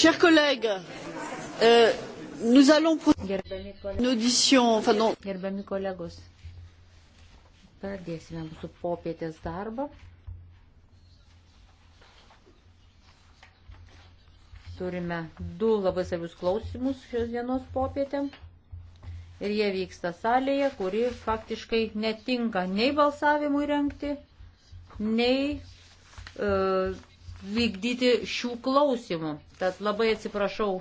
Chers collègues, euh, nous allons procéder à une audition. Enfin, non. Gerbiami kolegos, pradėsime mūsų popietės darbą. Turime du labai savius klausimus šios dienos popietėm. Ir jie vyksta salėje, kuri faktiškai netinka nei balsavimui renkti, nei e, vykdyti šių klausimų. Tad labai atsiprašau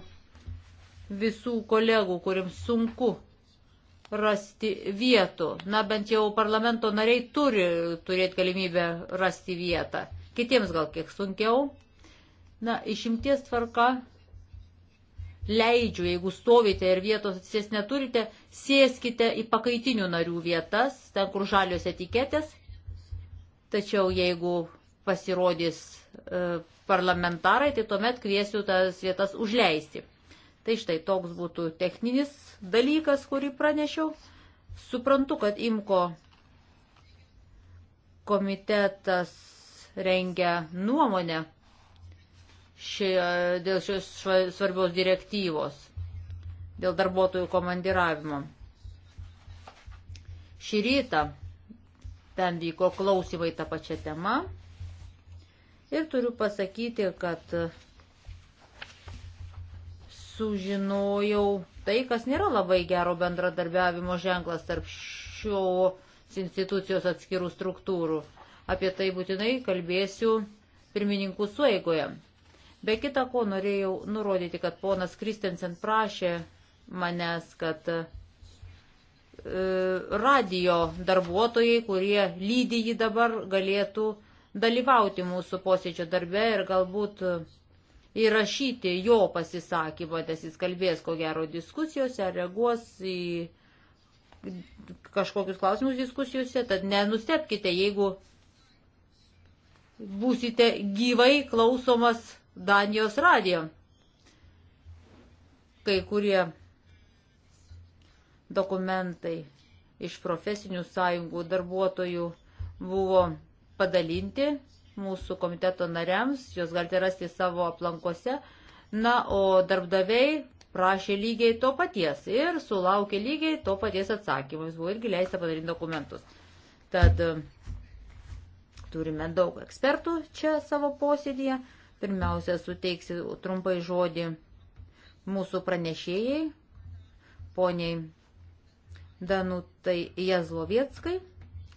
visų kolegų, kuriems sunku rasti vietų. Na, bent jau parlamento nariai turi turėti galimybę rasti vietą. Kitiems gal kiek sunkiau. Na, išimties tvarka leidžiu, jeigu stovite ir vietos atsės neturite, sėskite į pakaitinių narių vietas, ten kur žalios etiketės. Tačiau jeigu pasirodys e, parlamentarai, tai tuomet kviesiu tas vietas užleisti. Tai štai toks būtų techninis dalykas, kurį pranešiau. Suprantu, kad IMKO komitetas rengia nuomonę šie, dėl šios svarbios direktyvos, dėl darbuotojų komandiravimo. Šį rytą ten vyko klausimai tą pačią temą. Ir turiu pasakyti, kad sužinojau tai, kas nėra labai gero bendradarbiavimo ženklas tarp šios institucijos atskirų struktūrų. Apie tai būtinai kalbėsiu pirmininkų sueigoje. Be kita ko norėjau nurodyti, kad ponas Kristensen prašė manęs, kad e, radio darbuotojai, kurie lydi jį dabar, galėtų dalyvauti mūsų posėdžio darbe ir galbūt įrašyti jo pasisakymą, nes jis kalbės ko gero diskusijose, reaguos į kažkokius klausimus diskusijose, tad nenustepkite, jeigu būsite gyvai klausomas Danijos radijo. Kai kurie dokumentai iš profesinių sąjungų darbuotojų buvo padalinti mūsų komiteto nariams, jūs galite rasti savo aplankose. Na, o darbdaviai prašė lygiai to paties ir sulaukė lygiai to paties atsakymą. Jis buvo irgi leista padaryti dokumentus. Tad e, turime daug ekspertų čia savo posėdėje. Pirmiausia, suteiksiu trumpai žodį mūsų pranešėjai, poniai Danutai Jazlovieckai,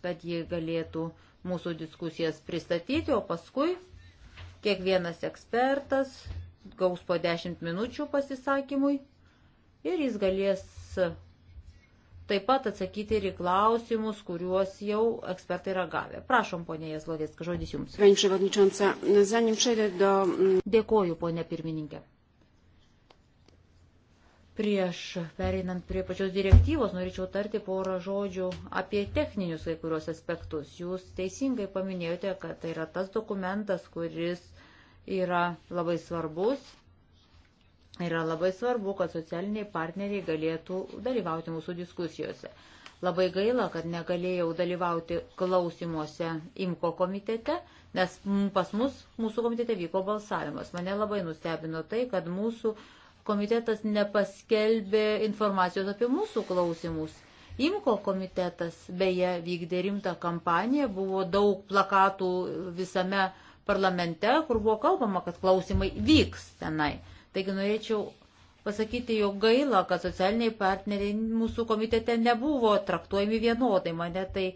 kad ji galėtų mūsų diskusijas pristatyti, o paskui kiekvienas ekspertas gaus po 10 minučių pasisakymui ir jis galės taip pat atsakyti ir į klausimus, kuriuos jau ekspertai yra gavę. Prašom, ponė Jaslovės, žodis jums. Mm, Dėkoju, ponė pirmininkė. Prieš pereinant prie pačios direktyvos, norėčiau tarti porą žodžių apie techninius kai kurios aspektus. Jūs teisingai paminėjote, kad tai yra tas dokumentas, kuris yra labai svarbus. Yra labai svarbu, kad socialiniai partneriai galėtų dalyvauti mūsų diskusijose. Labai gaila, kad negalėjau dalyvauti klausimuose IMKO komitete, nes pas mus, mūsų komitete vyko balsavimas. Mane labai nustebino tai, kad mūsų komitetas nepaskelbė informacijos apie mūsų klausimus. Imko komitetas beje vykdė rimtą kampaniją, buvo daug plakatų visame parlamente, kur buvo kalbama, kad klausimai vyks tenai. Taigi norėčiau pasakyti, jog gaila, kad socialiniai partneriai mūsų komitete nebuvo traktuojami vienodai. Mane tai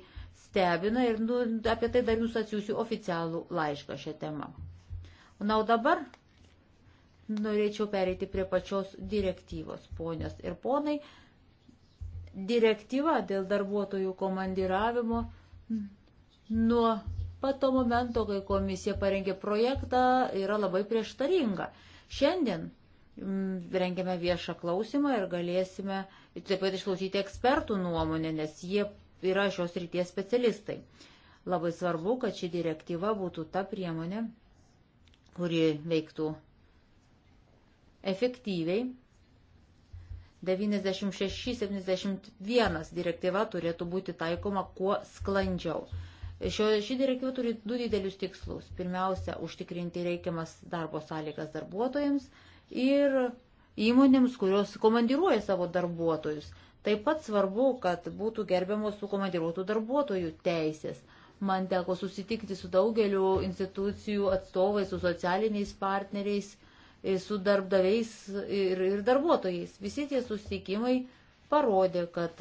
stebina ir nu, apie tai dar jūs atsiųsiu oficialų laišką šią temą. Na, o dabar norėčiau pereiti prie pačios direktyvos, ponios ir ponai. Direktyva dėl darbuotojų komandiravimo nuo pato momento, kai komisija parengė projektą, yra labai prieštaringa. Šiandien mm, rengiame viešą klausimą ir galėsime taip pat išklausyti ekspertų nuomonę, nes jie yra šios ryties specialistai. Labai svarbu, kad ši direktyva būtų ta priemonė, kuri veiktų efektyviai. 96-71 direktyva turėtų būti taikoma kuo sklandžiau. Šio, ši direktyva turi du didelius tikslus. Pirmiausia, užtikrinti reikiamas darbo sąlygas darbuotojams ir įmonėms, kurios komandiruoja savo darbuotojus. Taip pat svarbu, kad būtų gerbiamos tų komandiruotų darbuotojų teisės. Man teko susitikti su daugeliu institucijų atstovais, su socialiniais partneriais E, su darbdaviais ir, ir darbuotojais. Visi tie susitikimai parodė, kad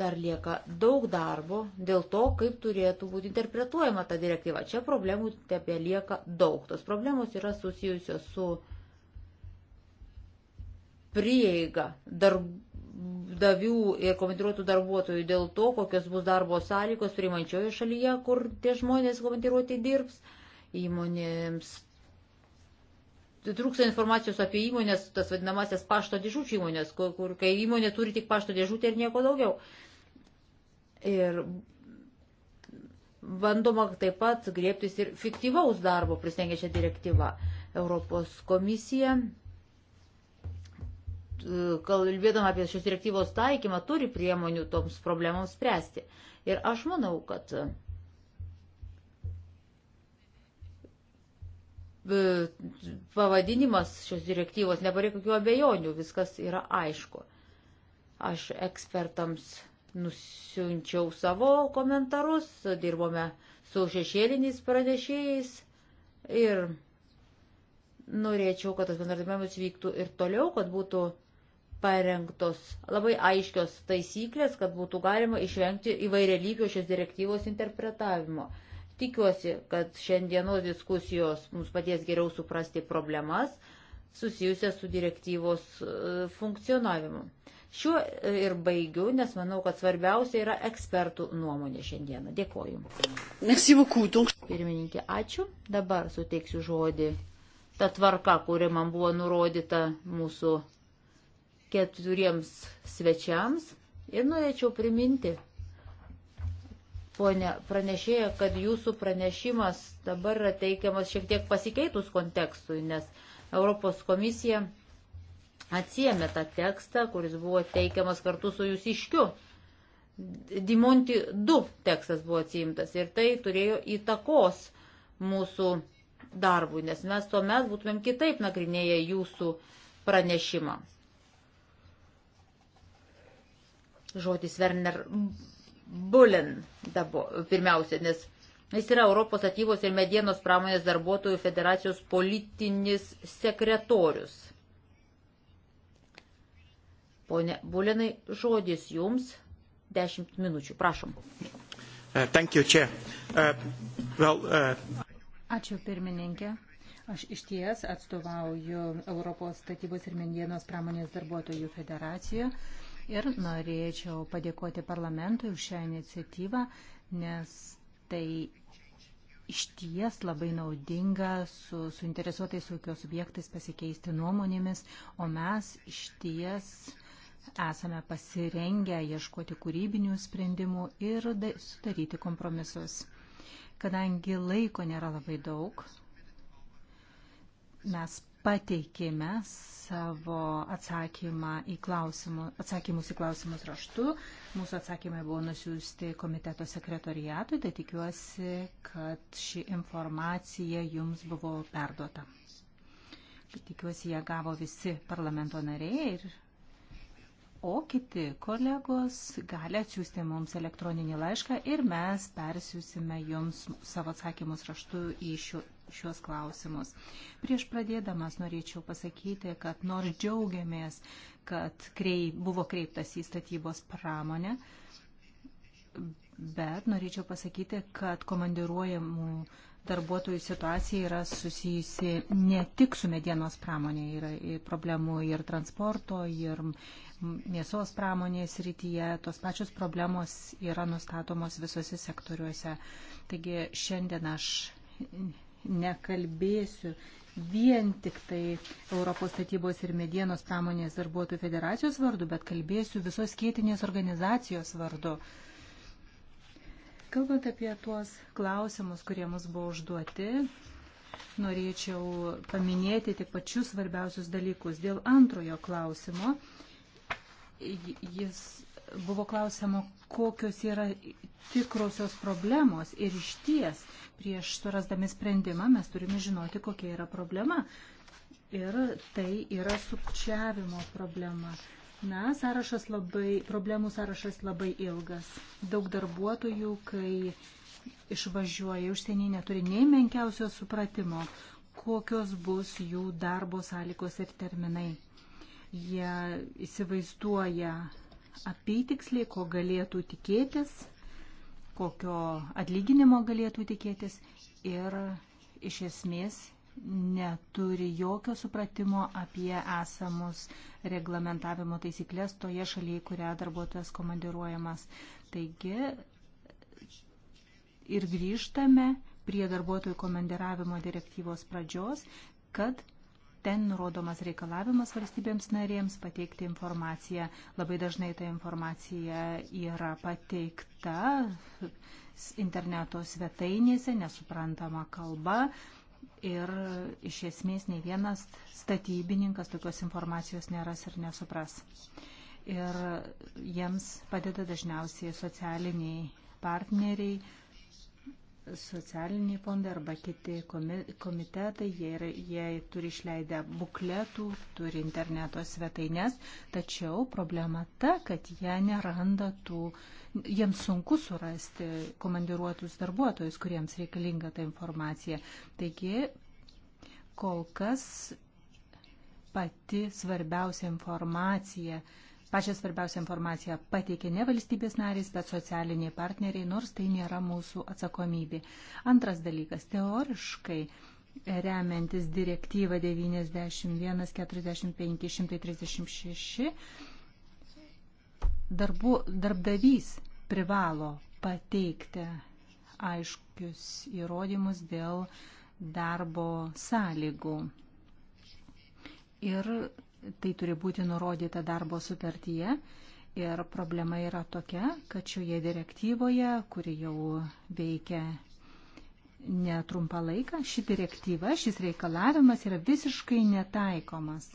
dar lieka daug darbo dėl to, kaip turėtų būti interpretuojama ta direktyva. Čia problemų tebe lieka daug. Tos problemos yra susijusios su prieiga darbdavių ir komandiruotų darbuotojų dėl to, kokios bus darbo sąlygos priimančioje šalyje, kur tie žmonės komandiruoti dirbs. Įmonėms trūksta informacijos apie įmonės, tas vadinamasias pašto dėžučių įmonės, kur, kur kai įmonė turi tik pašto dėžutę ir nieko daugiau. Ir bandoma taip pat griebtis ir fiktyvaus darbo pristengia šią direktyvą. Europos komisija, kalbėdama apie šios direktyvos taikymą, turi priemonių toms problemams spręsti. Ir aš manau, kad E, pavadinimas šios direktyvos nepareik jokių abejonių, viskas yra aišku. Aš ekspertams nusiunčiau savo komentarus, dirbome su šešėliniais pranešėjais ir norėčiau, kad tas bendradarbiavimas vyktų ir toliau, kad būtų parengtos labai aiškios taisyklės, kad būtų galima išvengti įvairialypio šios direktyvos interpretavimo. Tikiuosi, kad šiandienos diskusijos mums padės geriau suprasti problemas susijusias su direktyvos e, funkcionavimu. Šiuo e, ir baigiu, nes manau, kad svarbiausia yra ekspertų nuomonė šiandieną. Dėkoju. Pirmininkė, ačiū. Dabar suteiksiu žodį. Ta tvarka, kuri man buvo nurodyta mūsų keturiems svečiams. Ir norėčiau priminti, ponė pranešėja, kad jūsų pranešimas dabar yra teikiamas šiek tiek pasikeitus kontekstui, nes Europos komisija atsiemė tą tekstą, kuris buvo teikiamas kartu su jūs iškiu. Dimonti 2 tekstas buvo atsiimtas ir tai turėjo įtakos mūsų darbui, nes mes tuomet būtumėm kitaip nagrinėję jūsų pranešimą. Žodis Werner Bulin dabo, pirmiausia, nes jis yra Europos atybos ir medienos pramonės darbuotojų federacijos politinis sekretorius. Pone Bulinai, žodis jums 10 minučių, prašom. Uh, thank you, Chair. Uh, well, uh... Ačiū pirmininkė. Aš iš ties atstovauju Europos statybos ir mendienos pramonės darbuotojų federaciją. Uh, ir norėčiau padėkoti parlamentui už šią iniciatyvą, nes tai iš ties labai naudinga su suinteresuotais ūkio subjektais pasikeisti nuomonėmis, o mes iš ties esame pasirengę ieškoti kūrybinių sprendimų ir sudaryti kompromisus. Kadangi laiko nėra labai daug, mes pateikėme savo atsakymą į klausimų, atsakymus į klausimus raštu. Mūsų atsakymai buvo nusiųsti komiteto sekretoriatui, tai tikiuosi, kad ši informacija jums buvo perduota. Tikiuosi, ją gavo visi parlamento nariai ir o kiti kolegos gali atsiųsti mums elektroninį laišką ir mes persiūsime jums savo atsakymus raštu į šių šios klausimus. Prieš pradėdamas norėčiau pasakyti, kad nors džiaugiamės, kad krei, buvo kreiptas į statybos pramonę, bet norėčiau pasakyti, kad komandiruojamų darbuotojų situacija yra susijusi ne tik su medienos pramonė, yra problemų ir transporto, ir mėsos pramonės rytyje, tos pačios problemos yra nustatomos visose sektoriuose. Taigi šiandien aš nekalbėsiu vien tik tai Europos statybos ir medienos pramonės darbuotojų federacijos vardu, bet kalbėsiu visos kėtinės organizacijos vardu. Kalbant apie tuos klausimus, kurie mus buvo užduoti, norėčiau paminėti tik pačius svarbiausius dalykus. Dėl antrojo klausimo jis buvo klausimo, kokios yra tikrosios problemos ir iš ties prieš surasdami sprendimą mes turime žinoti, kokia yra problema. Ir tai yra sukčiavimo problema. Na, sąrašas labai, problemų sąrašas labai ilgas. Daug darbuotojų, kai išvažiuoja užsieniai, neturi nei menkiausio supratimo, kokios bus jų darbo sąlygos ir terminai. Jie įsivaizduoja apytiksliai, ko galėtų tikėtis, kokio atlyginimo galėtų tikėtis ir iš esmės neturi jokio supratimo apie esamus reglamentavimo taisyklės toje šalyje, kurią darbuotojas komandiruojamas. Taigi ir grįžtame prie darbuotojų komandiravimo direktyvos pradžios, kad Ten nurodomas reikalavimas valstybėms narėms pateikti informaciją. Labai dažnai ta informacija yra pateikta interneto svetainėse, nesuprantama kalba. Ir iš esmės nei vienas statybininkas tokios informacijos neras ir nesupras. Ir jiems padeda dažniausiai socialiniai partneriai, socialiniai fondai arba kiti komitetai, jie, yra, jie turi išleidę bukletų, turi interneto svetainės, tačiau problema ta, kad jie neranda tų, jiems sunku surasti komandiruotus darbuotojus, kuriems reikalinga ta informacija. Taigi, kol kas pati svarbiausia informacija, uh, Pačią svarbiausią informaciją pateikė ne valstybės narys, bet socialiniai partneriai, nors tai nėra mūsų atsakomybė. Antras dalykas, teoriškai remiantis direktyvą 91.45.136, darbdavys privalo pateikti aiškius įrodymus dėl darbo sąlygų. Ir tai turi būti nurodyta darbo sutartyje. Ir problema yra tokia, kad šioje direktyvoje, kuri jau veikia netrumpą laiką, ši direktyva, šis reikalavimas yra visiškai netaikomas.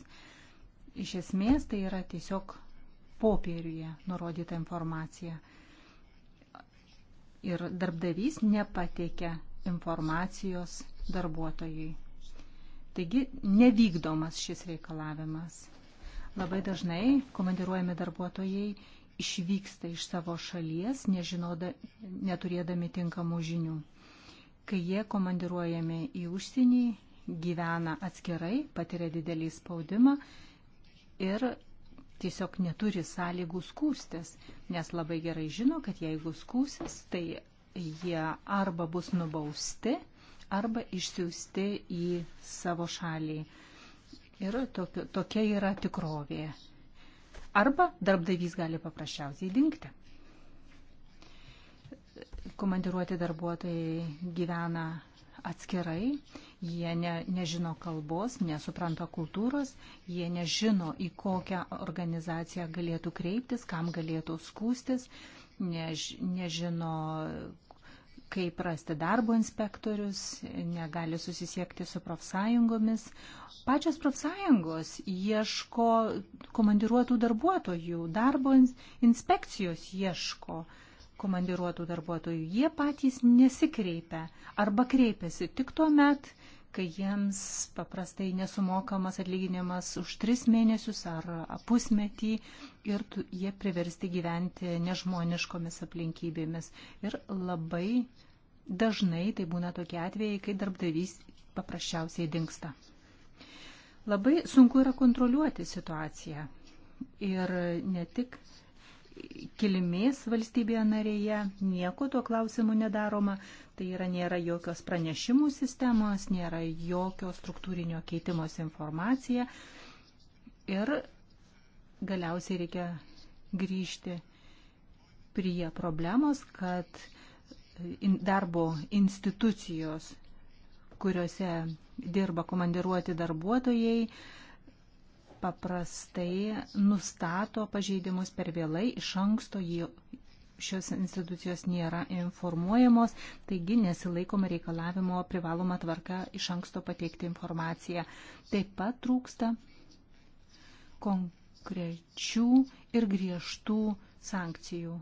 Iš esmės tai yra tiesiog popieriuje nurodyta informacija. Ir darbdavys nepateikia informacijos darbuotojui. Taigi nevykdomas šis reikalavimas. Labai dažnai komandiruojami darbuotojai išvyksta iš savo šalies, nežinoda, neturėdami tinkamų žinių. Kai jie komandiruojami į užsienį, gyvena atskirai, patiria didelį spaudimą ir tiesiog neturi sąlygų skūstis, nes labai gerai žino, kad jeigu skūsis, tai jie arba bus nubausti, arba išsiųsti į savo šalį. Ir tokio, tokia yra tikrovė. Arba darbdavys gali paprasčiausiai dinkti. Komandiruoti darbuotojai gyvena atskirai, jie ne, nežino kalbos, nesupranta kultūros, jie nežino, į kokią organizaciją galėtų kreiptis, kam galėtų skūstis, než, nežino, kaip rasti darbo inspektorius, negali susisiekti su profsąjungomis. Pačios profsąjungos ieško komandiruotų darbuotojų, darbo inspekcijos ieško komandiruotų darbuotojų. Jie patys nesikreipia arba kreipiasi tik tuo met, kai jiems paprastai nesumokamas atlyginimas už tris mėnesius ar pusmetį ir jie priversti gyventi nežmoniškomis aplinkybėmis. Ir labai dažnai tai būna tokie atvejai, kai darbdavys paprasčiausiai dinksta. Labai sunku yra kontroliuoti situaciją. Ir ne tik kilimės valstybėje narėje, nieko tuo klausimu nedaroma, tai yra nėra jokios pranešimų sistemos, nėra jokio struktūrinio keitimos informacija ir galiausiai reikia grįžti prie problemos, kad darbo institucijos, kuriuose dirba komandiruoti darbuotojai, paprastai nustato pažeidimus per vėlai, iš anksto jį šios institucijos nėra informuojamos, taigi nesilaikoma reikalavimo privaloma tvarka iš anksto pateikti informaciją. Taip pat trūksta konkrečių ir griežtų sankcijų.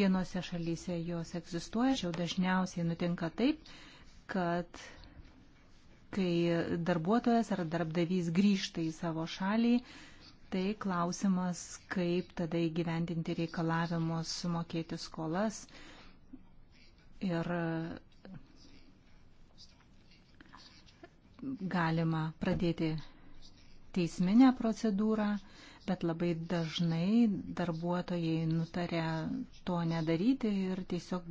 Vienose šalyse jos egzistuoja, tačiau dažniausiai nutinka taip, kad kai darbuotojas ar darbdavys grįžta į savo šalį, tai klausimas, kaip tada įgyvendinti reikalavimus sumokėti skolas ir galima pradėti teisminę procedūrą, bet labai dažnai darbuotojai nutarė to nedaryti ir tiesiog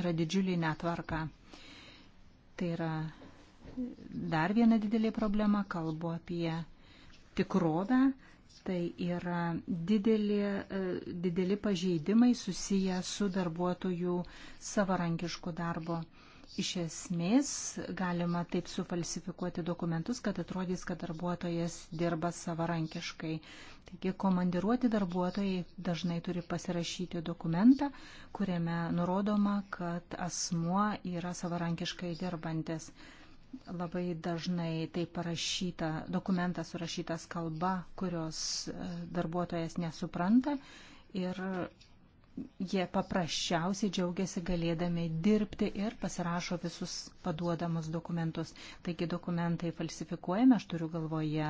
yra didžiulį netvarką. Tai yra dar viena didelė problema, kalbu apie tikrovę, tai yra didelė, e, dideli pažeidimai susiję su darbuotojų savarankišku darbo. Iš esmės galima taip sufalsifikuoti dokumentus, kad atrodys, kad darbuotojas dirba savarankiškai. Taigi komandiruoti darbuotojai dažnai turi pasirašyti dokumentą, kuriame nurodoma, kad asmuo yra savarankiškai dirbantis. Labai dažnai tai parašyta, dokumentas surašytas kalba, kurios e, darbuotojas nesupranta ir jie paprasčiausiai džiaugiasi galėdami dirbti ir pasirašo visus paduodamus dokumentus. Taigi dokumentai falsifikuojami, aš turiu galvoje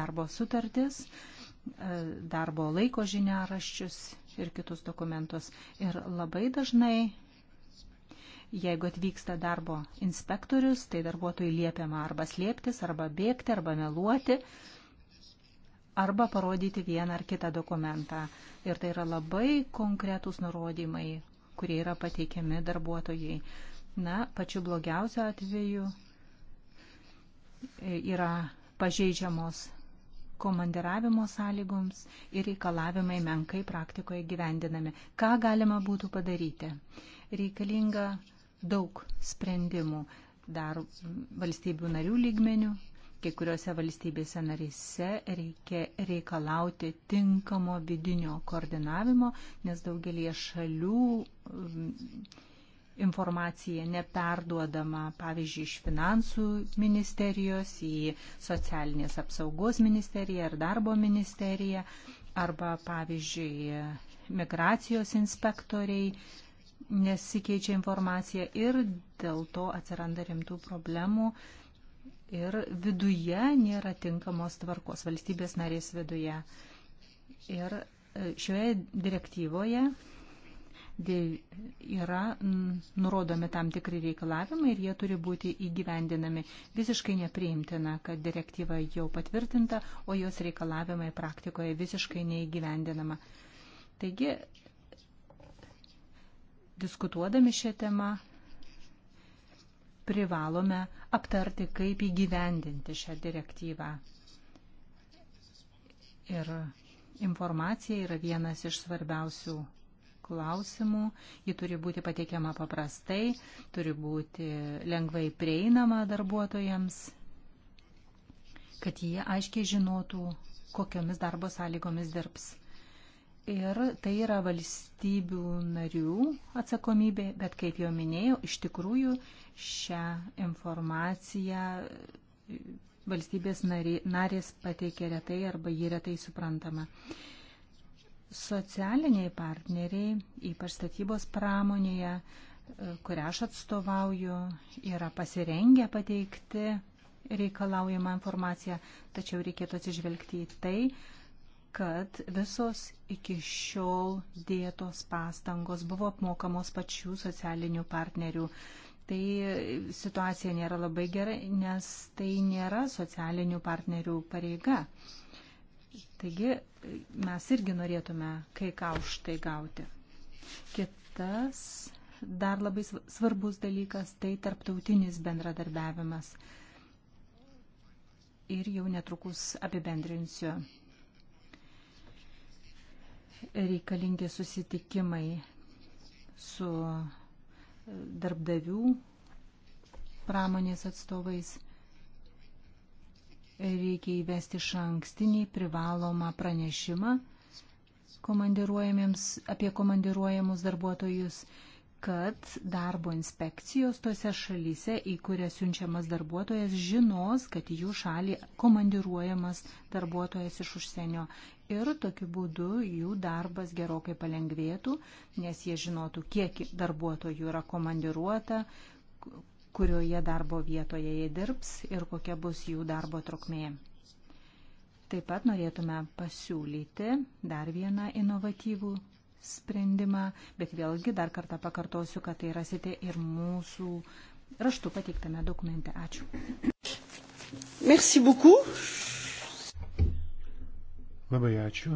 darbo sutartis, e, darbo laiko žiniaraščius ir kitus dokumentus. Ir labai dažnai Jeigu atvyksta darbo inspektorius, tai darbuotojai liepiama arba slėptis, arba bėgti, arba meluoti, arba parodyti vieną ar kitą dokumentą. Ir tai yra labai konkretūs nurodymai, kurie yra pateikiami darbuotojai. Na, pačiu blogiausiu atveju e, yra pažeidžiamos komandiravimo sąlygoms ir reikalavimai menkai praktikoje gyvendinami. Ką galima būtų padaryti? Reikalinga daug sprendimų dar valstybių narių lygmenių. Kai kuriuose valstybėse narise reikia reikalauti tinkamo vidinio koordinavimo, nes daugelie šalių um, informacija neperduodama, pavyzdžiui, iš finansų ministerijos į socialinės apsaugos ministeriją ar darbo ministeriją, arba, pavyzdžiui, migracijos inspektoriai nesikeičia informacija ir dėl to atsiranda rimtų problemų ir viduje nėra tinkamos tvarkos valstybės narės viduje. Ir e, šioje direktyvoje yra nurodomi tam tikri reikalavimai ir jie turi būti įgyvendinami. Visiškai nepriimtina, kad direktyva jau patvirtinta, o jos reikalavimai praktikoje visiškai neįgyvendinama. Taigi diskutuodami šią temą privalome aptarti, kaip įgyvendinti šią direktyvą. Ir informacija yra vienas iš svarbiausių klausimų. Ji turi būti pateikiama paprastai, turi būti lengvai prieinama darbuotojams, kad jie aiškiai žinotų, kokiomis darbo sąlygomis dirbs. Ir tai yra valstybių narių atsakomybė, bet kaip jau minėjau, iš tikrųjų šią informaciją valstybės narės pateikia retai arba ji retai suprantama. Socialiniai partneriai, ypač statybos pramonėje, kurią aš atstovauju, yra pasirengę pateikti reikalaujamą informaciją, tačiau reikėtų atsižvelgti į tai, kad visos iki šiol dėtos pastangos buvo apmokamos pačių socialinių partnerių. Tai situacija nėra labai gerai, nes tai nėra socialinių partnerių pareiga. Taigi mes irgi norėtume kai ką už tai gauti. Kitas dar labai svarbus dalykas tai tarptautinis bendradarbiavimas. Ir jau netrukus apibendrinsiu reikalingi susitikimai su e, darbdavių pramonės atstovais. Reikia įvesti šankstinį privalomą pranešimą apie komandiruojamus darbuotojus, kad darbo inspekcijos tose šalyse, į kurią siunčiamas darbuotojas, žinos, kad jų šalį komandiruojamas darbuotojas iš užsienio ir tokiu būdu jų darbas gerokai palengvėtų, nes jie žinotų, kiek darbuotojų yra komandiruota, kurioje darbo vietoje jie dirbs ir kokia bus jų darbo trukmė. Taip pat norėtume pasiūlyti dar vieną inovatyvų sprendimą, bet vėlgi dar kartą pakartosiu, kad tai rasite ir mūsų raštu pateiktame dokumente. Ačiū. Merci beaucoup. Labai ačiū.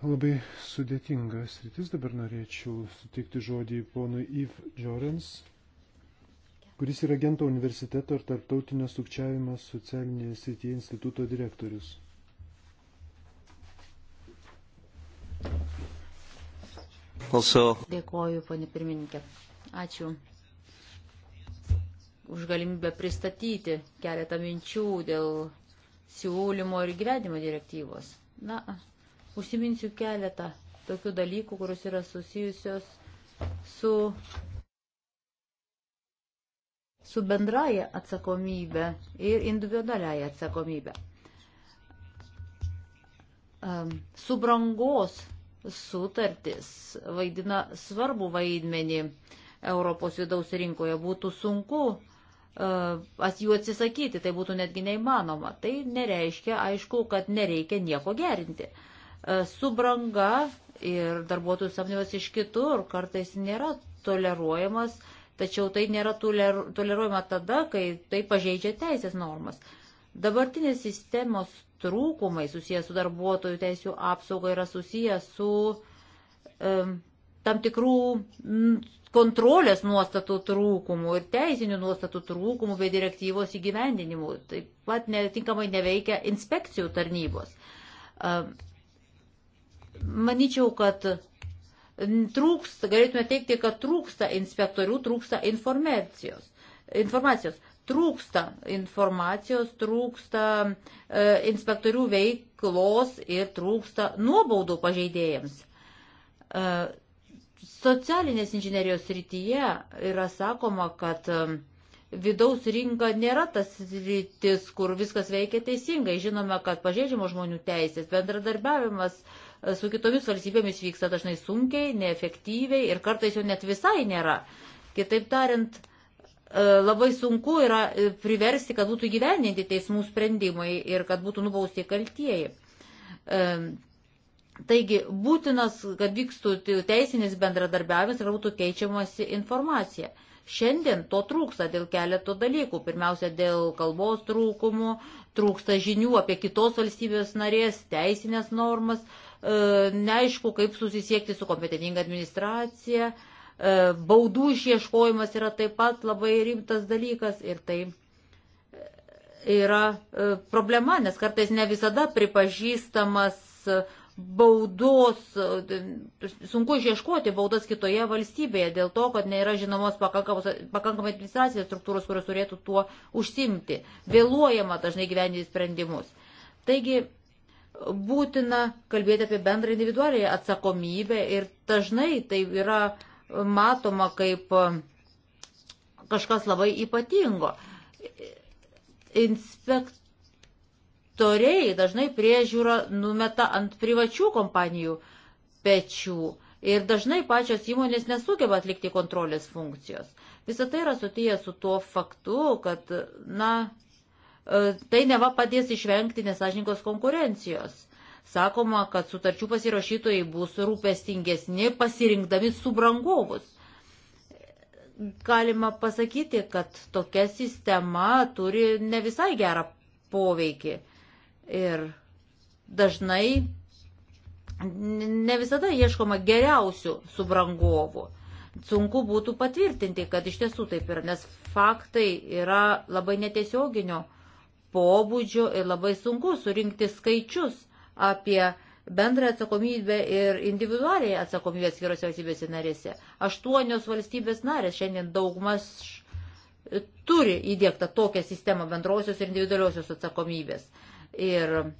Labai sudėtingas rytis dabar norėčiau sutikti žodį ponui Yv Jorens, kuris yra Gento universiteto ir tarptautinio sukčiavimo socialinėje srityje instituto direktorius. Also. Dėkoju, ponė pirmininkė. Ačiū už galimybę pristatyti keletą minčių dėl siūlymo ir gyvenimo direktyvos. Na, užsiminsiu keletą tokių dalykų, kurios yra susijusios su, su bendraja atsakomybė ir individualiaja atsakomybė. Subrangos sutartis vaidina svarbų vaidmenį Europos vidaus rinkoje. Būtų sunku uh, E, jų atsisakyti, tai būtų netgi neįmanoma. Tai nereiškia, aišku, kad nereikia nieko gerinti. E, subranga ir darbuotojų samdymas iš kitur kartais nėra toleruojamas, tačiau tai nėra toleruojama tada, kai tai pažeidžia teisės normas. Dabartinės sistemos trūkumai susijęs su darbuotojų teisų apsauga yra susijęs su um, tam tikrų kontrolės nuostatų trūkumų ir teisinių nuostatų trūkumų bei direktyvos įgyvendinimų. Taip pat netinkamai neveikia inspekcijų tarnybos. Maničiau, kad trūksta, galėtume teikti, kad trūksta inspektorių, trūksta informacijos. informacijos. Trūksta informacijos, trūksta e, inspektorių veiklos ir trūksta nuobaudų pažeidėjams. E, Socialinės inžinerijos rytyje yra sakoma, kad um, vidaus rinka nėra tas rytis, kur viskas veikia teisingai. Žinome, kad pažeidžiamo žmonių teisės bendradarbiavimas uh, su kitomis valstybėmis vyksta dažnai sunkiai, neefektyviai ir kartais jo net visai nėra. Kitaip tariant, uh, labai sunku yra uh, priversti, kad būtų gyveninti teismų sprendimai ir kad būtų nubausti kaltieji um, Taigi būtinas, kad vykstų teisinis bendradarbiavimas ir būtų keičiamasi informacija. Šiandien to trūksta dėl keleto dalykų. Pirmiausia, dėl kalbos trūkumų, trūksta žinių apie kitos valstybės narės teisinės normas, e, neaišku, kaip susisiekti su kompetitinga administracija, e, baudų išieškojimas yra taip pat labai rimtas dalykas ir tai e, yra e, problema, nes kartais ne visada pripažįstamas baudos, sunku išieškoti baudas kitoje valstybėje dėl to, kad nėra žinomos pakankamai administracinės struktūros, kurios turėtų tuo užsimti. Vėluojama dažnai gyvendinti sprendimus. Taigi būtina kalbėti apie bendrą individualią atsakomybę ir dažnai tai yra matoma kaip kažkas labai ypatingo. Inspekt reguliatoriai dažnai priežiūrą numeta ant privačių kompanijų pečių ir dažnai pačios įmonės nesugeba atlikti kontrolės funkcijos. Visą tai yra susiję su tuo faktu, kad, na, e, tai neva padės išvengti nesažininkos konkurencijos. Sakoma, kad sutarčių pasirašytojai bus rūpestingesni pasirinkdami subrangovus. Galima pasakyti, kad tokia sistema turi ne visai gerą poveikį. Ir dažnai ne visada ieškoma geriausių subrangovų. Sunku būtų patvirtinti, kad iš tiesų taip yra, nes faktai yra labai netiesioginio pobūdžio ir labai sunku surinkti skaičius apie bendrą atsakomybę ir individualiai atsakomybę atskirose valstybėse narėse. Aštuonios valstybės narės šiandien daugmas turi įdėktą tokią sistemą bendrosios ir individualiosios atsakomybės ir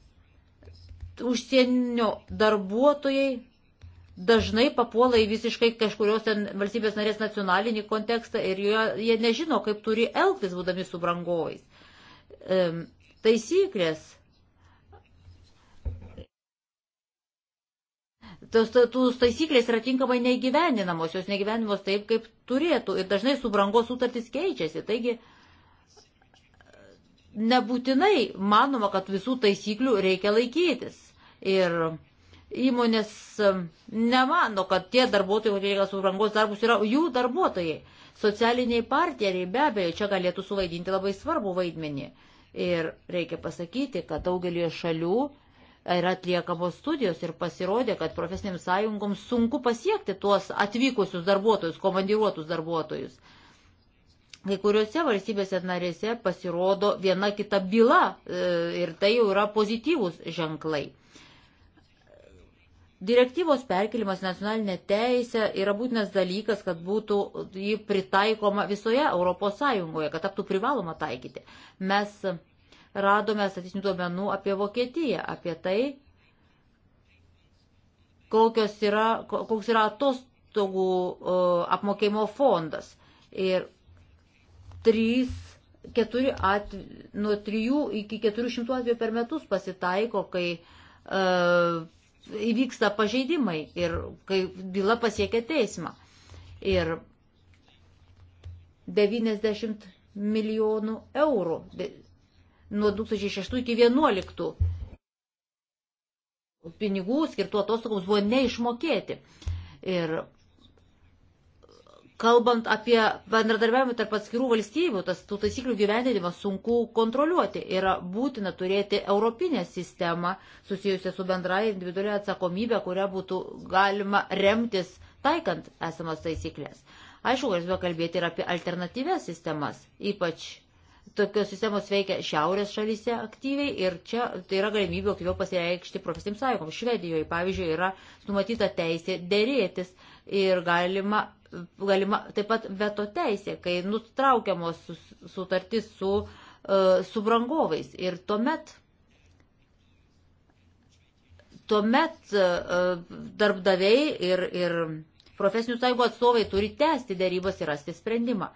užsienio darbuotojai dažnai papuola į visiškai kažkurios ten valstybės narės nacionalinį kontekstą ir jie, jie nežino, kaip turi elgtis, būdami subrangovais. Ehm, taisyklės. Tos, tos taisyklės yra tinkamai neįgyvendinamos, jos neįgyvendinamos taip, kaip turėtų. Ir dažnai subrangos sutartys keičiasi. Taigi, uh, nebūtinai manoma, kad visų taisyklių reikia laikytis. Ir įmonės nemano, kad tie darbuotojai, kurie reikia subrangos darbus, yra jų darbuotojai. Socialiniai partneriai be abejo čia galėtų suvaidinti labai svarbų vaidmenį. Ir reikia pasakyti, kad daugelį šalių yra atliekamos studijos ir pasirodė, kad profesinėms sąjungoms sunku pasiekti tuos atvykusius darbuotojus, komandiruotus darbuotojus. Kai kuriuose valstybėse narėse pasirodo viena kita byla e, ir tai jau yra pozityvūs ženklai. Direktyvos perkelimas nacionalinė teisė yra būtinas dalykas, kad būtų jį pritaikoma visoje Europos Sąjungoje, kad taptų privaloma taikyti. Mes radome statistinių duomenų apie Vokietiją, apie tai, kokios yra, koks yra atostogų apmokėjimo fondas. Ir 3, 4 atv, nuo 3 iki 400 atvejų per metus pasitaiko, kai uh, įvyksta pažeidimai ir kai byla pasiekia teismą. Ir 90 milijonų eurų nuo 2006 iki 2011 pinigų skirtų atostogoms buvo neišmokėti. Ir kalbant apie bendradarbiavimą tarp atskirų valstybių, tas tų taisyklių gyvendinimas sunku kontroliuoti. Yra būtina turėti europinę sistemą susijusią su bendrai individualia atsakomybė, kurią būtų galima remtis taikant esamas taisyklės. Aišku, galime kalbėti ir apie alternatyves sistemas, ypač tokios sistemos veikia šiaurės šalyse aktyviai ir čia tai yra galimybė aktyviau pasireikšti profesinėms sąjungoms. Švedijoje, pavyzdžiui, yra numatyta teisė dėrėtis ir galima, galima taip pat veto teisė, kai nutraukiamos sutartys su, e, su brangovais. Ir tuomet, tuomet e, e, darbdaviai ir, ir profesinių sąjungų atstovai turi tęsti dėrybas ir rasti sprendimą.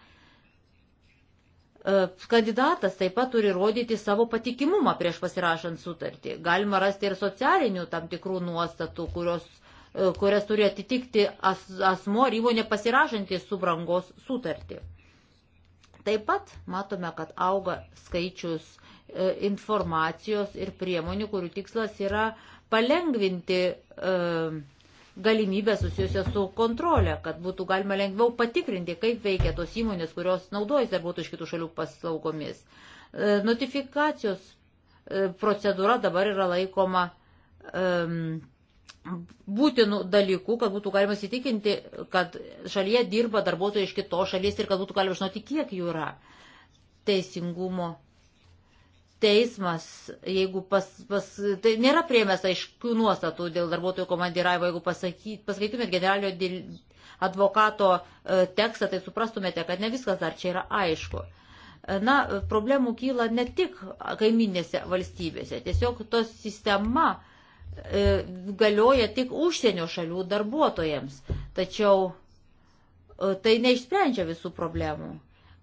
Kandidatas taip pat turi rodyti savo patikimumą prieš pasirašant sutartį. Galima rasti ir socialinių tam tikrų nuostatų, kurios uh, kurias turi atitikti as, asmo ar įmonė pasirašantis su brangos sutartį. Taip pat matome, kad auga skaičius e, informacijos ir priemonių, kurių tikslas yra palengvinti e, galimybę susijusią su kontrolė, kad būtų galima lengviau patikrinti, kaip veikia tos įmonės, kurios naudojasi darbuotojų iš kitų šalių paslaugomis. E, notifikacijos procedūra dabar yra laikoma um, būtinų dalykų, kad būtų galima įsitikinti, kad šalyje dirba darbuotojai iš kitos šalies ir kad būtų galima žinoti, kiek jų yra. Teisingumo teismas, jeigu pas, pas, tai nėra priemęs aiškių nuostatų dėl darbuotojų komandiravimo, jeigu pasaky, paskaitumėt generalinio dėl, advokato e, tekstą, tai suprastumėte, kad ne viskas dar čia yra aišku. E, na, problemų kyla ne tik kaiminėse valstybėse, tiesiog tos sistema, uh, E, galioja tik užsienio šalių darbuotojams, tačiau e, tai neišsprendžia visų problemų.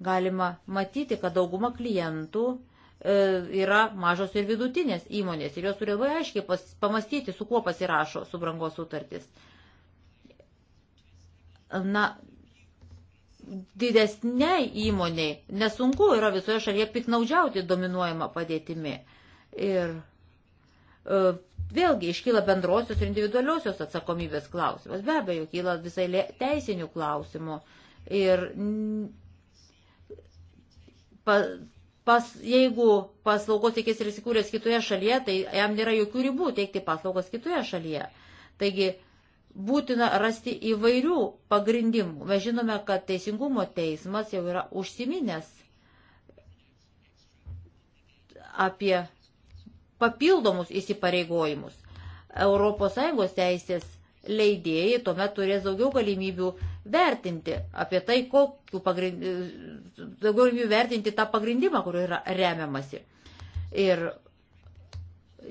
Galima matyti, kad dauguma klientų e, yra mažos ir vidutinės įmonės ir jos turi labai aiškiai pas, pamastyti, su kuo pasirašo subrangos sutartis. Na, didesniai įmoniai nesunku yra visoje šalyje piknaudžiauti dominuojama padėtimi. Ir vėlgi iškyla bendrosios ir individualiosios atsakomybės klausimas. Be abejo, kyla visai teisinių klausimų. Ir pa, pas, jeigu paslaugos teikės ir įsikūręs kitoje šalyje, tai jam nėra jokių ribų teikti paslaugas kitoje šalyje. Taigi būtina rasti įvairių pagrindimų. Mes žinome, kad Teisingumo teismas jau yra užsiminęs apie papildomus įsipareigojimus. ES teisės leidėjai tuomet turės daugiau galimybių vertinti apie tai, kokiu pagrindu, daugiau galimybių vertinti tą pagrindimą, kuriuo yra remiamasi. Ir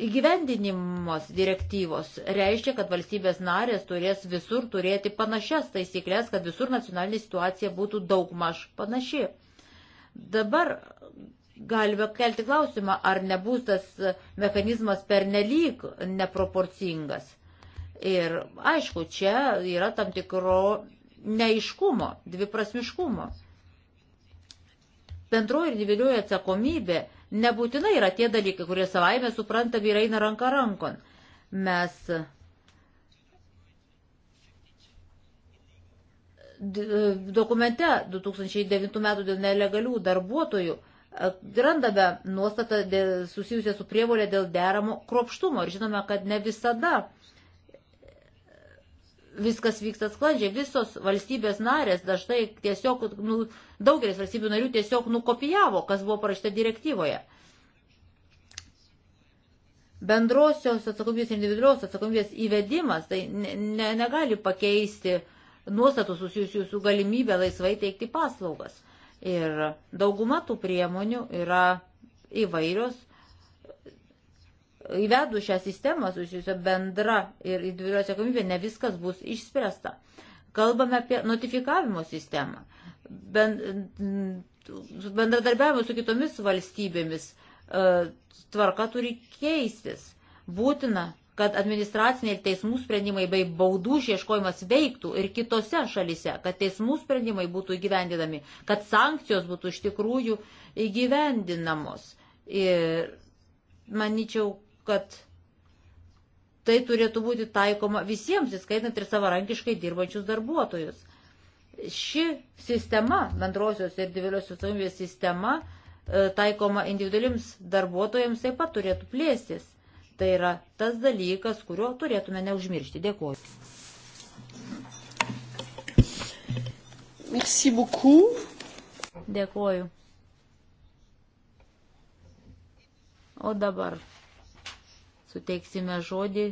Įgyvendinimos direktyvos reiškia, kad valstybės narės turės visur turėti panašias taisyklės, kad visur nacionalinė situacija būtų daugmaž panaši. Dabar galime kelti klausimą, ar nebus tas mechanizmas pernelyg neproporcingas. Ir aišku, čia yra tam tikro neiškumo, dviprasmiškumo. Bendroji ir individuoji atsakomybė nebūtinai yra tie dalykai, kurie savaime suprantami ir eina ranka rankon. Mes dokumente 2009 metų dėl nelegalių darbuotojų randame nuostatą dėl, susijusią su prievolė dėl deramo kropštumo ir žinome, kad ne visada viskas vyksta sklandžiai. Visos valstybės narės dažnai tiesiog, nu, daugelis valstybių narių tiesiog nukopijavo, kas buvo parašyta direktyvoje. Bendrosios atsakomybės ir individualios atsakomybės įvedimas tai ne, ne, negali pakeisti nuostatų susijusių su galimybė laisvai teikti paslaugas Ir dauguma tų priemonių yra įvairios. Įvedų šią sistemą susijusią bendra ir individualią atsakomybę ne viskas bus išspręsta. Kalbame apie notifikavimo sistemą, bendradarbiavimo su kitomis valstybėmis, e, tvarka turi keistis. Būtina kad administraciniai ir teismų sprendimai bei baudų išieškojimas veiktų ir kitose šalise, kad teismų sprendimai būtų įgyvendinami, kad sankcijos būtų iš tikrųjų įgyvendinamos. Ir manyčiau, kad tai turėtų būti taikoma visiems, įskaitant ir savarankiškai dirbančius darbuotojus. Ši sistema, bendrosios ir dideliosios atsakomybės sistema, e, taikoma individualiams darbuotojams taip pat turėtų plėstis Tai yra tas dalykas, kurio turėtume neužmiršti. Dėkuoju. Merci beaucoup. Dėkuoju. O dabar suteiksime žodį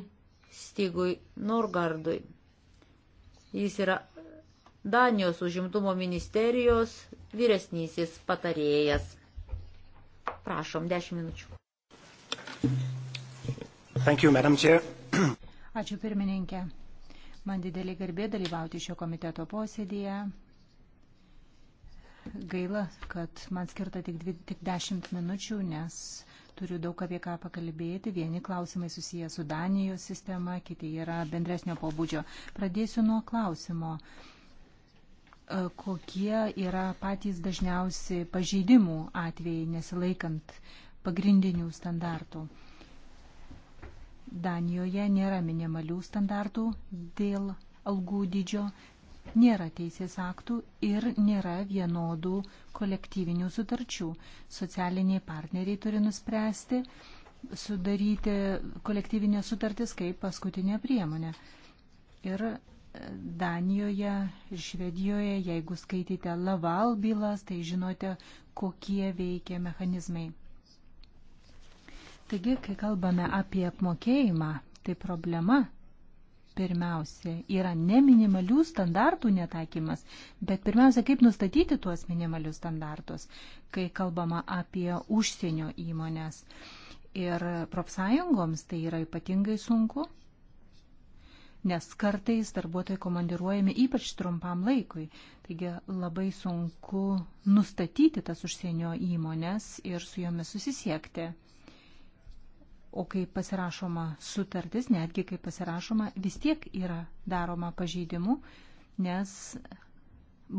Stygui Norgardui. Jis yra Danijos užimtumo ministerijos vyresnysis patarėjas. Prašom, 10 minučių. Thank you, Madam Chair. Ačiū pirmininkė. Man didelį garbė dalyvauti šio komiteto posėdėje. Gaila, kad man skirta tik, dvi, tik 10 minučių, nes turiu daug apie ką pakalbėti. Vieni klausimai susiję su Danijos sistema, kiti yra bendresnio pobūdžio. Pradėsiu nuo klausimo. E, kokie yra patys dažniausi pažeidimų atvejai nesilaikant pagrindinių standartų? Danijoje nėra minimalių standartų dėl algų dydžio, nėra teisės aktų ir nėra vienodų kolektyvinių sutarčių. Socialiniai partneriai turi nuspręsti sudaryti kolektyvinę sutartis kaip paskutinę priemonę. Ir e, Danijoje ir Švedijoje, jeigu skaitėte Laval bylas, tai žinote, kokie veikia mechanizmai. Taigi, kai kalbame apie apmokėjimą, tai problema pirmiausia yra ne minimalių standartų netaikymas, bet pirmiausia, kaip nustatyti tuos minimalius standartus, kai kalbama apie užsienio įmonės. Ir profsąjungoms tai yra ypatingai sunku, nes kartais darbuotojai komandiruojami ypač trumpam laikui. Taigi labai sunku nustatyti tas užsienio įmonės ir su jomis susisiekti. O kai pasirašoma sutartis, netgi kai pasirašoma, vis tiek yra daroma pažeidimų, nes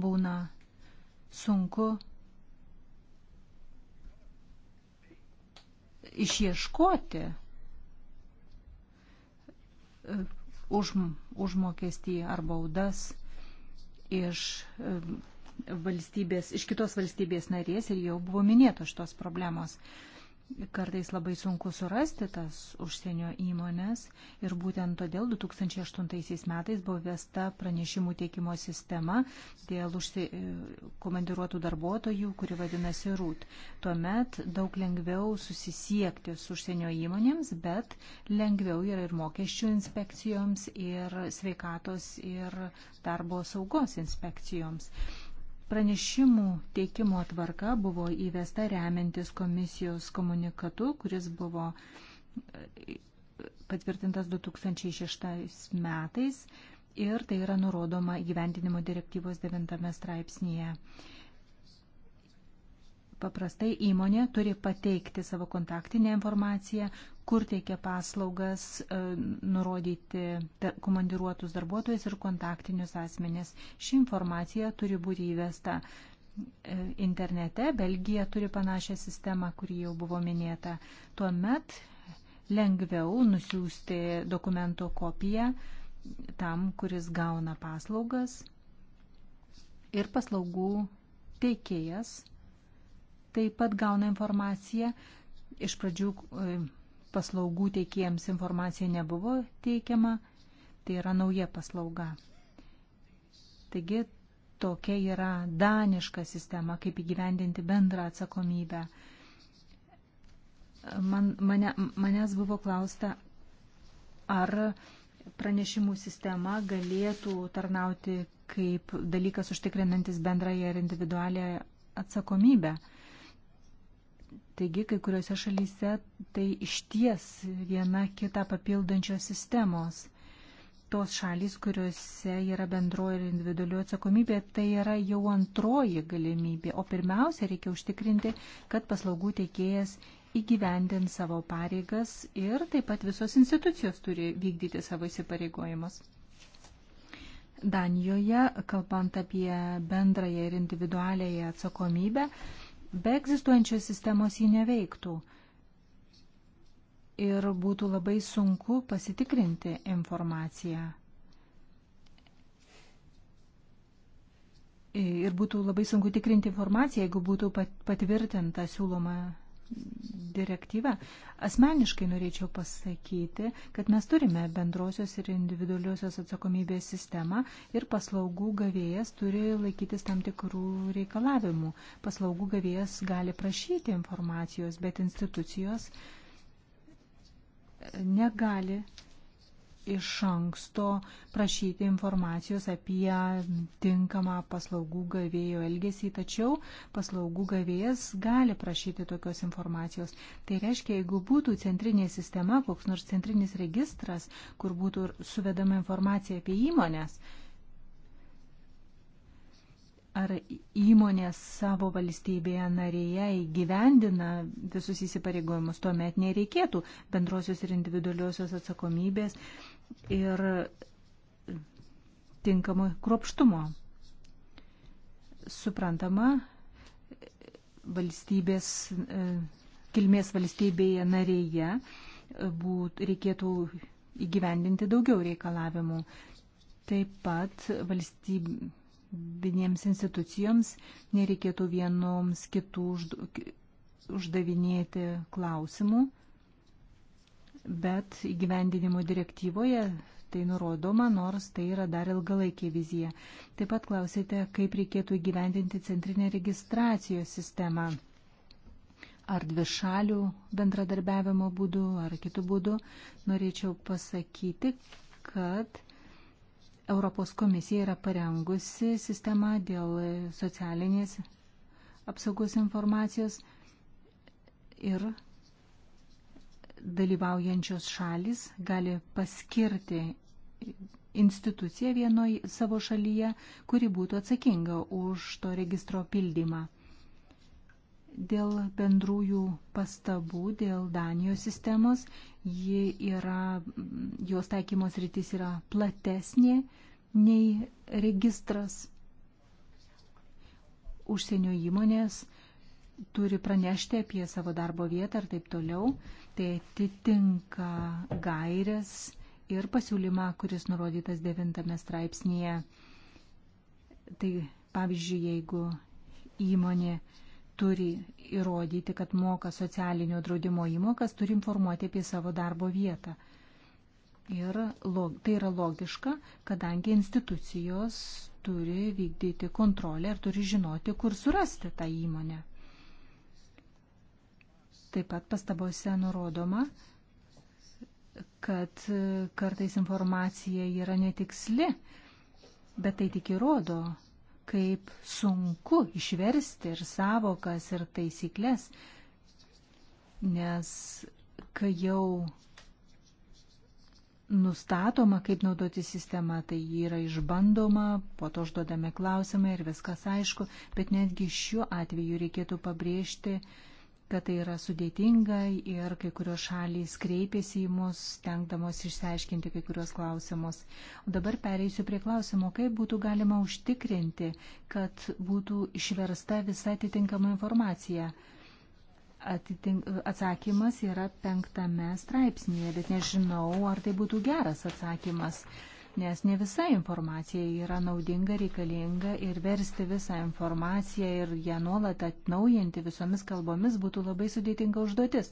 būna sunku išieškoti e, už, užmokestį ar baudas iš e, valstybės, iš kitos valstybės narės ir jau buvo minėtos šitos problemos kartais labai sunku surasti tas užsienio įmonės ir būtent todėl 2008 metais buvo vesta pranešimų teikimo sistema dėl užsi... komandiruotų darbuotojų, kuri vadinasi RUT. Tuomet daug lengviau susisiekti su užsienio įmonėms, bet lengviau yra ir mokesčių inspekcijoms, ir sveikatos, ir darbo saugos inspekcijoms. Pranešimų teikimo tvarka buvo įvesta remiantis komisijos komunikatu, kuris buvo e, patvirtintas 2006 metais ir tai yra nurodoma gyventinimo direktyvos 9 straipsnėje. Paprastai įmonė turi pateikti savo kontaktinę informaciją, kur teikia paslaugas, e, nurodyti komandiruotus darbuotojus ir kontaktinius asmenis. Ši informacija turi būti įvesta e, internete. Belgija turi panašią sistemą, kuri jau buvo minėta. Tuomet lengviau nusiųsti dokumento kopiją tam, kuris gauna paslaugas ir paslaugų teikėjas taip pat gauna informaciją. Iš pradžių e, paslaugų teikėjams informacija nebuvo teikiama, tai yra nauja paslauga. Taigi tokia yra daniška sistema, kaip įgyvendinti bendrą atsakomybę. Man, mane, manęs buvo klausta, ar pranešimų sistema galėtų tarnauti kaip dalykas užtikrinantis bendrąją ir individualią atsakomybę. Uh, Taigi, kai kuriuose šalyse tai išties viena kita papildančios sistemos. Tos šalys, kuriuose yra bendroji ir individualių atsakomybė, tai yra jau antroji galimybė. O pirmiausia, reikia užtikrinti, kad paslaugų teikėjas įgyvendint savo pareigas ir taip pat visos institucijos turi vykdyti savo įsipareigojimus. Danijoje, kalbant apie bendrąją ir individualiąją atsakomybę, Be egzistuojančios sistemos ji neveiktų ir būtų labai sunku pasitikrinti informaciją. Ir būtų labai sunku tikrinti informaciją, jeigu būtų patvirtinta siūloma direktyva. Asmeniškai norėčiau pasakyti, kad mes turime bendrosios ir individualiosios atsakomybės sistemą ir paslaugų gavėjas turi laikytis tam tikrų reikalavimų. Paslaugų gavėjas gali prašyti informacijos, bet institucijos negali iš anksto prašyti informacijos apie tinkamą paslaugų gavėjo elgesį, tačiau paslaugų gavėjas gali prašyti tokios informacijos. Tai reiškia, jeigu būtų centrinė sistema, koks nors centrinis registras, kur būtų suvedama informacija apie įmonės, ar įmonės savo valstybėje narėje įgyvendina visus įsipareigojimus, tuomet nereikėtų bendrosios ir individualiosios atsakomybės ir tinkamo kropštumo. Suprantama, valstybės, e, kilmės valstybėje narėje e, būt, reikėtų įgyvendinti daugiau reikalavimų. Taip pat valstybė valstybinėms institucijoms nereikėtų vienoms kitų uždavinėti klausimų, bet įgyvendinimo direktyvoje tai nurodoma, nors tai yra dar ilgalaikė vizija. Taip pat klausėte, kaip reikėtų įgyvendinti centrinę registracijos sistemą. Ar dvišalių bendradarbiavimo būdu, ar kitų būdų. Norėčiau pasakyti, kad Europos komisija yra parengusi sistemą dėl socialinės apsaugos informacijos ir dalyvaujančios šalis gali paskirti instituciją vienoje savo šalyje, kuri būtų atsakinga už to registro pildymą dėl bendrųjų pastabų, dėl Danijos sistemos, ji yra, jos taikymos rytis yra platesnė nei registras. Užsienio įmonės turi pranešti apie savo darbo vietą ir taip toliau. Tai atitinka gairias ir pasiūlymą, kuris nurodytas devintame straipsnėje. Tai pavyzdžiui, jeigu įmonė uh, turi įrodyti, kad moka socialinio draudimo įmokas, turi informuoti apie savo darbo vietą. Ir tai yra logiška, kadangi institucijos turi vykdyti kontrolę ir turi žinoti, kur surasti tą įmonę. Taip pat pastabose nurodoma, kad kartais informacija yra netiksli, bet tai tik įrodo, kaip sunku išversti ir savokas, ir taisyklės, nes kai jau nustatoma, kaip naudoti sistemą, tai ji yra išbandoma, po to užduodami klausimai ir viskas aišku, bet netgi šiuo atveju reikėtų pabrėžti, kad tai yra sudėtinga ir kai kurios šalys kreipėsi į mus, tenkdamos išsiaiškinti kai kurios klausimus. O dabar pereisiu prie klausimo, kaip būtų galima užtikrinti, kad būtų išversta visa atitinkama informacija. Atitink, atsakymas yra penktame straipsnėje, bet nežinau, ar tai būtų geras atsakymas nes ne visa informacija yra naudinga, reikalinga ir versti visą informaciją ir ją nuolat atnaujinti visomis kalbomis būtų labai sudėtinga užduotis.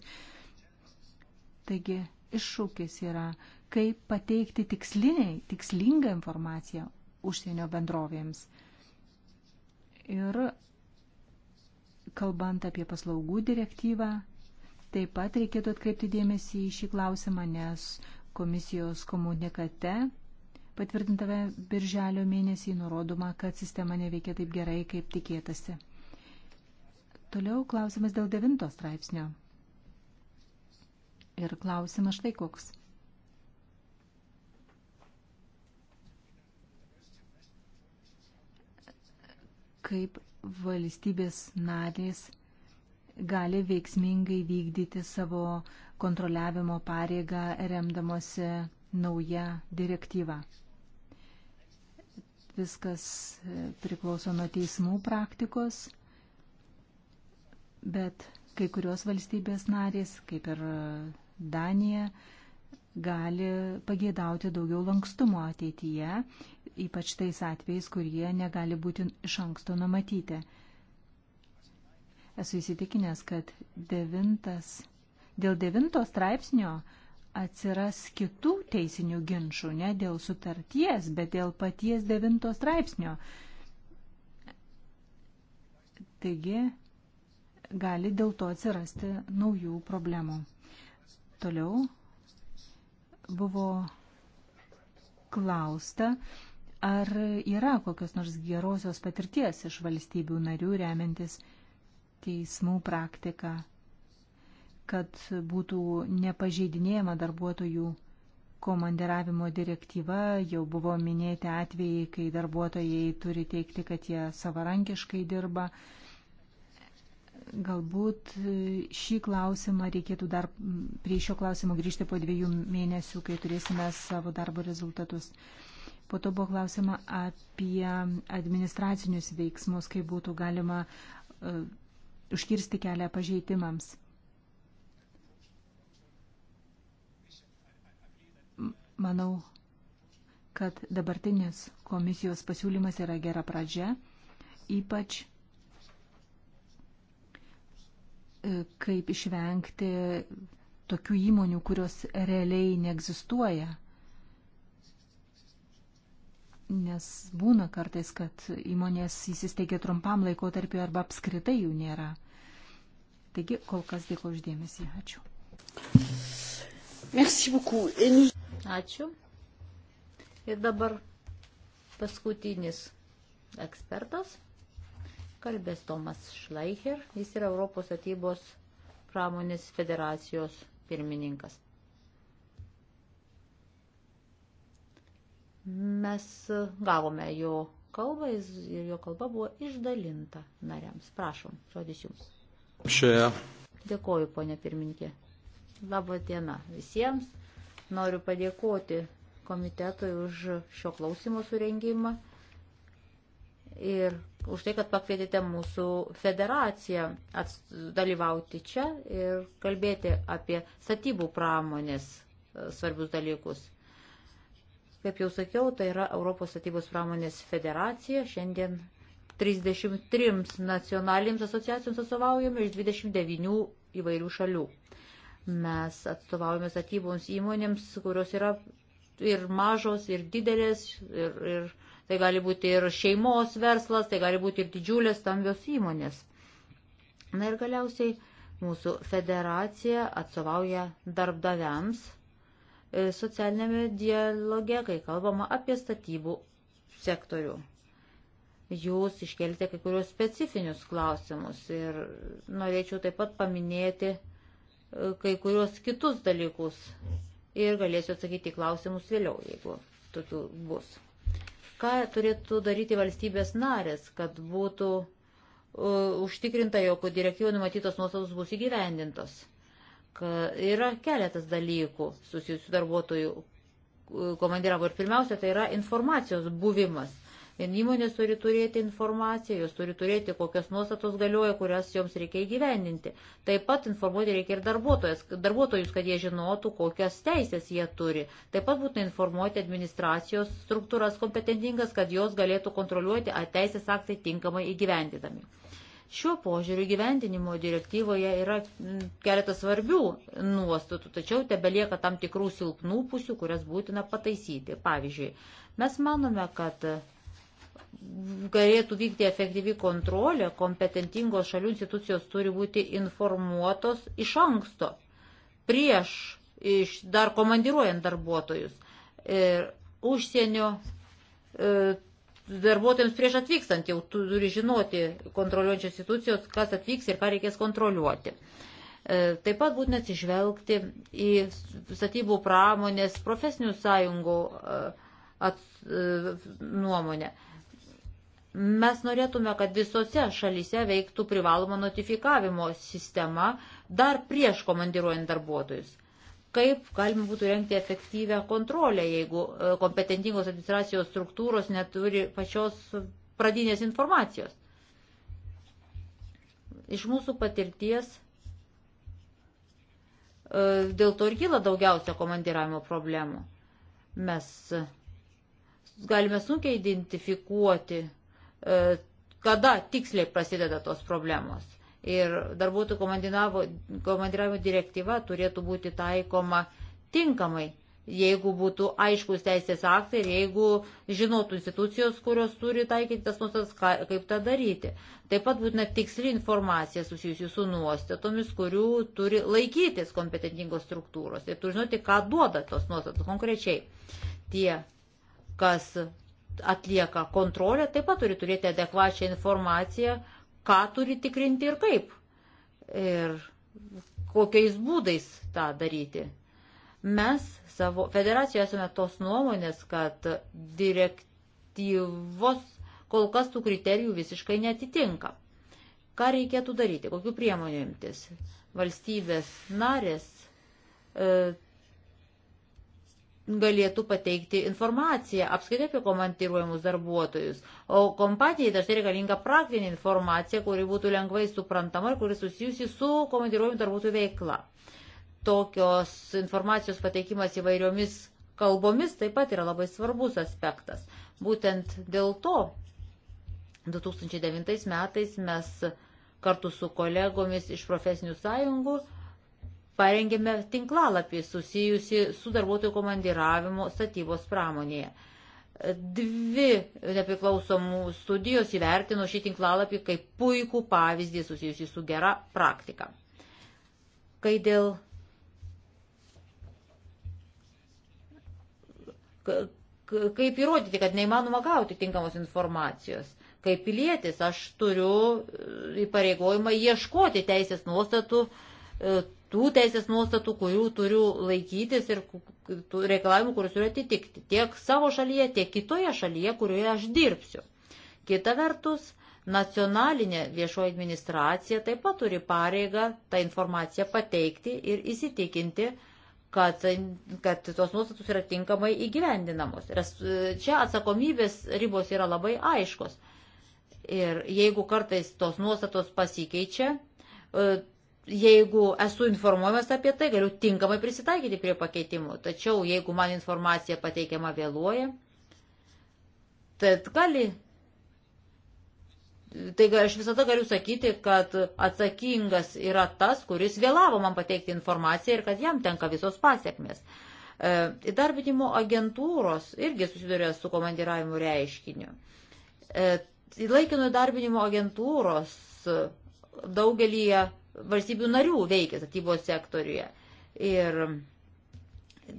Taigi iššūkis yra, kaip pateikti tiksliniai, tikslingą informaciją užsienio bendrovėms. Ir kalbant apie paslaugų direktyvą, taip pat reikėtų atkreipti dėmesį į šį klausimą, nes komisijos komunikate patvirtintame birželio mėnesį nurodoma, kad sistema neveikia taip gerai, kaip tikėtasi. Toliau klausimas dėl devinto straipsnio. Ir klausimas štai koks. Kaip valstybės narės gali veiksmingai vykdyti savo kontroliavimo pareigą remdamosi nauja direktyva. Viskas e, priklauso nuo teismų praktikos, bet kai kurios valstybės narės, kaip ir Danija, gali pagėdauti daugiau lankstumo ateityje, ypač tais atvejais, kurie negali būti iš anksto numatyti. Esu įsitikinęs, kad devintas, dėl devinto straipsnio atsiras kitų teisinių ginčių, ne dėl sutarties, bet dėl paties devinto straipsnio. Taigi, gali dėl to atsirasti naujų problemų. Toliau buvo klausta, ar yra kokios nors gerosios patirties iš valstybių narių remiantis teismų praktiką kad būtų nepažeidinėjama darbuotojų komandiravimo direktyva. Jau buvo minėti atvejai, kai darbuotojai turi teikti, kad jie savarankiškai dirba. Galbūt šį klausimą reikėtų dar prie šio klausimo grįžti po dviejų mėnesių, kai turėsime savo darbo rezultatus. Po to buvo klausima apie administracinius veiksmus, kaip būtų galima uh, užkirsti kelią pažeidimams. Manau, kad dabartinis komisijos pasiūlymas yra gera pradžia, ypač e, kaip išvengti tokių įmonių, kurios realiai neegzistuoja. Nes būna kartais, kad įmonės įsisteigia trumpam laikotarpiu arba apskritai jų nėra. Taigi kol kas dėkoju uždėmesį. Ačiū. Merci beaucoup. Et nous... Ačiū. Ir dabar paskutinis ekspertas kalbės Tomas Šleicher. Jis yra Europos atybos pramonės federacijos pirmininkas. Mes gavome jo kalbą ir jo kalba buvo išdalinta nariams. Prašom, žodis jums. Šioje. Dėkoju, ponė pirmininkė. Labą dieną visiems. Noriu padėkoti komitetui už šio klausimo surengimą ir už tai, kad pakvietėte mūsų federaciją dalyvauti čia ir kalbėti apie statybų pramonės e, svarbius dalykus. Kaip jau sakiau, tai yra Europos statybos pramonės federacija. Šiandien 33 nacionalinėms asociacijoms atstovaujame iš 29 įvairių šalių. Mes atstovaujame statyboms įmonėms, kurios yra ir mažos, ir didelės, ir, ir tai gali būti ir šeimos verslas, tai gali būti ir didžiulės stambios įmonės. Na ir galiausiai mūsų federacija atstovauja darbdaviams e, socialinėme dialoge, kai kalbama apie statybų sektorių. Jūs iškelite kai kurios specifinius klausimus ir norėčiau taip pat paminėti kai kurios kitus dalykus ir galėsiu atsakyti klausimus vėliau, jeigu tokių bus. Ką turėtų daryti valstybės narės, kad būtų uh, užtikrinta, jog direktyvoje numatytos nuostatos bus įgyvendintos? Ka, yra keletas dalykų susijusių darbuotojų komandiravo ir pirmiausia, tai yra informacijos buvimas Ir įmonės turi turėti informaciją, jos turi turėti, kokias nuostatos galioja, kurias joms reikia įgyvendinti. Taip pat informuoti reikia ir darbuotojus, kad jie žinotų, kokias teisės jie turi. Taip pat būtina informuoti administracijos struktūras kompetentingas, kad jos galėtų kontroliuoti, ar teisės aktai tinkamai įgyvendinami. Šiuo požiūriu gyvendinimo direktyvoje yra mm, keletas svarbių nuostatų, tačiau tebelieka tam tikrų silpnų pusių, kurias būtina pataisyti. Pavyzdžiui, mes manome, kad galėtų vykti efektyvi kontrolė, kompetentingos šalių institucijos turi būti informuotos iš anksto, prieš iš, dar komandiruojant darbuotojus, ir užsienio e, darbuotojams prieš atvykstant jau turi žinoti kontroliuojančios institucijos, kas atvyks ir ką reikės kontroliuoti. E, taip pat būtina atsižvelgti į statybų pramonės profesinių sąjungų e, at, e, nuomonę. Mes norėtume, kad visose šalyse veiktų privaloma notifikavimo sistema dar prieš komandiruojant darbuotojus. Kaip galima būtų rengti efektyvę kontrolę, jeigu e, kompetentingos administracijos struktūros neturi pačios pradinės informacijos. Iš mūsų patirties e, dėl to ir kyla daugiausia komandiravimo problemų. Mes galime sunkiai identifikuoti E, kada tiksliai prasideda tos problemos. Ir darbuotojų komandiravimo direktyva turėtų būti taikoma tinkamai, jeigu būtų aiškus teisės aktai ir jeigu žinotų institucijos, kurios turi taikyti tas nuostatas, kaip tą daryti. Taip pat būtina tiksli informacija susijusi su nuostatomis, kurių turi laikytis kompetentingos struktūros ir turi žinoti, ką duoda tos nuostatos konkrečiai. Tie, kas atlieka kontrolę, taip pat turi turėti adekvačią informaciją, ką turi tikrinti ir kaip. Ir kokiais būdais tą daryti. Mes savo federacijoje esame tos nuomonės, kad direktyvos kol kas tų kriterijų visiškai netitinka. Ką reikėtų daryti, kokiu priemoniu imtis? Valstybės narės e, galėtų pateikti informaciją apskaitai apie komandiruojamus darbuotojus. O kompanijai dažnai reikalinga praktinė informacija, kuri būtų lengvai suprantama ir kuri susijusi su komandiruojamų darbuotojų veikla. Tokios informacijos pateikimas įvairiomis kalbomis taip pat yra labai svarbus aspektas. Būtent dėl to 2009 metais mes kartu su kolegomis iš profesinių sąjungų parengėme tinklalapį susijusi su darbuotojų komandiravimo statybos pramonėje. Dvi nepriklausomų studijos įvertino šį tinklalapį kaip puikų pavyzdį susijusi su gera praktika. Kai dėl kaip įrodyti, kad neįmanoma gauti tinkamos informacijos. Kaip pilietis aš turiu įpareigojimą ieškoti teisės nuostatų, uh, E, tų teisės nuostatų, kurių turiu laikytis ir tų reikalavimų, kuriuos turiu atitikti. Tiek savo šalyje, tiek kitoje šalyje, kurioje aš dirbsiu. Kita vertus, nacionalinė viešoji administracija taip pat turi pareigą tą informaciją pateikti ir įsitikinti, kad, kad tos nuostatus yra tinkamai įgyvendinamos. Ir e, čia atsakomybės ribos yra labai aiškos. Ir jeigu kartais tos nuostatos pasikeičia, e, jeigu esu informuojamas apie tai, galiu tinkamai prisitaikyti prie pakeitimų. Tačiau jeigu man informacija pateikiama vėluoja, tad gali. Tai aš visada galiu sakyti, kad atsakingas yra tas, kuris vėlavo man pateikti informaciją ir kad jam tenka visos pasiekmes. E, įdarbinimo agentūros irgi susiduria su komandiravimu reiškiniu. E, laikino įdarbinimo agentūros e, daugelį valstybių narių veikia statybos sektoriuje. Ir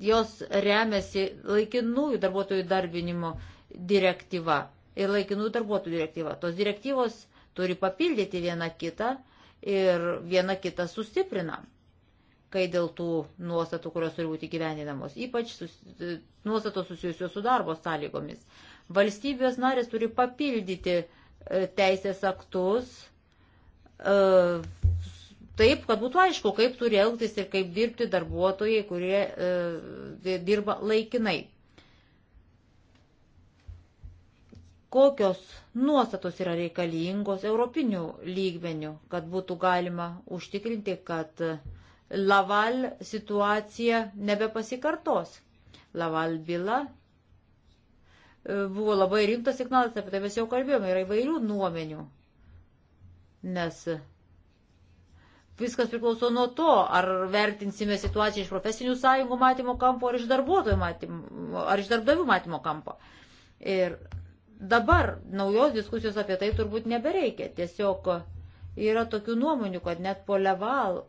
jos remiasi laikinųjų darbuotojų darbinimo direktyva ir laikinųjų darbuotojų direktyva. Tos direktyvos turi papildyti vieną kitą ir vieną kitą sustiprina, kai dėl tų nuostatų, kurios turi būti gyveninamos, ypač sus, nuostatos susijusios su darbo sąlygomis. Valstybės narės turi papildyti e, teisės aktus, e, taip, kad būtų aišku, kaip turi elgtis ir kaip dirbti darbuotojai, kurie e, dirba laikinai. Kokios nuostatos yra reikalingos europinių lygmenių, kad būtų galima užtikrinti, kad Laval situacija nebepasikartos. Laval byla e, buvo labai rimtas signalas, apie tai mes jau kalbėjome, yra įvairių nuomenių, nes viskas priklauso nuo to, ar vertinsime situaciją iš profesinių sąjungų matymo kampo, ar iš darbuotojų matymo, ar iš darbdavių matymo kampo. Ir dabar naujos diskusijos apie tai turbūt nebereikia. Tiesiog yra tokių nuomonių, kad net po Leval e,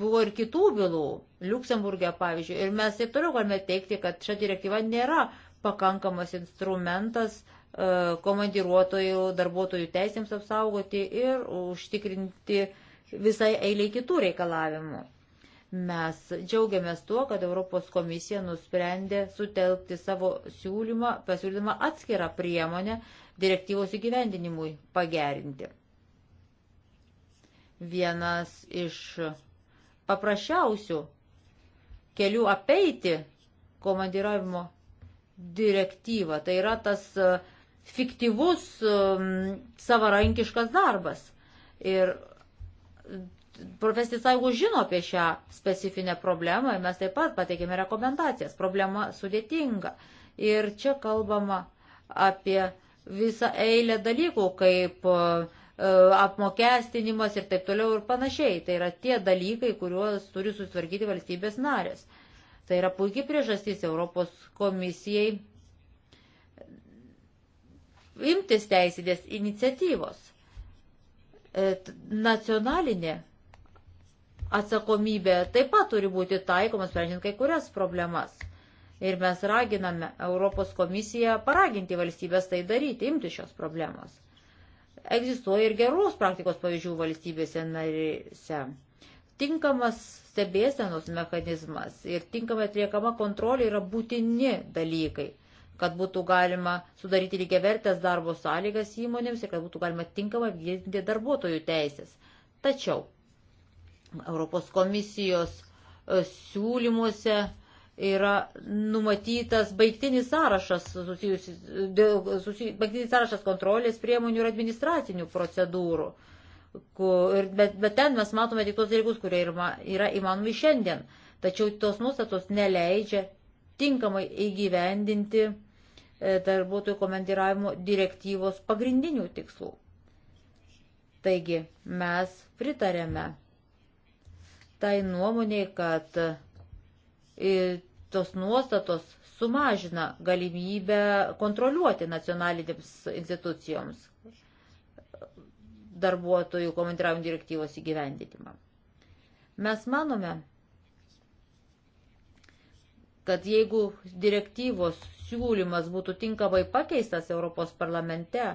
buvo ir kitų bylų, Luksemburgė pavyzdžiui, ir mes ir toliau galime teikti, kad šią direktyvą nėra pakankamas instrumentas e, komandiruotojų, darbuotojų teisėms apsaugoti ir užtikrinti uh, visai eiliai kitų reikalavimų. Mes džiaugiamės tuo, kad Europos komisija nusprendė sutelkti savo siūlymą, pasiūlymą atskirą priemonę direktyvos įgyvendinimui pagerinti. Vienas iš paprasčiausių kelių apeiti komandiravimo direktyvą. Tai yra tas e, fiktyvus savarankiškas darbas. Ir Profesijos sąjungų žino apie šią specifinę problemą ir mes taip pat pateikėme rekomendacijas. Problema sudėtinga. Ir čia kalbama apie visą eilę dalykų, kaip e, apmokestinimas ir taip toliau ir panašiai. Tai yra tie dalykai, kuriuos turi susitvarkyti valstybės narės. Tai yra puikiai priežastys Europos komisijai imtis teisidės iniciatyvos. E, nacionalinė atsakomybė taip pat turi būti taikomas, sprendžiant kai kurias problemas. Ir mes raginame Europos komisiją paraginti valstybės tai daryti, imti šios problemos. Egzistuoja ir geros praktikos pavyzdžių valstybėse narise. Tinkamas stebėsenos mechanizmas ir tinkamai atliekama kontrolė yra būtini dalykai kad būtų galima sudaryti lygiavertės darbo sąlygas įmonėms ir kad būtų galima tinkamai vykdyti darbuotojų teisės. Tačiau Europos komisijos e, siūlymuose yra numatytas baigtinis sąrašas, susijus, susijus, baigtinis sąrašas kontrolės priemonių ir administracinių procedūrų. Kur, bet, bet ten mes matome tik tos dalykus, kurie yra, yra įmanomi šiandien. Tačiau tos nuostatos neleidžia tinkamai įgyvendinti uh, E, darbuotojų komandiravimo direktyvos pagrindinių tikslų. Taigi mes pritarėme tai nuomonėj, kad e, tos nuostatos sumažina galimybę kontroliuoti nacionalinėms institucijoms darbuotojų komandiravimo direktyvos įgyvendinimą. Mes manome, kad jeigu direktyvos siūlymas būtų tinkamai pakeistas Europos parlamente,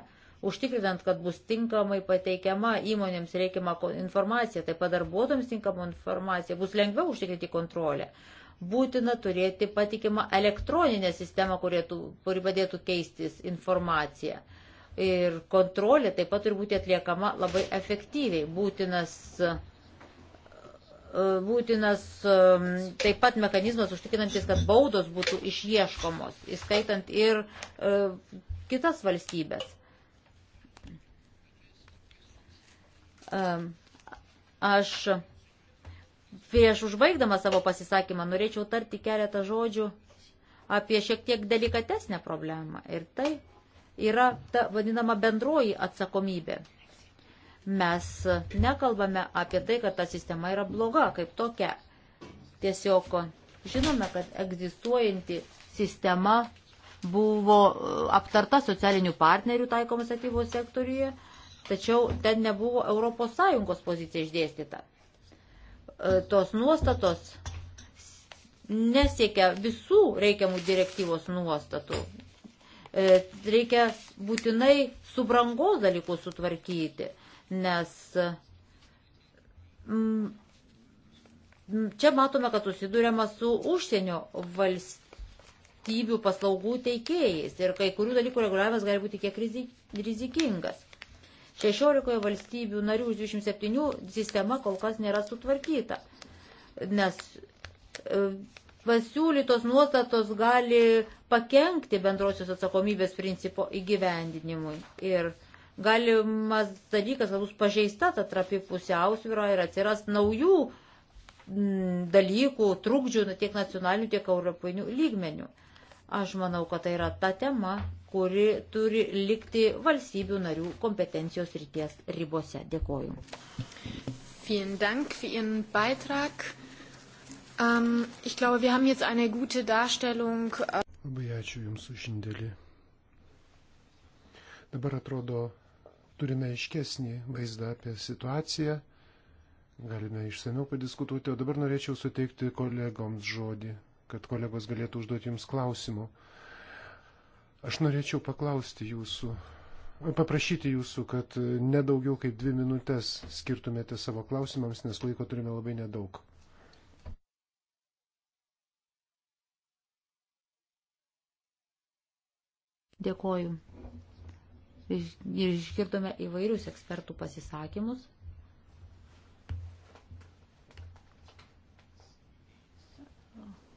užtikrinant, kad bus tinkamai pateikiama įmonėms reikiama informacija, taip pat darbuotojams tinkama informacija, bus lengviau užtikrinti kontrolę. Būtina turėti patikimą elektroninę sistemą, kuri padėtų keistis informaciją. Ir kontrolė taip pat turi būti atliekama labai efektyviai. Būtinas E, būtinas e, taip pat mechanizmas užtikrinantis, kad baudos būtų išieškomos, įskaitant ir e, kitas valstybės. Aš prieš užbaigdama savo pasisakymą norėčiau tarti keletą žodžių apie šiek tiek delikatesnę problemą. Ir tai yra ta vadinama bendroji atsakomybė Mes nekalbame apie tai, kad ta sistema yra bloga kaip tokia. Tiesiog žinome, kad egzistuojanti sistema buvo e, aptarta socialinių partnerių taikomos statybos sektoriuje, tačiau ten nebuvo ES pozicija išdėstyta. E, tos nuostatos nesiekia visų reikiamų direktyvos nuostatų. E, reikia būtinai subrangos dalykus sutvarkyti nes mm, mm, čia matome, kad susidurėma su užsienio valstybių paslaugų teikėjais ir kai kurių dalykų reguliavimas gali būti kiek rizikingas. 16 valstybių narių iš 27 sistema kol kas nėra sutvarkyta, nes e, pasiūlytos nuostatos gali pakengti bendrosios atsakomybės principo įgyvendinimui. Ir galimas dalykas, kad bus pažeista ta trapi pusiausvyra ir atsiras naujų mm, dalykų, trukdžių tiek nacionalinių, tiek europinių lygmenių. Aš manau, kad tai yra ta tema, kuri turi likti valstybių narių kompetencijos ryties ribose. Dėkoju. Vielen Dank für Ihren Beitrag. Ähm, ich glaube, wir haben jetzt eine gute Darstellung. Äh, Labai ačiū Jums už indėlį. Dabar atrodo turime aiškesnį vaizdą apie situaciją, galime išsameu padiskutuoti, o dabar norėčiau suteikti kolegoms žodį, kad kolegos galėtų užduoti jums klausimų. Aš norėčiau paklausti jūsų, paprašyti jūsų, kad nedaugiau kaip dvi minutės skirtumėte savo klausimams, nes laiko turime labai nedaug. Dėkoju išgirdome įvairius ekspertų pasisakymus.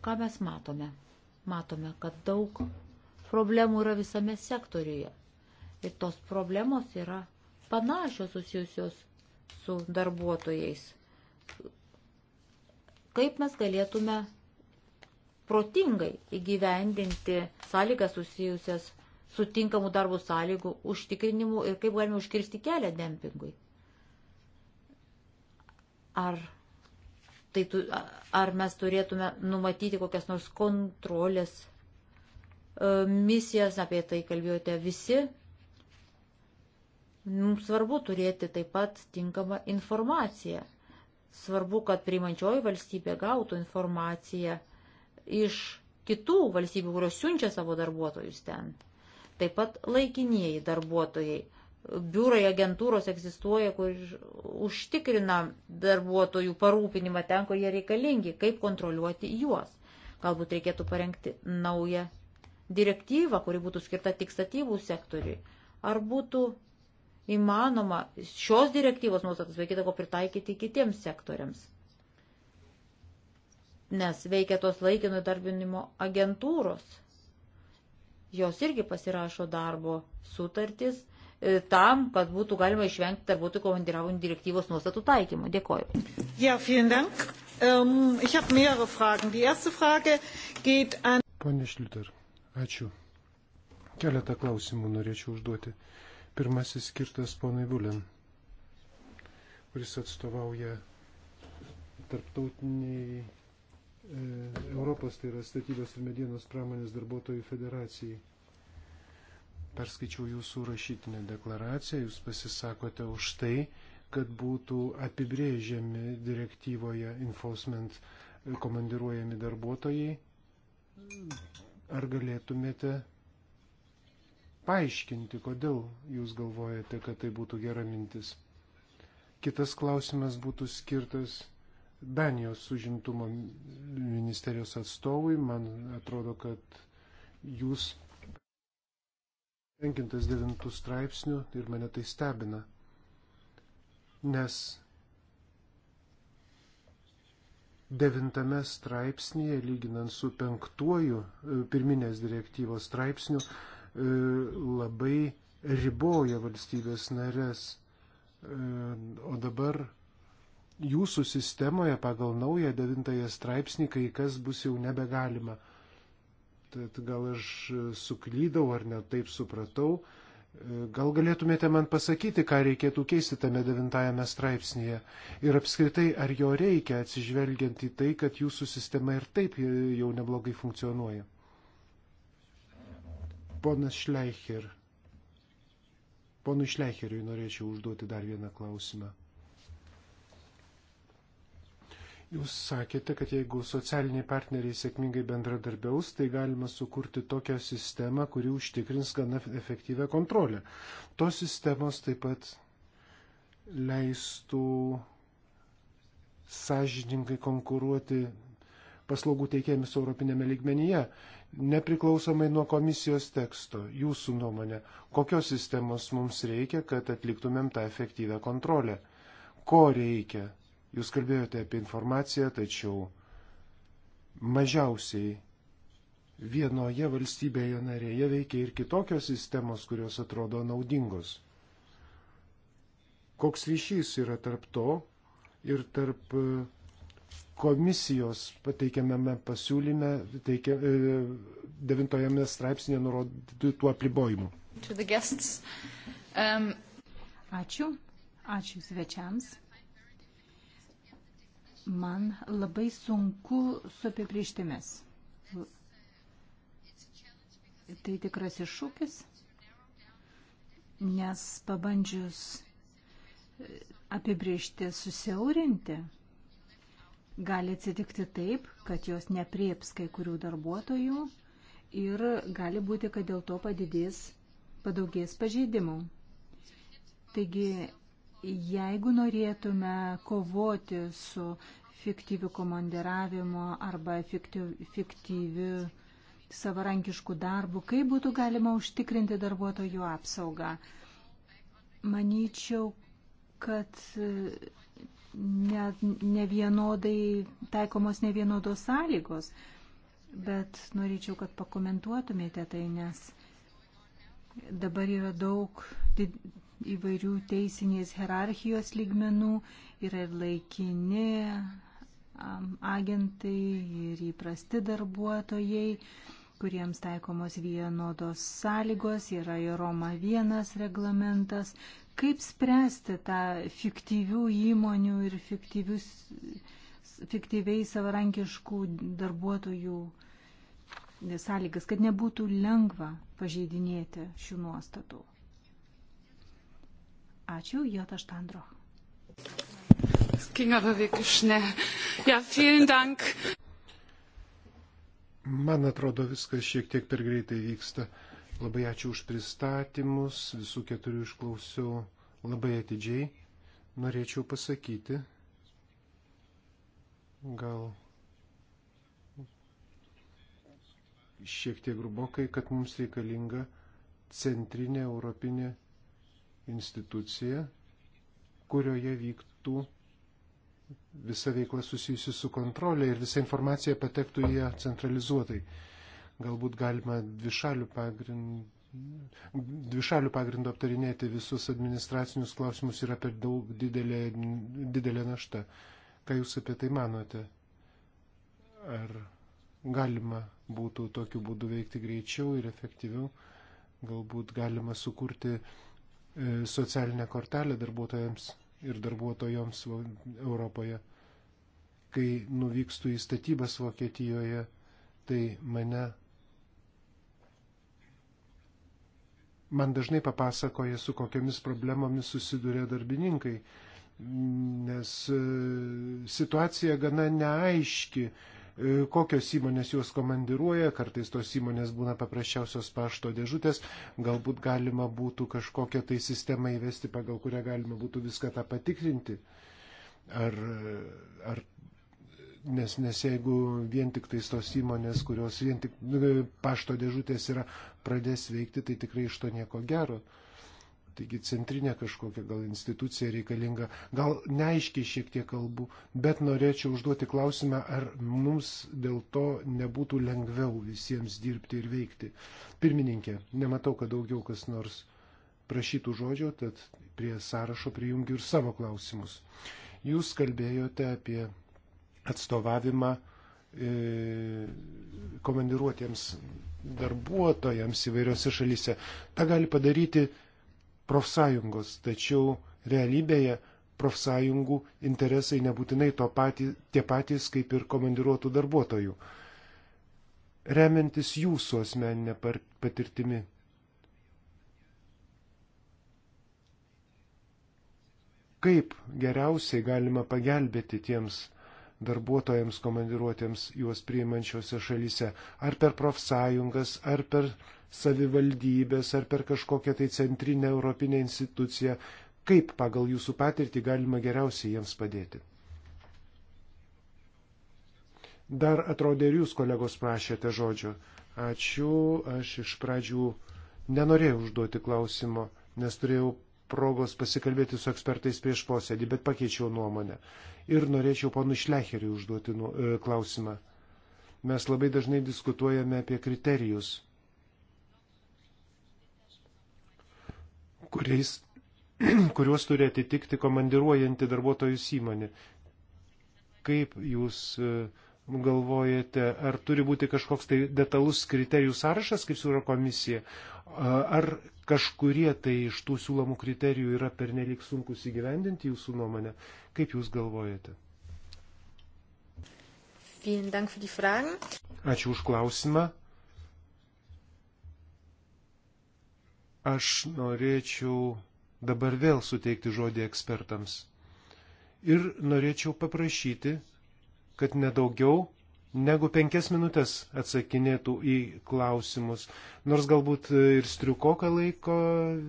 Ką mes matome? Matome, kad daug problemų yra visame sektoriuje. Ir tos problemos yra panašios susijusios su darbuotojais. Kaip mes galėtume protingai įgyvendinti sąlygas susijusias sutinkamų darbo sąlygų užtikrinimu ir kaip galime užkirsti kelią dempingui. Ar, tai tu, ar mes turėtume numatyti kokias nors kontrolės e, misijas, apie tai kalbėjote visi. Mums svarbu turėti taip pat tinkamą informaciją. Svarbu, kad priimančioji valstybė gautų informaciją iš kitų valstybių, kurios siunčia savo darbuotojus ten. Taip pat laikinieji darbuotojai. Biurai agentūros egzistuoja, kur užtikrina darbuotojų parūpinimą ten, kur jie reikalingi, kaip kontroliuoti juos. Galbūt reikėtų parengti naują direktyvą, kuri būtų skirta tik statybų sektoriui. Ar būtų įmanoma šios direktyvos nuostatas veikėtų ko pritaikyti kitiems sektoriams? Nes veikia tos laikino darbinimo agentūros jos irgi pasirašo darbo sutartis e, tam, kad būtų galima išvengti darbuotojų komandiravimų direktyvos nuostatų taikymo. Dėkoju. Ja, dank. Um, ich habe mehrere Fragen. Die erste Frage geht an. Pane Šliuter, ačiū. Keletą klausimų norėčiau užduoti. Pirmasis skirtas ponui Bulin, kuris atstovauja tarptautiniai E, Europos, tai yra statybos ir medienos pramonės darbuotojų federacijai. Perskaičiau jūsų rašytinę deklaraciją, jūs pasisakote už tai, kad būtų apibrėžiami direktyvoje enforcement komandiruojami darbuotojai. Ar galėtumėte paaiškinti, kodėl jūs galvojate, kad tai būtų gera mintis? Kitas klausimas būtų skirtas Danijos užimtumo ministerijos atstovui. Man atrodo, kad jūs tenkintas devintų straipsnių ir mane tai stebina. Nes devintame straipsnėje, lyginant su penktuoju e, pirminės direktyvos straipsniu, e, labai riboja valstybės narės. E, o dabar jūsų sistemoje pagal naują devintąją straipsnį kai kas bus jau nebegalima. Tad gal aš suklydau ar netaip supratau. Gal galėtumėte man pasakyti, ką reikėtų keisti tame devintajame straipsnėje ir apskritai, ar jo reikia atsižvelgiant į tai, kad jūsų sistema ir taip jau neblogai funkcionuoja. Ponas Šleicher. Ponui Šleicheriui norėčiau užduoti dar vieną klausimą. Jūs sakėte, kad jeigu socialiniai partneriai sėkmingai bendradarbiaus, tai galima sukurti tokią sistemą, kuri užtikrins gana efektyvę kontrolę. Tos sistemos taip pat leistų sąžininkai konkuruoti paslaugų teikėjams Europinėme lygmenyje, nepriklausomai nuo komisijos teksto, jūsų nuomonė, kokios sistemos mums reikia, kad atliktumėm tą efektyvę kontrolę, ko reikia Jūs kalbėjote apie informaciją, tačiau mažiausiai vienoje valstybėje narėje veikia ir kitokios sistemos, kurios atrodo naudingos. Koks ryšys yra tarp to ir tarp e, komisijos pateikiamame pasiūlyme, teikia, e, devintojame straipsnėje nurodytų apribojimų. Um... Ačiū. Ačiū svečiams. Man labai sunku su apibrieštimis. Tai tikras iššūkis, nes pabandžius apibriežti susiaurinti, gali atsitikti taip, kad jos neprieps kai kurių darbuotojų ir gali būti, kad dėl to padidės, padaugės pažeidimų. Taigi Jeigu norėtume kovoti su fiktyviu komandiravimo arba fiktyviu savarankišku darbu, kaip būtų galima užtikrinti darbuotojų apsaugą? Manyčiau, kad e, ne, ne vienodai taikomos ne vienodos sąlygos, bet norėčiau, kad pakomentuotumėte tai, nes dabar yra daug įvairių teisinės hierarchijos lygmenų, yra ir laikini agentai, ir įprasti darbuotojai, kuriems taikomos vienodos sąlygos, yra ir Roma vienas reglamentas. Kaip spręsti tą fiktyvių įmonių ir fiktyviai savarankiškų darbuotojų sąlygas, kad nebūtų lengva pažeidinėti šių nuostatų? Ačiū, Jota Štandro. Man atrodo, viskas šiek tiek per greitai vyksta. Labai ačiū už pristatymus, visų keturių išklausiau labai atidžiai. Norėčiau pasakyti, gal šiek tiek grubokai, kad mums reikalinga centrinė europinė institucija, kurioje vyktų visa veikla susijusi su kontrolė ir visa informacija patektų į ją centralizuotai. Galbūt galima dvišalių pagrindų. Dvišalių pagrindų aptarinėti visus administracinius klausimus yra per daug didelė, didelė našta. Ką Jūs apie tai manote? Ar galima būtų tokiu būdu veikti greičiau ir efektyviau? Galbūt galima sukurti uh, E, socialinę kortelę darbuotojams ir darbuotojoms Europoje. Kai nuvykstu į statybas Vokietijoje, tai mane man dažnai papasakoja, su kokiamis problemomis susiduria darbininkai, nes e, situacija gana neaiški E, kokios įmonės juos komandiruoja, kartais tos įmonės būna paprasčiausios pašto dėžutės, galbūt galima būtų kažkokią tai sistemą įvesti, pagal kurią galima būtų viską tą patikrinti. Ar, ar nes, nes jeigu vien tik tais tos įmonės, kurios vien tik nu, pašto dėžutės yra, pradės veikti, tai tikrai iš to nieko gero. Uh, Taigi centrinė kažkokia gal institucija reikalinga. Gal neaiškiai šiek tiek kalbu, bet norėčiau užduoti klausimą, ar mums dėl to nebūtų lengviau visiems dirbti ir veikti. Pirmininkė, nematau, kad daugiau kas nors prašytų žodžio, tad prie sąrašo prijungiu ir savo klausimus. Jūs kalbėjote apie atstovavimą e, komandiruotiems darbuotojams įvairiose šalyse. Ta gali padaryti profsąjungos, tačiau realybėje profsąjungų interesai nebūtinai patį, tie patys kaip ir komandiruotų darbuotojų. Remiantis jūsų asmeninė patirtimi. Kaip geriausiai galima pagelbėti tiems darbuotojams komandiruotėms juos priimančiose šalyse, ar per profsąjungas, ar per uh, savivaldybės ar per kažkokią tai centrinę europinę instituciją. Kaip pagal jūsų patirtį galima geriausiai jiems padėti? Dar atrodė ir jūs, kolegos, prašėte žodžio. Ačiū, aš iš pradžių nenorėjau užduoti klausimo, nes turėjau progos pasikalbėti su ekspertais prieš posėdį, bet pakeičiau nuomonę. Ir norėčiau ponu Šlecheriui užduoti nu, e, klausimą. Mes labai dažnai diskutuojame apie kriterijus. kuriais, kuriuos turi atitikti komandiruojanti darbuotojus įmonė. Kaip jūs e, galvojate, ar turi būti kažkoks tai detalus kriterijų sąrašas, kaip siūlo komisija, ar kažkurie tai iš tų siūlomų kriterijų yra pernelik sunkus įgyvendinti jūsų nuomonę, kaip jūs galvojate? Ačiū už klausimą. Aš norėčiau dabar vėl suteikti žodį ekspertams. Ir norėčiau paprašyti, kad nedaugiau negu penkias minutės atsakinėtų į klausimus. Nors galbūt ir striukoka laiko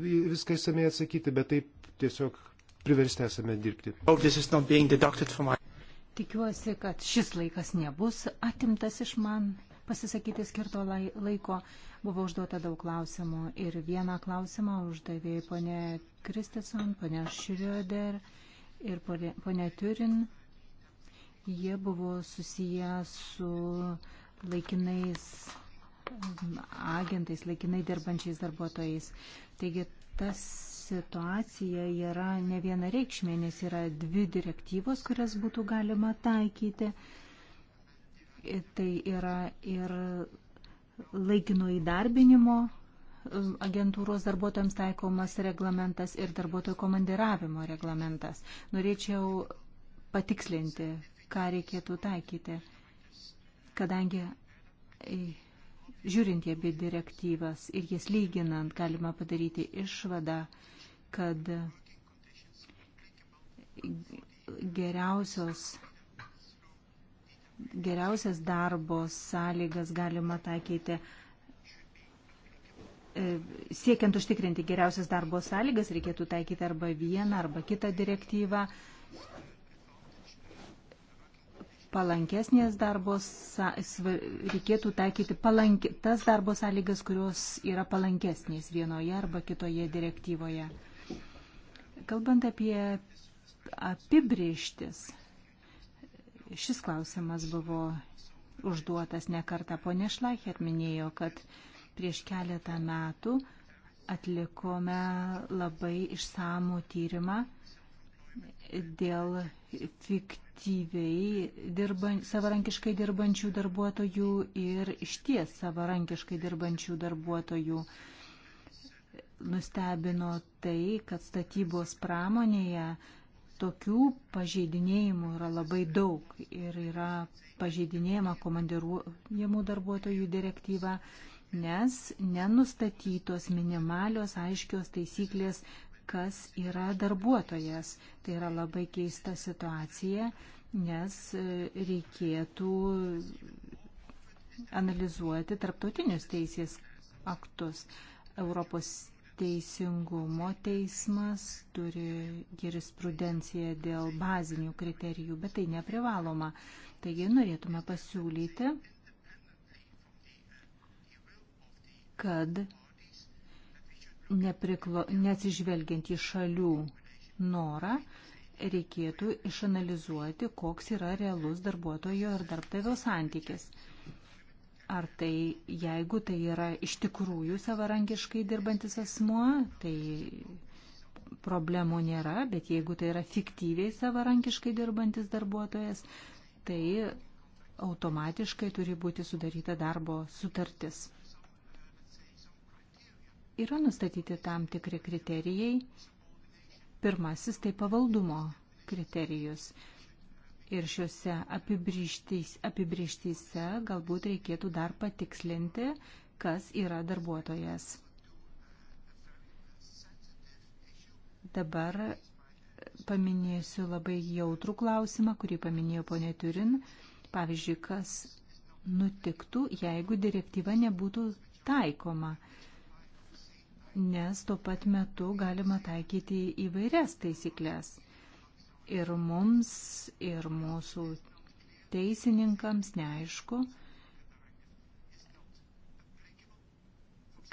viską įsamei atsakyti, bet taip tiesiog priversti esame dirbti. Oh, Tikiuosi, kad šis laikas nebus atimtas iš man pasisakyti skirto laiko. Buvo užduota daug klausimų ir vieną klausimą uždavė ponė Kristison, ponė Šrioder ir ponė Turin. Jie buvo susiję su laikinais um, agentais, laikinai dirbančiais darbuotojais. Taigi tas situacija yra ne viena reikšmė, nes yra dvi direktyvos, kurias būtų galima taikyti. Tai yra ir laikino įdarbinimo um, agentūros darbuotojams taikomas reglamentas ir darbuotojų komandiravimo reglamentas. Norėčiau patikslinti, ką reikėtų taikyti, kadangi e, žiūrint į abi direktyvas ir jas lyginant galima padaryti išvadą, kad geriausios geriausias darbo sąlygas galima taikyti e, siekiant užtikrinti geriausias darbo sąlygas, reikėtų taikyti arba vieną, arba kitą direktyvą. Palankesnės darbos reikėtų taikyti palank, tas darbo sąlygas, kurios yra palankesnės vienoje arba kitoje direktyvoje. Kalbant apie apibrieštis, Šis klausimas buvo užduotas nekarta. Pone Šlaicher minėjo, kad prieš keletą metų atlikome labai išsamų tyrimą dėl fiktyviai dirban, savarankiškai dirbančių darbuotojų ir išties savarankiškai dirbančių darbuotojų. Nustebino tai, kad statybos pramonėje Tokių pažeidinėjimų yra labai daug ir yra pažeidinėjama komandiruojamų darbuotojų direktyva, nes nenustatytos minimalios aiškios taisyklės, kas yra darbuotojas. Tai yra labai keista situacija, nes reikėtų analizuoti tarptautinius teisės aktus. Europos teisingumo teismas turi jurisprudenciją dėl bazinių kriterijų, bet tai neprivaloma. Taigi norėtume pasiūlyti, kad nepriklo, neatsižvelgiant į šalių norą, reikėtų išanalizuoti, koks yra realus darbuotojo ir darbdavio santykis. Ar tai, jeigu tai yra iš tikrųjų savarankiškai dirbantis asmuo, tai problemų nėra, bet jeigu tai yra fiktyviai savarankiškai dirbantis darbuotojas, tai automatiškai turi būti sudaryta darbo sutartis. Yra nustatyti tam tikri kriterijai. Pirmasis tai pavaldumo kriterijus. Ir šiuose apibrieštyse galbūt reikėtų dar patikslinti, kas yra darbuotojas. Dabar paminėsiu labai jautrų klausimą, kurį paminėjo ponė Turin. Pavyzdžiui, kas nutiktų, jeigu direktyva nebūtų taikoma, nes tuo pat metu galima taikyti įvairias taisyklės ir mums, ir mūsų teisininkams neaišku,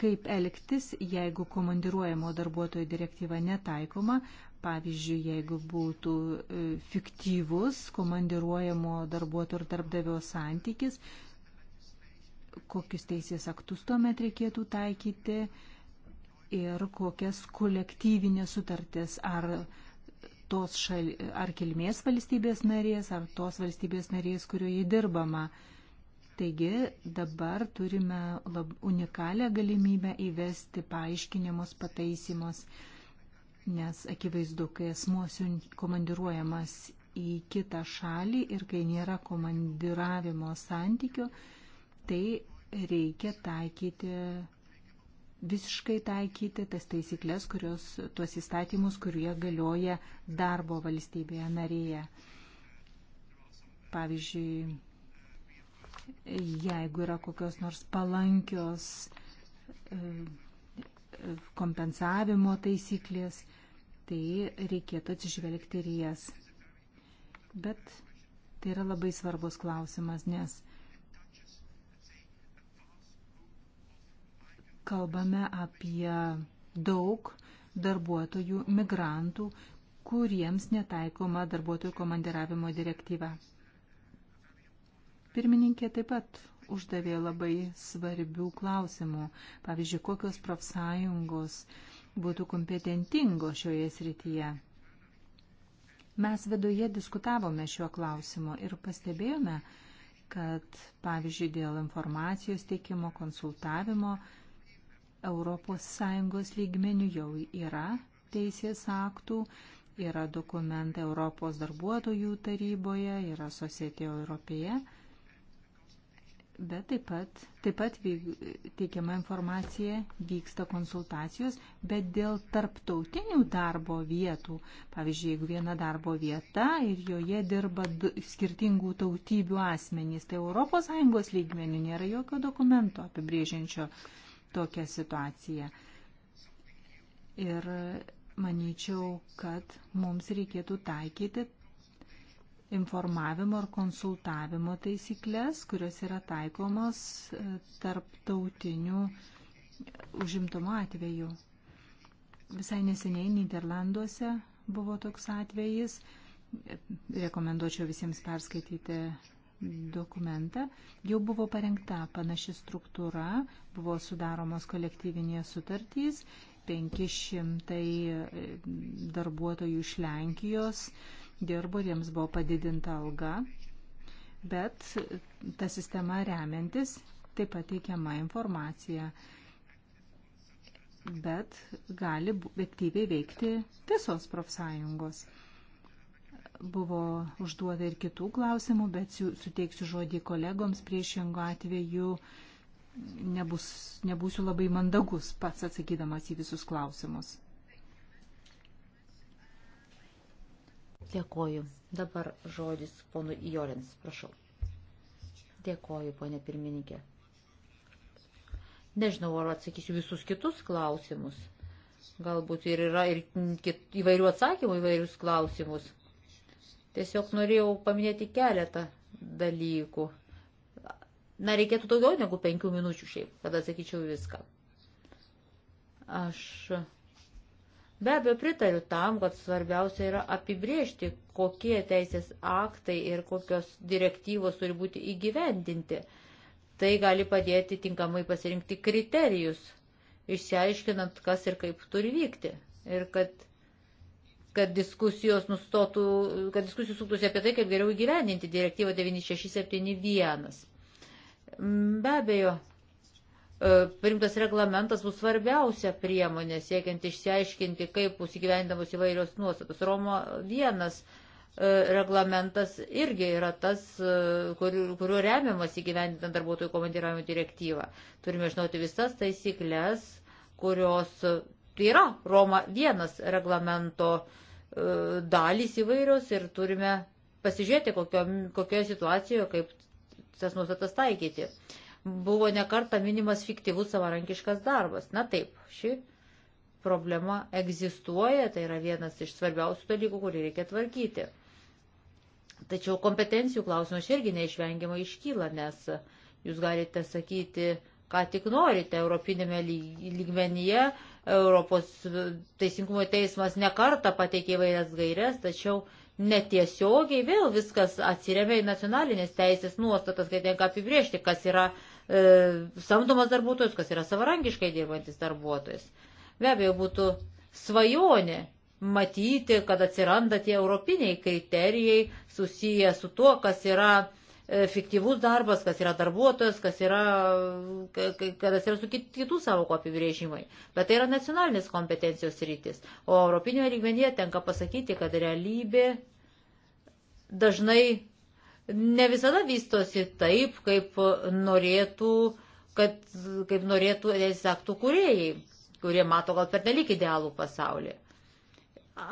kaip elgtis, jeigu komandiruojamo darbuotojo direktyva netaikoma, pavyzdžiui, jeigu būtų e, fiktyvus komandiruojamo darbuotojo ir darbdavio santykis, kokius teisės aktus tuomet reikėtų taikyti ir kokias kolektyvinės sutartis ar tos šal, ar kilmės valstybės narės, ar tos valstybės narės, kurioje dirbama. Taigi dabar turime lab, unikalią galimybę įvesti paaiškinimus, pataisimus, nes akivaizdu, kai asmuo komandiruojamas į kitą šalį ir kai nėra komandiravimo santykių, tai reikia taikyti visiškai taikyti tas taisyklės, kurios, tuos įstatymus, kurie galioja darbo valstybėje narėje. Pavyzdžiui, jeigu yra kokios nors palankios e, kompensavimo taisyklės, tai reikėtų atsižvelgti ir jas. Bet tai yra labai svarbus klausimas, nes kalbame apie daug darbuotojų, migrantų, kuriems netaikoma darbuotojų komandiravimo direktyva. Pirmininkė taip pat uždavė labai svarbių klausimų. Pavyzdžiui, kokios profsąjungos būtų kompetentingos šioje srityje. Mes viduje diskutavome šiuo klausimu ir pastebėjome, kad, pavyzdžiui, dėl informacijos teikimo, konsultavimo, ES lygmenių jau yra teisės aktų, yra dokumentai Europos darbuotojų taryboje, yra Societė Europėje, bet taip pat, taip pat vyk, teikiama informacija vyksta konsultacijos, bet dėl tarptautinių darbo vietų, pavyzdžiui, jeigu viena darbo vieta ir joje dirba skirtingų tautybių asmenys, tai ES lygmenių nėra jokio dokumento apibrėžiančio tokią situaciją. Ir manyčiau, kad mums reikėtų taikyti informavimo ir konsultavimo taisyklės, kurios yra taikomos e, tarptautinių užimtumo atveju. Visai neseniai Niderlanduose buvo toks atvejis. Rekomenduočiau visiems perskaityti dokumentą, jau buvo parengta panaši struktūra, buvo sudaromos kolektyvinės sutartys, 500 e, darbuotojų iš Lenkijos dirbo, jiems buvo padidinta alga, bet ta sistema remiantis taip pat teikiama informacija bet gali aktyviai veikti visos profsąjungos. Buvo užduota ir kitų klausimų, bet suteiksiu žodį kolegoms priešingo atveju. Nebus, nebūsiu labai mandagus pats atsakydamas į visus klausimus. Dėkoju. Dabar žodis ponui Jorins, prašau. Dėkoju, ponė pirmininkė. Nežinau, ar atsakysiu visus kitus klausimus. Galbūt ir yra ir kit, įvairių atsakymų įvairius klausimus. Tiesiog norėjau paminėti keletą dalykų. Na, reikėtų daugiau negu penkių minučių šiaip, kad atsakyčiau viską. Aš be abejo pritariu tam, kad svarbiausia yra apibriežti, kokie teisės aktai ir kokios direktyvos turi būti įgyvendinti. Tai gali padėti tinkamai pasirinkti kriterijus, išsiaiškinant, kas ir kaip turi vykti. Ir kad kad diskusijos nustotų, kad diskusijos suktųsi apie tai, kaip geriau įgyvendinti direktyvą 9671. Be abejo, e, primtas reglamentas bus svarbiausia priemonė, siekiant išsiaiškinti, kaip bus įgyvendamos įvairios nuostatos. Romo vienas e, reglamentas irgi yra tas, e, kuriuo kuriu remiamas įgyvendinant darbuotojų komandiravimo direktyvą. Turime žinoti visas taisyklės, kurios tai yra Roma vienas reglamento e, dalys įvairios ir turime pasižiūrėti, kokio, kokioje situacijoje, kaip tas nuostatas taikyti. Buvo nekarta minimas fiktyvus savarankiškas darbas. Na taip, ši problema egzistuoja, tai yra vienas iš svarbiausių dalykų, kurį reikia tvarkyti. Tačiau kompetencijų klausimas irgi neišvengiamai iškyla, nes jūs galite sakyti, ką tik norite Europinėme lygmenyje. Europos teisingumo teismas nekarta pateikė įvairias gairias, tačiau netiesiogiai vėl viskas atsiriamia į nacionalinės teisės nuostatas, kai tenka apibriežti, kas yra e, samdomas darbuotojas, kas yra savarankiškai dirbantis darbuotojas. Be abejo, būtų svajonė matyti, kad atsiranda tie europiniai kriterijai susiję su tuo, kas yra fiktyvus darbas, kas yra darbuotojas, kas yra, kas yra su kitų savokų apibrėžimai. Bet tai yra nacionalinės kompetencijos rytis. O Europinio lygmenyje tenka pasakyti, kad realybė dažnai ne visada vystosi taip, kaip norėtų, kad, kaip norėtų teisės aktų kuriejai, kurie mato gal per nelik idealų pasaulį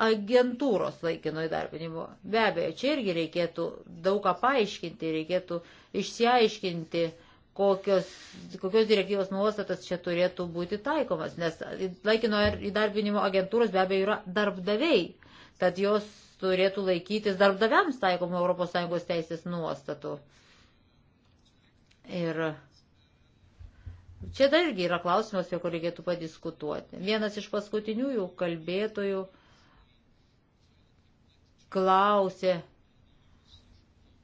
agentūros laikino įdarbinimo. Be abejo, čia irgi reikėtų daug ką paaiškinti, reikėtų išsiaiškinti, kokios, kokios direktyvos nuostatas čia turėtų būti taikomas, nes laikino įdarbinimo agentūros be abejo yra darbdaviai, tad jos turėtų laikytis darbdaviams taikomų ES teisės nuostatų. Ir čia dar irgi yra klausimas, apie kurį reikėtų padiskutuoti. Vienas iš paskutinių jų kalbėtojų. Uh, klausė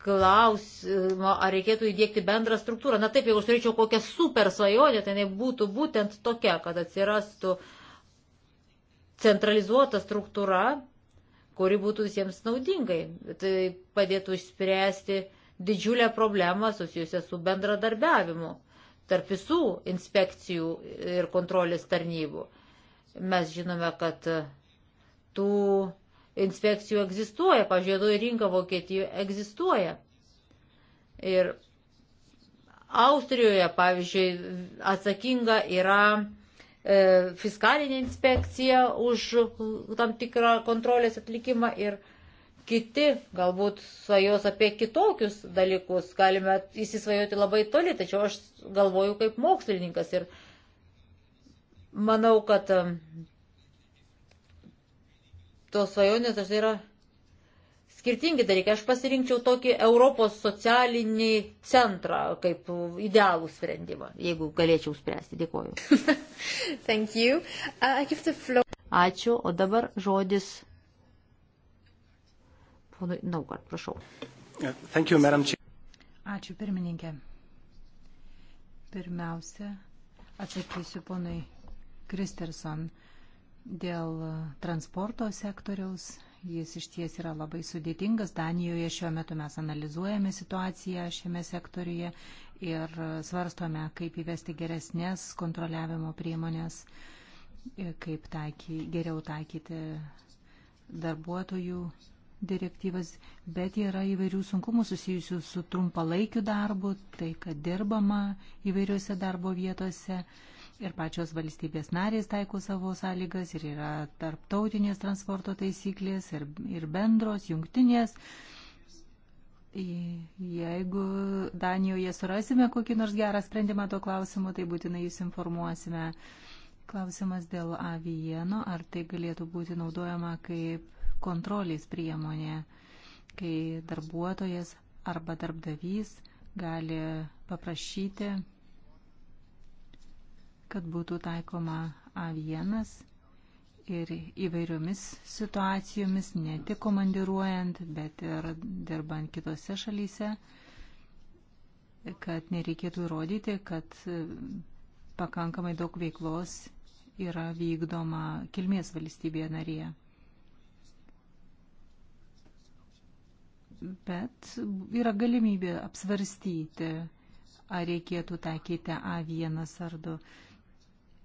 klausimą, ar reikėtų įdėkti bendrą struktūrą. Na taip, jeigu aš turėčiau kokią super svajonę, tai jinai būtų būtent tokia, kad atsirastų centralizuota struktūra, kuri būtų visiems naudingai. Tai padėtų išspręsti didžiulę problemą susijusią su bendradarbiavimu tarp visų inspekcijų ir kontrolės tarnybų. Mes žinome, kad tų inspekcijų egzistuoja, pažiūrėjau, rinka Vokietijoje egzistuoja. Ir Austrijoje, pavyzdžiui, atsakinga yra e, fiskalinė inspekcija už tam tikrą kontrolės atlikimą ir kiti, galbūt svajos apie kitokius dalykus, galime įsisvajoti labai toli, tačiau aš galvoju kaip mokslininkas ir manau, kad tos svajonės dažnai yra skirtingi dalykai. Aš pasirinkčiau tokį Europos socialinį centrą kaip idealų sprendimą, jeigu galėčiau spręsti. Dėkuoju. Uh, Ačiū, o dabar žodis. Ponui Naugart, prašau. You, Ačiū, pirmininkė. Pirmiausia, atsakysiu ponui Kristerson. Uh, Dėl transporto sektoriaus jis iš ties yra labai sudėtingas. Danijoje šiuo metu mes analizuojame situaciją šiame sektoriuje ir svarstome, kaip įvesti geresnės kontroliavimo priemonės, kaip taiky, geriau taikyti darbuotojų direktyvas, bet yra įvairių sunkumų susijusių su trumpalaikiu darbu, tai kad dirbama įvairiuose darbo vietose ir pačios valstybės narės taiko savo sąlygas ir yra tarptautinės transporto taisyklės ir, ir bendros, jungtinės. Jeigu Danijoje surasime kokį nors gerą sprendimą to klausimu, tai būtinai jūs informuosime. Klausimas dėl avieno, ar tai galėtų būti naudojama kaip kontrolės priemonė, kai darbuotojas arba darbdavys gali paprašyti kad būtų taikoma A1 ir įvairiomis situacijomis, ne tik komandiruojant, bet ir dirbant kitose šalyse, kad nereikėtų įrodyti, kad pakankamai daug veiklos yra vykdoma kilmės valstybėje narėje. Bet yra galimybė apsvarstyti, ar reikėtų taikyti A1 ar 2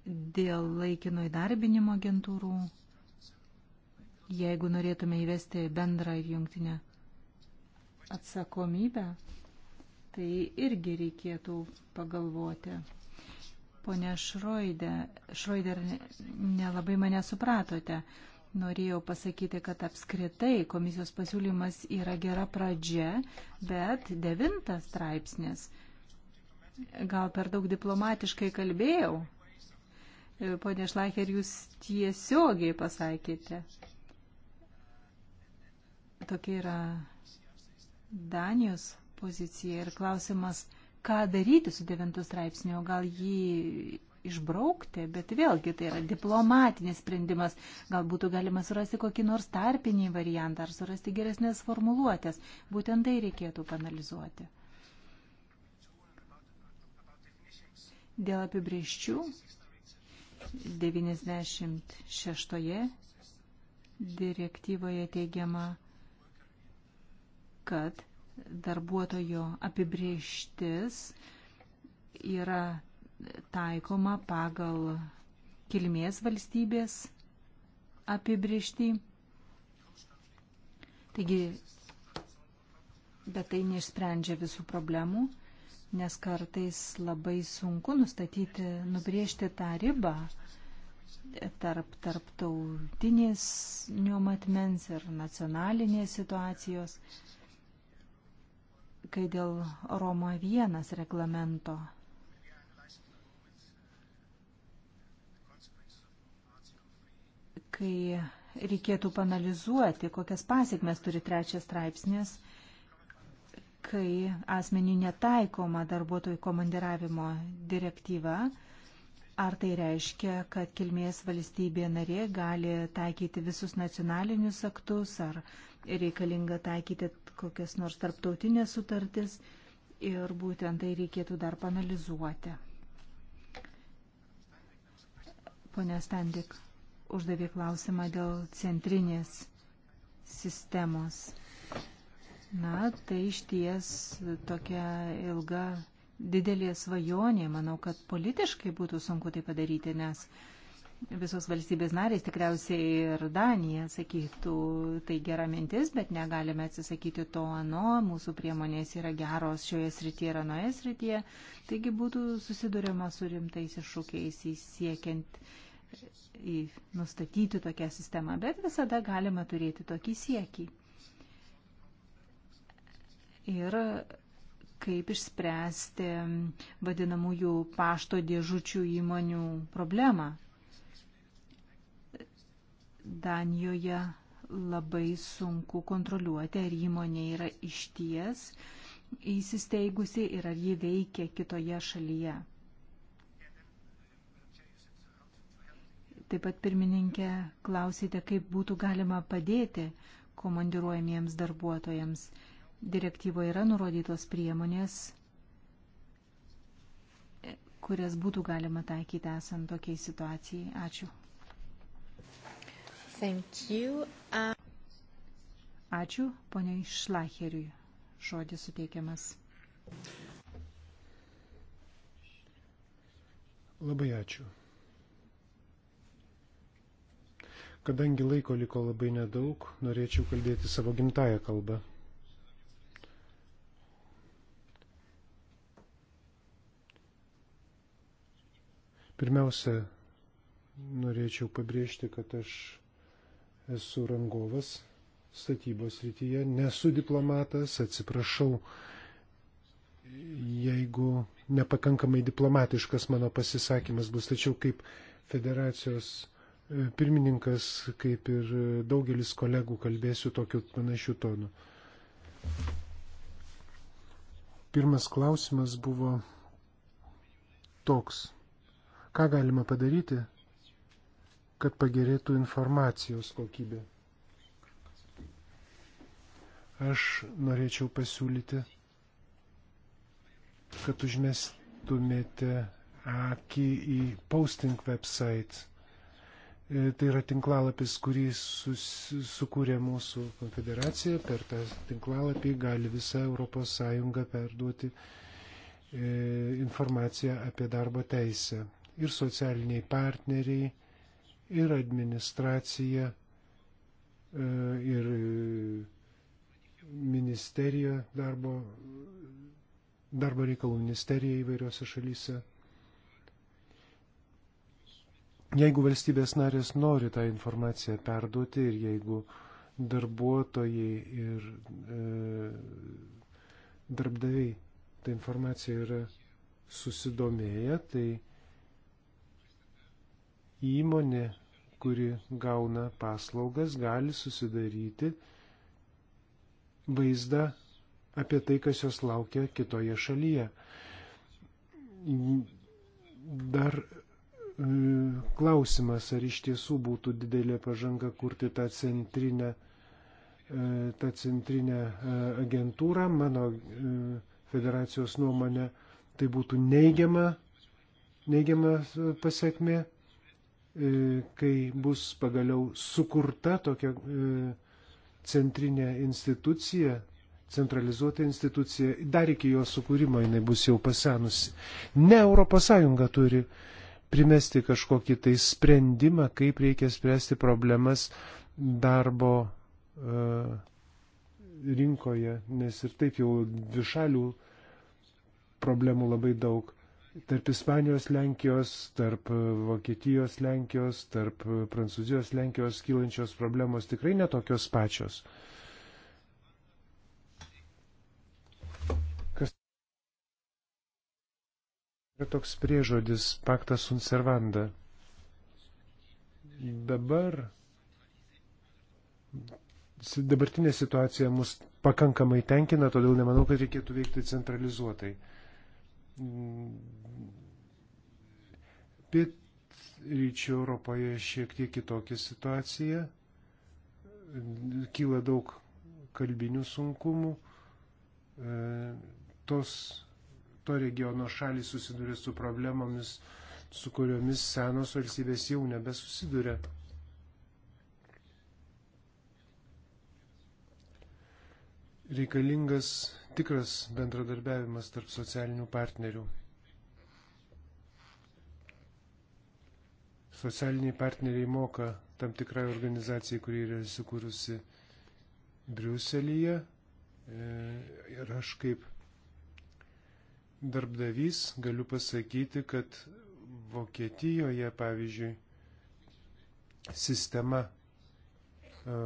dėl laikino įdarbinimo agentūrų, jeigu norėtume įvesti bendrą ir jungtinę atsakomybę, tai irgi reikėtų pagalvoti. Pone Šroidė, Šroider nelabai mane supratote. Norėjau pasakyti, kad apskritai komisijos pasiūlymas yra gera pradžia, bet devintas straipsnis. Gal per daug diplomatiškai kalbėjau? E, Pone Šlacher, jūs tiesiogiai pasakėte. Tokia yra Danijos pozicija ir klausimas, ką daryti su devintu straipsniu, gal jį išbraukti, bet vėlgi tai yra diplomatinis sprendimas. Gal būtų galima surasti kokį nors tarpinį variantą ar surasti geresnės formuluotės. Būtent tai reikėtų panalizuoti. Dėl apibrieščių 96 direktyvoje teigiama, kad darbuotojo apibrieštis yra taikoma pagal kilmės valstybės apibriešti. Taigi, bet tai neišsprendžia visų problemų nes kartais labai sunku nustatyti, nubriežti tą ribą tarp tarptautinės matmens ir nacionalinės situacijos, kai dėl Romo vienas reglamento kai reikėtų panalizuoti, kokias pasiekmes turi trečias straipsnis kai asmeniui netaikoma darbuotojų komandiravimo direktyva, Ar tai reiškia, kad kilmės valstybė narė gali taikyti visus nacionalinius aktus, ar reikalinga taikyti kokias nors tarptautinės sutartis ir būtent tai reikėtų dar panalizuoti. Pone Standik uždavė klausimą dėl centrinės sistemos. Na, tai iš ties tokia ilga didelė svajonė. Manau, kad politiškai būtų sunku tai padaryti, nes visos valstybės narės tikriausiai ir Danija sakytų, tai gera mintis, bet negalime atsisakyti to ano, mūsų priemonės yra geros šioje srityje ir anoje srityje. Taigi būtų susidurima su rimtais iššūkiais įsiekiant nustatyti tokią sistemą, bet visada galima turėti tokį siekį ir kaip išspręsti vadinamųjų pašto dėžučių įmonių problemą. Danijoje labai sunku kontroliuoti, ar įmonė yra išties įsisteigusi ir ar ji veikia kitoje šalyje. Taip pat pirmininkė klausėte, kaip būtų galima padėti komandiruojamiems darbuotojams direktyvoje yra nurodytos priemonės, kurias būtų galima taikyti esant tokiai situacijai. Ačiū. Thank you. Uh... Ačiū, poniai Šlacheriui. Žodis suteikiamas. Labai ačiū. Kadangi laiko liko labai nedaug, norėčiau kalbėti savo gimtają kalbą. Pirmiausia, norėčiau pabrėžti, kad aš esu rangovas statybos rytyje, nesu diplomatas, atsiprašau, jeigu nepakankamai diplomatiškas mano pasisakymas bus, tačiau kaip federacijos e, pirmininkas, kaip ir daugelis kolegų kalbėsiu tokiu panašiu tonu. Pirmas klausimas buvo toks Ką galima padaryti, kad pagerėtų informacijos kokybė? Aš norėčiau pasiūlyti, kad užmestumėte akį į posting website. E, tai yra tinklalapis, kurį sus, sukūrė mūsų konfederacija. Per tą tinklalapį gali visa ES perduoti e, informaciją apie darbo teisę ir socialiniai partneriai, ir administracija, e, ir e, ministerija darbo, darbo reikalų ministerija įvairiose šalyse. Jeigu valstybės narės nori tą informaciją perduoti ir jeigu darbuotojai ir e, darbdaviai ta informacija yra susidomėję, tai įmonė, kuri gauna paslaugas, gali susidaryti vaizdą apie tai, kas jos laukia kitoje šalyje. Dar e, klausimas, ar iš tiesų būtų didelė pažanga kurti tą centrinę, e, tą centrinę e, agentūrą. Mano federacijos nuomonė, tai būtų neigiama, neigiama pasiekmė E, kai bus pagaliau sukurta tokia e, centrinė institucija, centralizuota institucija, dar iki jos sukūrimo jinai bus jau pasenusi. Ne ES turi primesti kažkokį tai sprendimą, kaip reikia spręsti problemas darbo uh, rinkoje, nes ir taip jau dvišalių problemų labai daug tarp Ispanijos, Lenkijos, tarp Vokietijos, Lenkijos, tarp Prancūzijos, Lenkijos kylančios problemos tikrai netokios pačios. Kas yra toks priežodis paktas sunt servanda? Dabar dabartinė situacija mus pakankamai tenkina, todėl nemanau, kad reikėtų veikti centralizuotai Pietryčio Europoje šiek tiek kitokia situacija, kyla daug kalbinių sunkumų, e, tos to regiono šalis susiduria su problemomis, su kuriomis senos valstybės jau nebesusiduria. Reikalingas tikras bendradarbiavimas tarp socialinių partnerių. Socialiniai partneriai moka tam tikrai organizacijai, kuri yra įsikūrusi Briuselyje. E, ir aš kaip darbdavys galiu pasakyti, kad Vokietijoje, pavyzdžiui, sistema, e,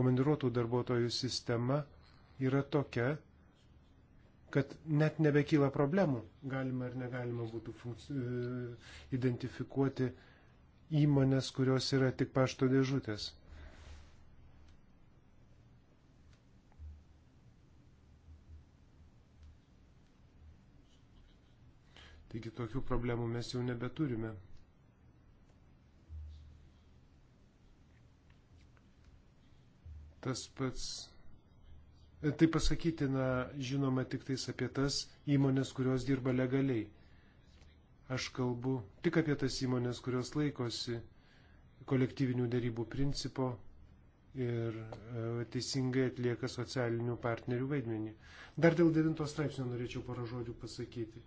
komandiruotų darbuotojų sistema yra tokia, kad net nebekyla problemų, galima ar negalima būtų funkci... E, identifikuoti įmonės, kurios yra tik pašto dėžutės. Taigi tokių problemų mes jau nebeturime. Tas pats Tai pasakytina, žinoma, tik tais apie tas įmonės, kurios dirba legaliai. Aš kalbu tik apie tas įmonės, kurios laikosi kolektyvinių darybų principo ir e, teisingai atlieka socialinių partnerių vaidmenį. Dar dėl devinto straipsnio norėčiau porą žodžių pasakyti.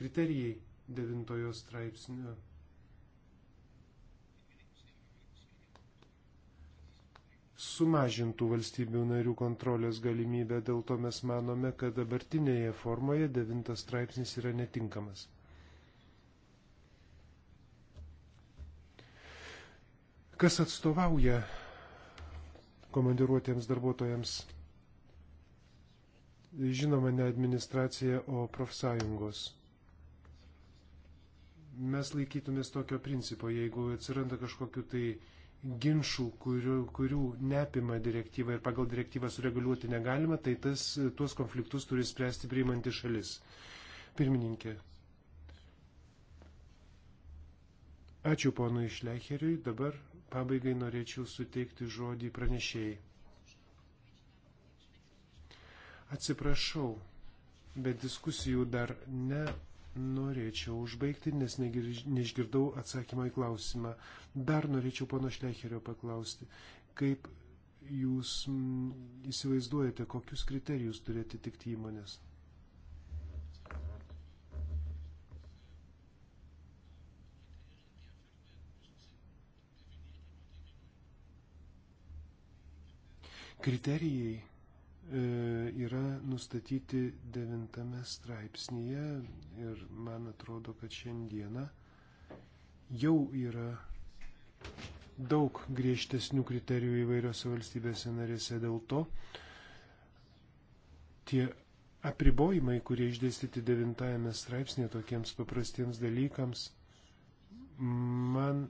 Kriterijai devintojo straipsnio sumažintų valstybių narių kontrolės galimybę, dėl to mes manome, kad dabartinėje formoje devintas straipsnis yra netinkamas. Kas atstovauja komandiruotėms darbuotojams? Žinoma, ne administracija, o profsąjungos mes laikytumės tokio principo, jeigu atsiranda kažkokiu tai ginčių, kurių, kurių neapima direktyva ir pagal direktyvą sureguliuoti negalima, tai tas, tuos konfliktus turi spręsti priimanti šalis. Pirmininkė. Ačiū ponui Šlecheriui. Dabar pabaigai norėčiau suteikti žodį pranešėjai. Atsiprašau, bet diskusijų dar ne norėčiau užbaigti, nes neišgirdau atsakymą į klausimą. Dar norėčiau pono Šlecherio paklausti, kaip jūs įsivaizduojate, kokius kriterijus turėtų tikti įmonės? Kriterijai E, yra nustatyti devintame straipsnėje ir man atrodo, kad šiandieną jau yra daug griežtesnių kriterijų įvairiose valstybėse narėse dėl to tie apribojimai, kurie išdėstyti devintajame straipsnėje tokiems paprastiems dalykams, man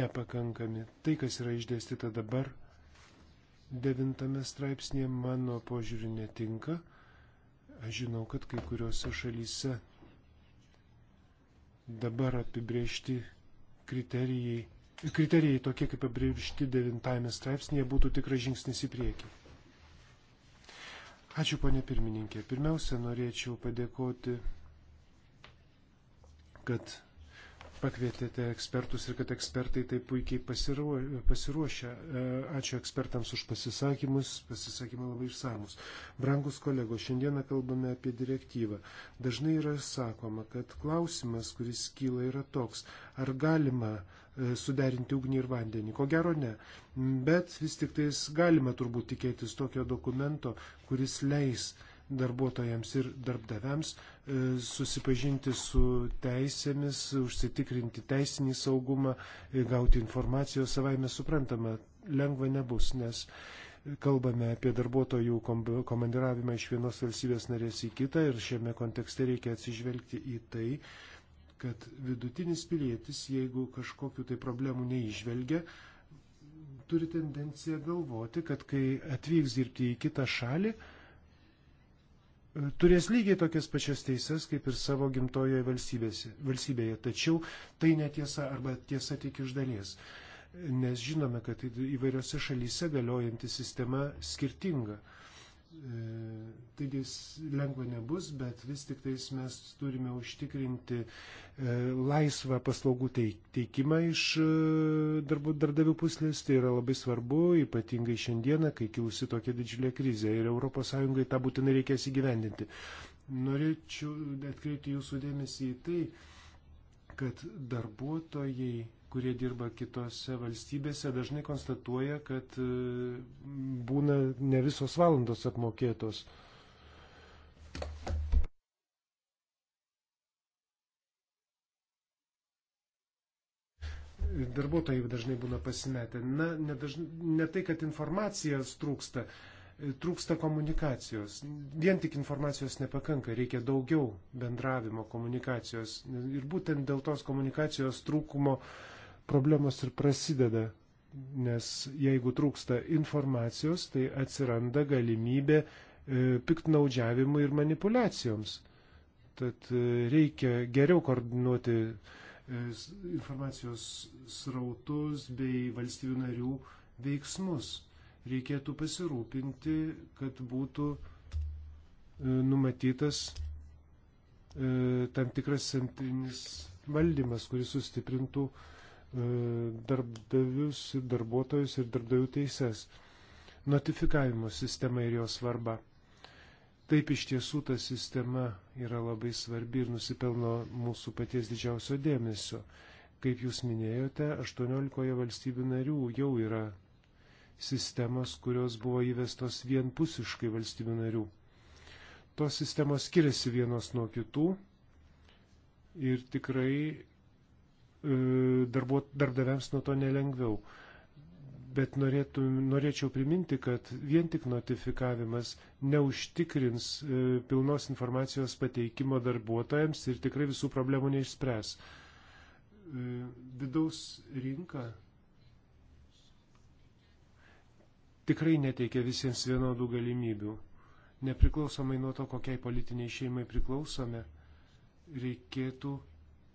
nepakankami. Tai, kas yra išdėstyta dabar, devintame straipsnėje mano požiūriu netinka. Aš žinau, kad kai kuriuose šalyse dabar apibriežti kriterijai, kriterijai tokie kaip apibriežti devintame straipsnėje būtų tikras žingsnis į priekį. Ačiū, ponė pirmininkė. Pirmiausia, norėčiau padėkoti, kad pakvietėte ekspertus ir kad ekspertai taip puikiai pasiruošę. E, ačiū ekspertams už pasisakymus, pasisakymai labai išsamus. Brangus kolegos, šiandieną kalbame apie direktyvą. Dažnai yra sakoma, kad klausimas, kuris kyla, yra toks, ar galima e, suderinti ugnį ir vandenį. Ko gero ne. Bet vis tik tais galima turbūt tikėtis tokio dokumento, kuris leis uh, darbuotojams ir darbdaviams e, susipažinti su teisėmis, užsitikrinti teisinį saugumą, e, gauti informacijos savaime suprantama. Lengva nebus, nes kalbame apie darbuotojų komandiravimą iš vienos valstybės narės į kitą ir šiame kontekste reikia atsižvelgti į tai, kad vidutinis pilietis, jeigu kažkokiu tai problemu neižvelgia, turi tendenciją galvoti, kad kai atvyks dirbti į kitą šalį, turės lygiai tokias pačias teises kaip ir savo gimtojoje valstybėje. Tačiau tai netiesa arba tiesa tik iš dalies. Nes žinome, kad įvairiose šalyse galiojanti sistema skirtinga. Uh, E, taigi lengva nebus, bet vis tik tais mes turime užtikrinti e, laisvą paslaugų teikimą iš e, darbų, darbdavių puslės. Tai yra labai svarbu, ypatingai šiandieną, kai kilusi tokia didžiulė krizė ir ES tą būtinai reikės įgyvendinti. Norėčiau atkreipti jūsų dėmesį į tai, kad darbuotojai kurie dirba kitose valstybėse, dažnai konstatuoja, kad bū, visos valandos apmokėtos. Darbuotojai dažnai būna pasimetę. Na, ne, dažnai, ne tai, kad informacijos trūksta, trūksta komunikacijos. Vien tik informacijos nepakanka, reikia daugiau bendravimo komunikacijos. Ir būtent dėl tos komunikacijos trūkumo problemos ir prasideda nes jeigu trūksta informacijos, tai atsiranda galimybė e, piktnaudžiavimui ir manipulacijoms. Tad e, reikia geriau koordinuoti e, informacijos srautus bei valstybių narių veiksmus. Reikėtų pasirūpinti, kad būtų numatytas tam tikras centrinis valdymas, kuris sustiprintų uh, E, darbdavius ir darbuotojus ir darbdavių teises. Notifikavimo sistema ir jos svarba. Taip iš tiesų ta sistema yra labai svarbi ir nusipelno mūsų paties didžiausio dėmesio. Kaip jūs minėjote, 18 valstybių narių jau yra sistemos, kurios buvo įvestos vienpusiškai valstybių narių. Tos sistemos skiriasi vienos nuo kitų ir tikrai E, darbuot, darbdaviams nuo to nelengviau. Bet norėtų, norėčiau priminti, kad vien tik notifikavimas neužtikrins e, pilnos informacijos pateikimo darbuotojams ir tikrai visų problemų neišspręs. E, vidaus rinka tikrai neteikia visiems vienodų galimybių. Nepriklausomai nuo to, kokiai politiniai šeimai priklausome, reikėtų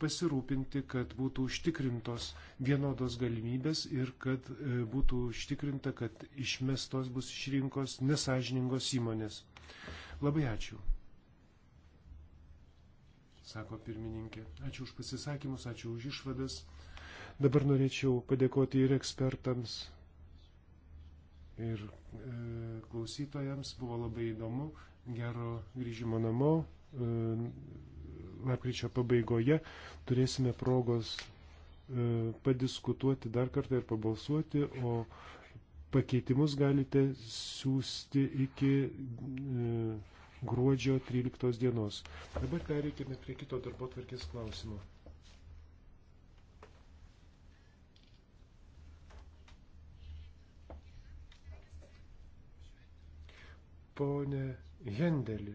pasirūpinti, kad būtų užtikrintos vienodos galimybės ir kad e, būtų užtikrinta, kad išmestos bus iš rinkos nesažiningos įmonės. Labai ačiū. Sako pirmininkė. Ačiū už pasisakymus, ačiū už išvadas. Dabar norėčiau padėkoti ir ekspertams, ir e, klausytojams. Buvo labai įdomu. Gero grįžimo namo. E, lapkričio pabaigoje turėsime progos e, padiskutuoti dar kartą ir pabalsuoti, o pakeitimus galite siūsti iki e, gruodžio 13 dienos. Dabar pereikime prie kito darbo tvarkės klausimo. Pone Hendelį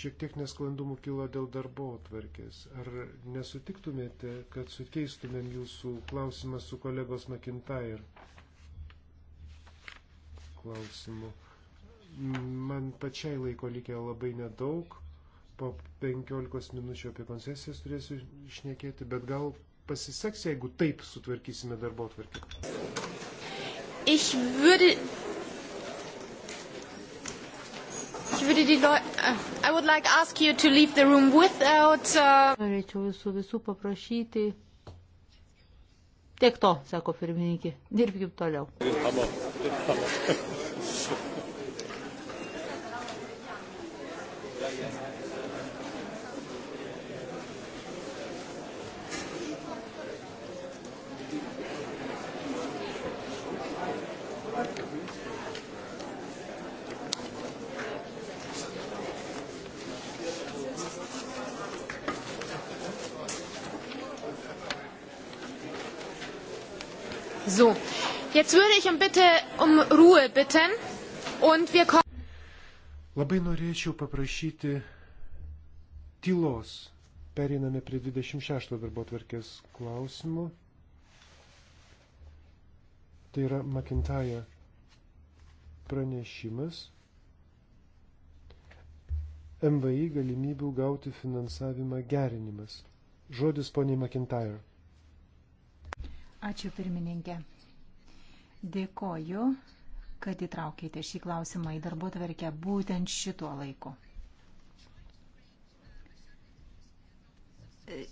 šiek tiek nesklandumų kilo dėl darbo atvarkės. Ar nesutiktumėte, kad sukeistumėm jūsų klausimą su kolegos McIntyre? Klausimu. Man pačiai laiko likę labai nedaug. Po 15 minučių apie koncesijas turėsiu išnekėti, bet gal pasiseks, jeigu taip sutvarkysime darbo atvarkę. Ich würde Ich würde die Leute. Äh, I would like ask you to leave the room without. Uh... Norėčiau visų visų paprašyti. Tiek to, sako pirmininkė. Dirbkim toliau. Hammer. Hammer. ich um, bitte, um Ruhe bitten. Und wir kommen. Labai norėčiau paprašyti tylos. Periname prie 26 darbo tvarkės klausimų. Tai yra McIntyre pranešimas. MVI galimybių gauti finansavimą gerinimas. Žodis poniai McIntyre. Ačiū pirmininkė. Dėkoju, kad įtraukėte šį klausimą į darbo tvarkę būtent šituo laiku.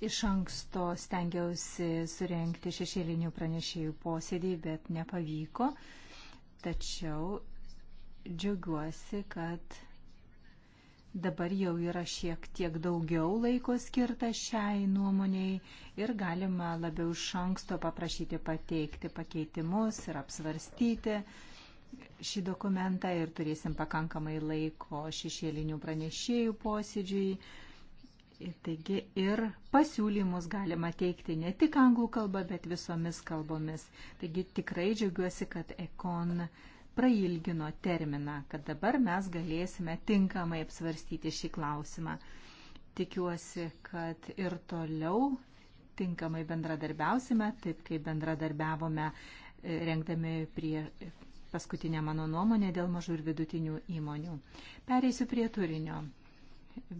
Iš anksto stengiausi surenkti šešėlinių pranešėjų posėdį, bet nepavyko. Tačiau džiaugiuosi, kad Dabar jau yra šiek tiek daugiau laiko skirta šiai nuomoniai ir galima labiau iš anksto paprašyti pateikti pakeitimus ir apsvarstyti šį dokumentą ir turėsim pakankamai laiko šešėlinių pranešėjų posėdžiui. Taigi ir pasiūlymus galima teikti ne tik anglų kalba, bet visomis kalbomis. Taigi tikrai džiaugiuosi, kad Ekon prailgino terminą, kad dabar mes galėsime tinkamai apsvarstyti šį klausimą. Tikiuosi, kad ir toliau tinkamai bendradarbiausime, taip kaip bendradarbiavome e, rengdami prie paskutinę mano nuomonę dėl mažų ir vidutinių įmonių. Pereisiu prie turinio.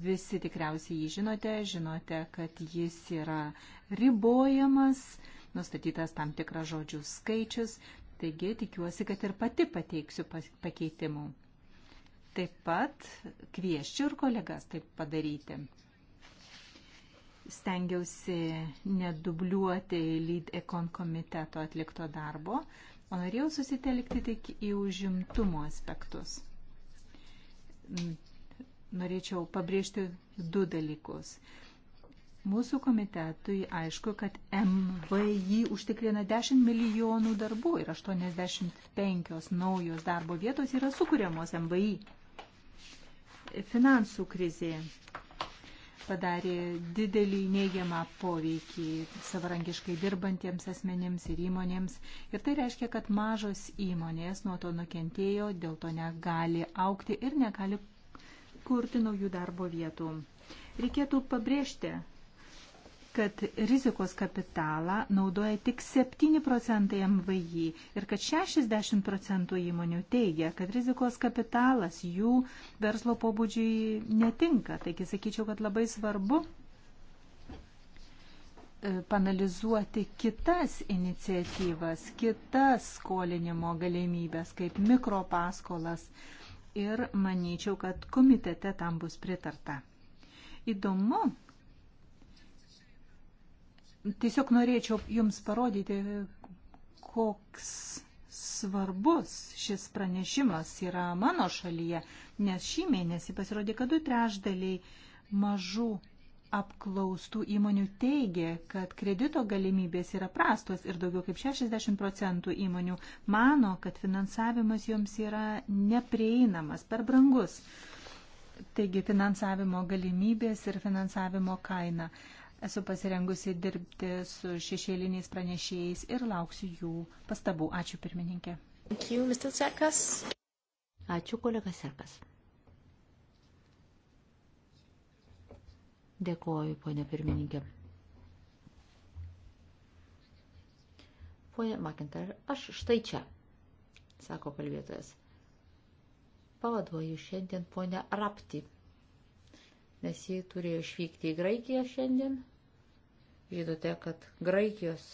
Visi tikriausiai jį žinote, žinote, kad jis yra ribojamas nustatytas tam tikras žodžių skaičius, Taigi tikiuosi, kad ir pati pateiksiu pakeitimų. Taip pat kvieščiau ir kolegas taip padaryti. Stengiausi nedubliuoti lyd ekon komiteto atlikto darbo, o norėjau susitelkti tik į užimtumo aspektus. Norėčiau pabrėžti du dalykus Mūsų komitetui aišku, kad MVI užtikrina 10 milijonų darbų ir 85 naujos darbo vietos yra sukūriamos MVI. Finansų krizė padarė didelį neigiamą poveikį savarankiškai dirbantiems asmenėms ir įmonėms. Ir tai reiškia, kad mažos įmonės nuo to nukentėjo, dėl to negali aukti ir negali kurti naujų darbo vietų. Reikėtų pabrėžti, kad rizikos kapitalą naudoja tik 7 procentai MVI ir kad 60 procentų įmonių teigia, kad rizikos kapitalas jų verslo pobūdžiui netinka. Taigi sakyčiau, kad labai svarbu e, panalizuoti kitas iniciatyvas, kitas skolinimo galimybės, kaip mikropaskolas. Ir manyčiau, kad komitete tam bus pritarta. Įdomu, Tiesiog norėčiau Jums parodyti, koks svarbus šis pranešimas yra mano šalyje, nes šį mėnesį pasirodė, kad du trešdaliai mažų apklaustų įmonių teigia, kad kredito galimybės yra prastos ir daugiau kaip 60 procentų įmonių mano, kad finansavimas joms yra neprieinamas, per brangus. Taigi finansavimo galimybės ir finansavimo kaina. Uh, Esu pasirengusi dirbti su šešėliniais pranešėjais ir lauksiu jų pastabų. Ačiū pirmininkė. You, Ačiū kolega Serkas. Dėkoju, ponė pirmininkė. Pone Makintar, aš štai čia, sako kalbėtojas. Pavaduoju šiandien ponę Rapti, nes ji turėjo išvykti į Graikiją šiandien Žinote, kad Graikijos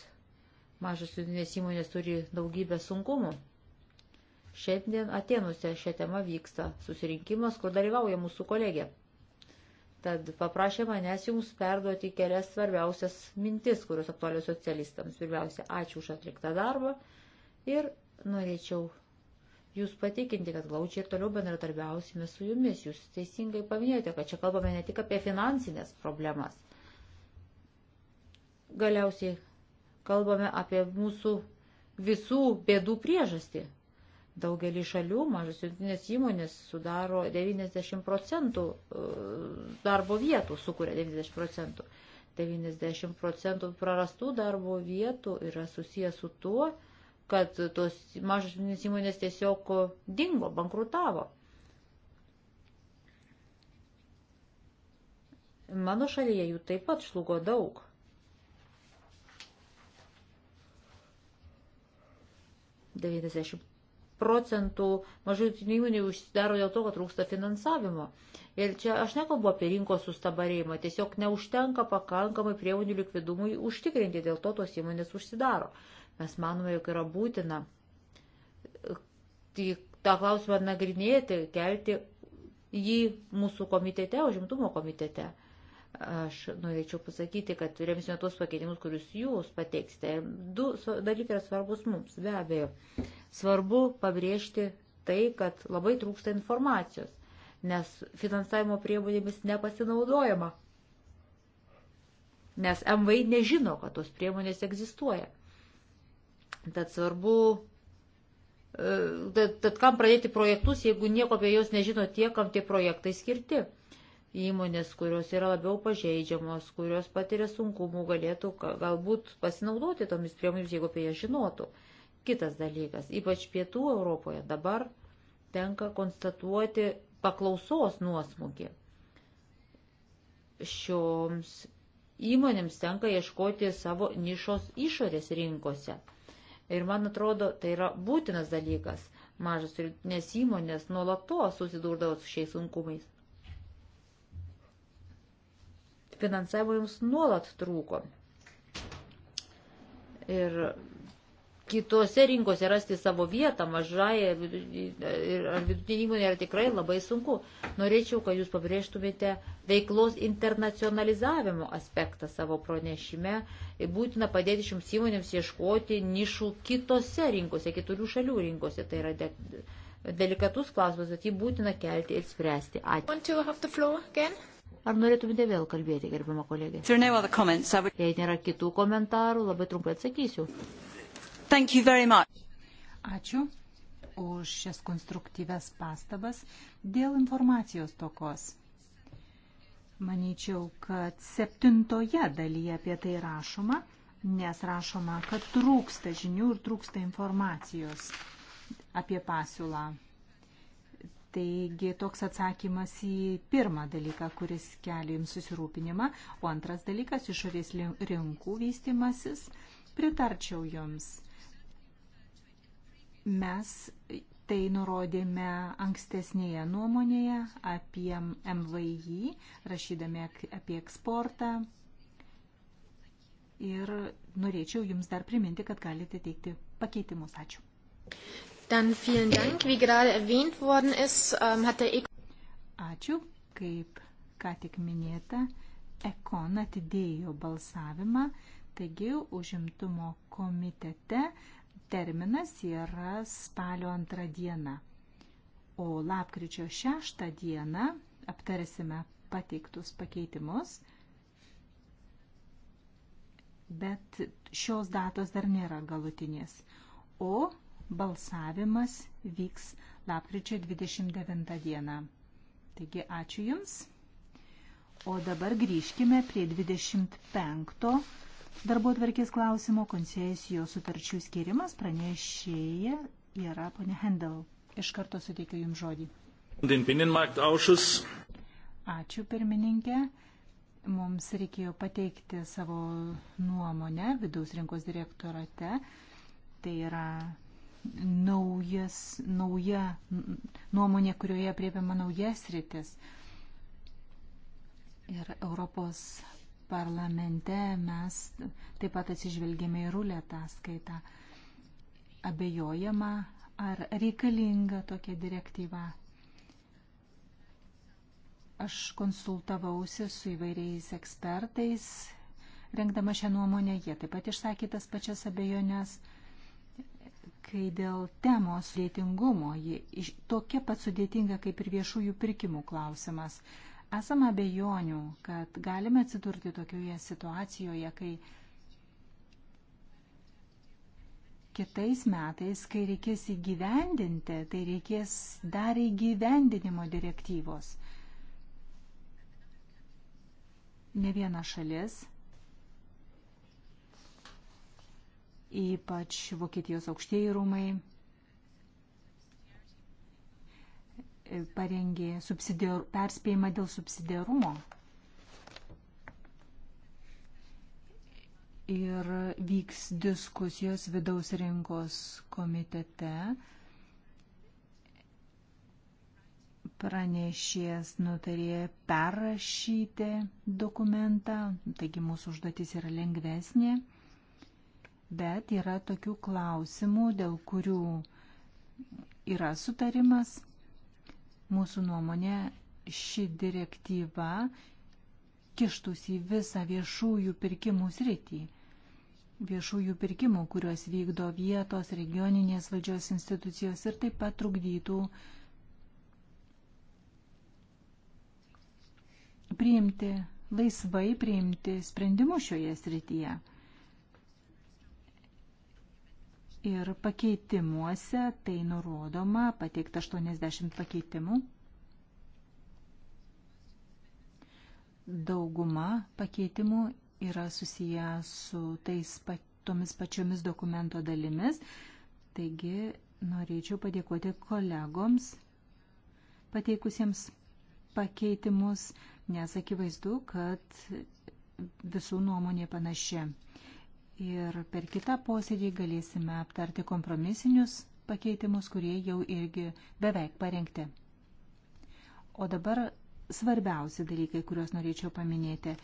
mažos vidinės įmonės turi daugybę sunkumų. Šiandien Atenuose šią temą vyksta susirinkimas, kur dalyvauja mūsų kolegė. Tad paprašė manęs jums perduoti kelias svarbiausias mintis, kurios aktualios socialistams. Pirmiausia, ačiū už atliktą darbą ir norėčiau jūs patikinti, kad glaučiai ir toliau bendratarbiausime su jumis. Jūs teisingai paminėjote, kad čia kalbame ne tik apie finansinės problemas, Galiausiai kalbame apie mūsų visų bėdų priežastį. Daugelį šalių mažas jungtinės įmonės sudaro 90 procentų e, darbo vietų, sukuria 90 procentų. 90 procentų prarastų darbo vietų yra susijęs su tuo, kad tos mažas įmonės tiesiog dingo, bankrutavo. Mano šalyje jų taip pat šlugo daug. 90 procentų mažų įmonių užsidaro dėl to, kad trūksta finansavimo. Ir čia aš nekalbu apie rinkos sustabarėjimą, tiesiog neužtenka pakankamai priemonių likvidumui užtikrinti, dėl to tos įmonės užsidaro. Mes manome, jog yra būtina e, tai tą klausimą nagrinėti, kelti jį mūsų komitete, užimtumo komitete. Aš norėčiau pasakyti, kad remsime tuos pakeitimus, kurius jūs pateiksite. Du dalykai yra svarbus mums, be abejo. Svarbu pabrėžti tai, kad labai trūksta informacijos, nes finansavimo priemonėmis nepasinaudojama. Nes MVI nežino, kad tos priemonės egzistuoja. Tad svarbu e, Tad, tad kam pradėti projektus, jeigu nieko apie juos nežino tie, kam tie projektai skirti. Įmonės, kurios yra labiau pažeidžiamos, kurios patiria sunkumų, galėtų galbūt pasinaudoti tomis priemonėmis, jeigu apie jas žinotų. Kitas dalykas, ypač pietų Europoje dabar tenka konstatuoti paklausos nuosmukį. Šioms įmonėms tenka ieškoti savo nišos išorės rinkose. Ir man atrodo, tai yra būtinas dalykas. Mažas ir nes įmonės nuolatos susidurdavo su šiais sunkumais. Finansavimo jums nuolat trūko. Ir kitose rinkose rasti savo vietą mažai ar vidutinė įmonė yra tikrai labai sunku. Norėčiau, kad jūs pabrėžtumėte veiklos internacionalizavimo aspektą savo pranešime. Būtina padėti šioms įmonėms ieškoti nišų kitose rinkose, kitų šalių rinkose. Tai yra de delikatus klausimas, bet jį būtina kelti ir spręsti. Ačiū. Ar norėtumėte vėl kalbėti, gerbimo kolegė? Jei nėra kitų komentarų, labai trumpai atsakysiu. Ačiū už šias konstruktyves pastabas dėl informacijos tokos. Manyčiau, kad septintoje dalyje apie tai rašoma, nes rašoma, kad trūksta žinių ir trūksta informacijos apie pasiūlą. Taigi toks atsakymas į pirmą dalyką, kuris kelia jums susirūpinimą, o antras dalykas - išorės rinkų vystimasis. Pritarčiau jums. Mes tai nurodėme ankstesnėje nuomonėje apie MVI, rašydami apie eksportą. Ir norėčiau jums dar priminti, kad galite teikti pakeitimus. Ačiū. Dann vielen Dank. Wie gerade erwähnt worden ist, ähm, hat der EK. Ačiū, kaip ką tik minėta, Ekon atidėjo balsavimą, taigi užimtumo komitete terminas yra spalio antrą dieną. O lapkričio šeštą dieną aptarsime pateiktus pakeitimus, bet šios datos dar nėra galutinės. O Balsavimas vyks lapkričio 29 dieną. Taigi ačiū Jums. O dabar grįžkime prie 25 darbo tvarkės klausimo koncesijos sutarčių skirimas pranešėja yra ponė Hendel. Iš karto suteikiu Jums žodį. Ačiū pirmininkė. Mums reikėjo pateikti savo nuomonę vidaus rinkos direktorate. Tai yra naujas, nauja nuomonė, kurioje priepiama naujas rytis. Ir Europos parlamente mes taip pat atsižvelgėme į rulę tą skaitą. Abejojama, ar reikalinga tokia direktyva. Aš konsultavausi su įvairiais ekspertais, rengdama šią nuomonę, jie taip pat išsakė tas pačias abejonės kai dėl temos sudėtingumo ji tokia pat sudėtinga kaip ir viešųjų pirkimų klausimas. Esame abejonių, kad galime atsidurti tokioje situacijoje, kai kitais metais, kai reikės įgyvendinti, tai reikės dar įgyvendinimo direktyvos. Ne viena šalis ypač Vokietijos aukštieji rūmai e, parengė subsidiar, perspėjimą dėl subsidiarumo. Ir vyks diskusijos vidaus rinkos komitete. Pranešėjas nutarė perrašyti dokumentą, taigi mūsų užduotis yra lengvesnė bet yra tokių klausimų, dėl kurių yra sutarimas. Mūsų nuomonė ši direktyva kištus į visą viešųjų pirkimų sritį. Viešųjų pirkimų, kuriuos vykdo vietos, regioninės valdžios institucijos ir taip pat trukdytų priimti, laisvai priimti sprendimus šioje srityje. Ir pakeitimuose tai nurodoma, pateikta 80 pakeitimų. Dauguma pakeitimų yra susiję su tais, tomis pačiomis dokumento dalimis. Taigi norėčiau padėkoti kolegoms pateikusiems pakeitimus, nes akivaizdu, kad visų nuomonė panaši ir per kitą posėdį galėsime aptarti kompromisinius pakeitimus, kurie jau irgi beveik parengti. O dabar svarbiausi dalykai, kuriuos norėčiau paminėti.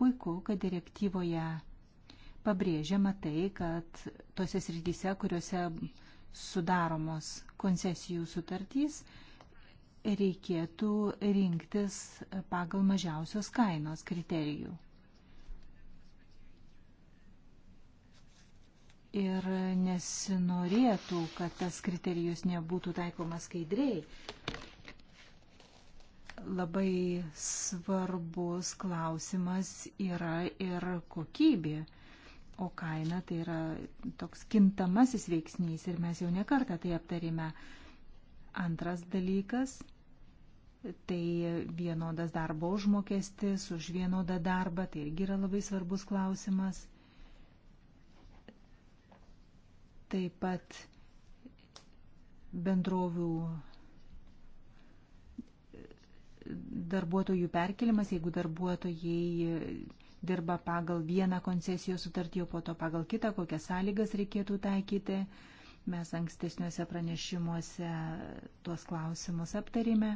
Puiku, kad direktyvoje pabrėžiama tai, kad tose srityse, kuriuose sudaromos koncesijų sutartys, reikėtų rinktis pagal mažiausios kainos kriterijų. ir nesinorėtų, kad tas kriterijus nebūtų taikomas skaidriai. Labai svarbus klausimas yra ir kokybė, o kaina tai yra toks kintamasis veiksnys ir mes jau nekartą tai aptarime. Antras dalykas - tai vienodas darbo užmokestis už vienodą darbą, tai irgi yra labai svarbus klausimas. taip pat bendrovių darbuotojų perkelimas, jeigu darbuotojai dirba pagal vieną koncesijos sutartį, o po to pagal kitą, kokias sąlygas reikėtų taikyti. Mes ankstesniuose pranešimuose tuos klausimus aptarėme.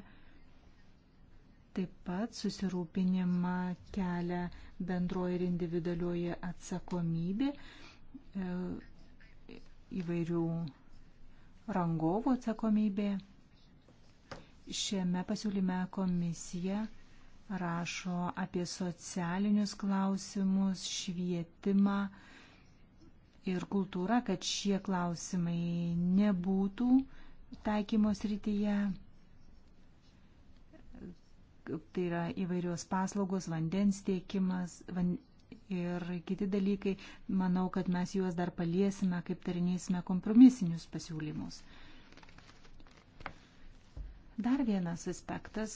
Taip pat susirūpinimą kelia bendroji ir individualioji atsakomybė įvairių rangovų atsakomybė. Šiame pasiūlyme komisija rašo apie socialinius klausimus, švietimą ir kultūrą, kad šie klausimai nebūtų taikymos rytyje. Tai yra įvairios paslaugos, vandens tiekimas, van, ir kiti dalykai, manau, kad mes juos dar paliesime, kaip tarinėsime kompromisinius pasiūlymus. Dar vienas aspektas,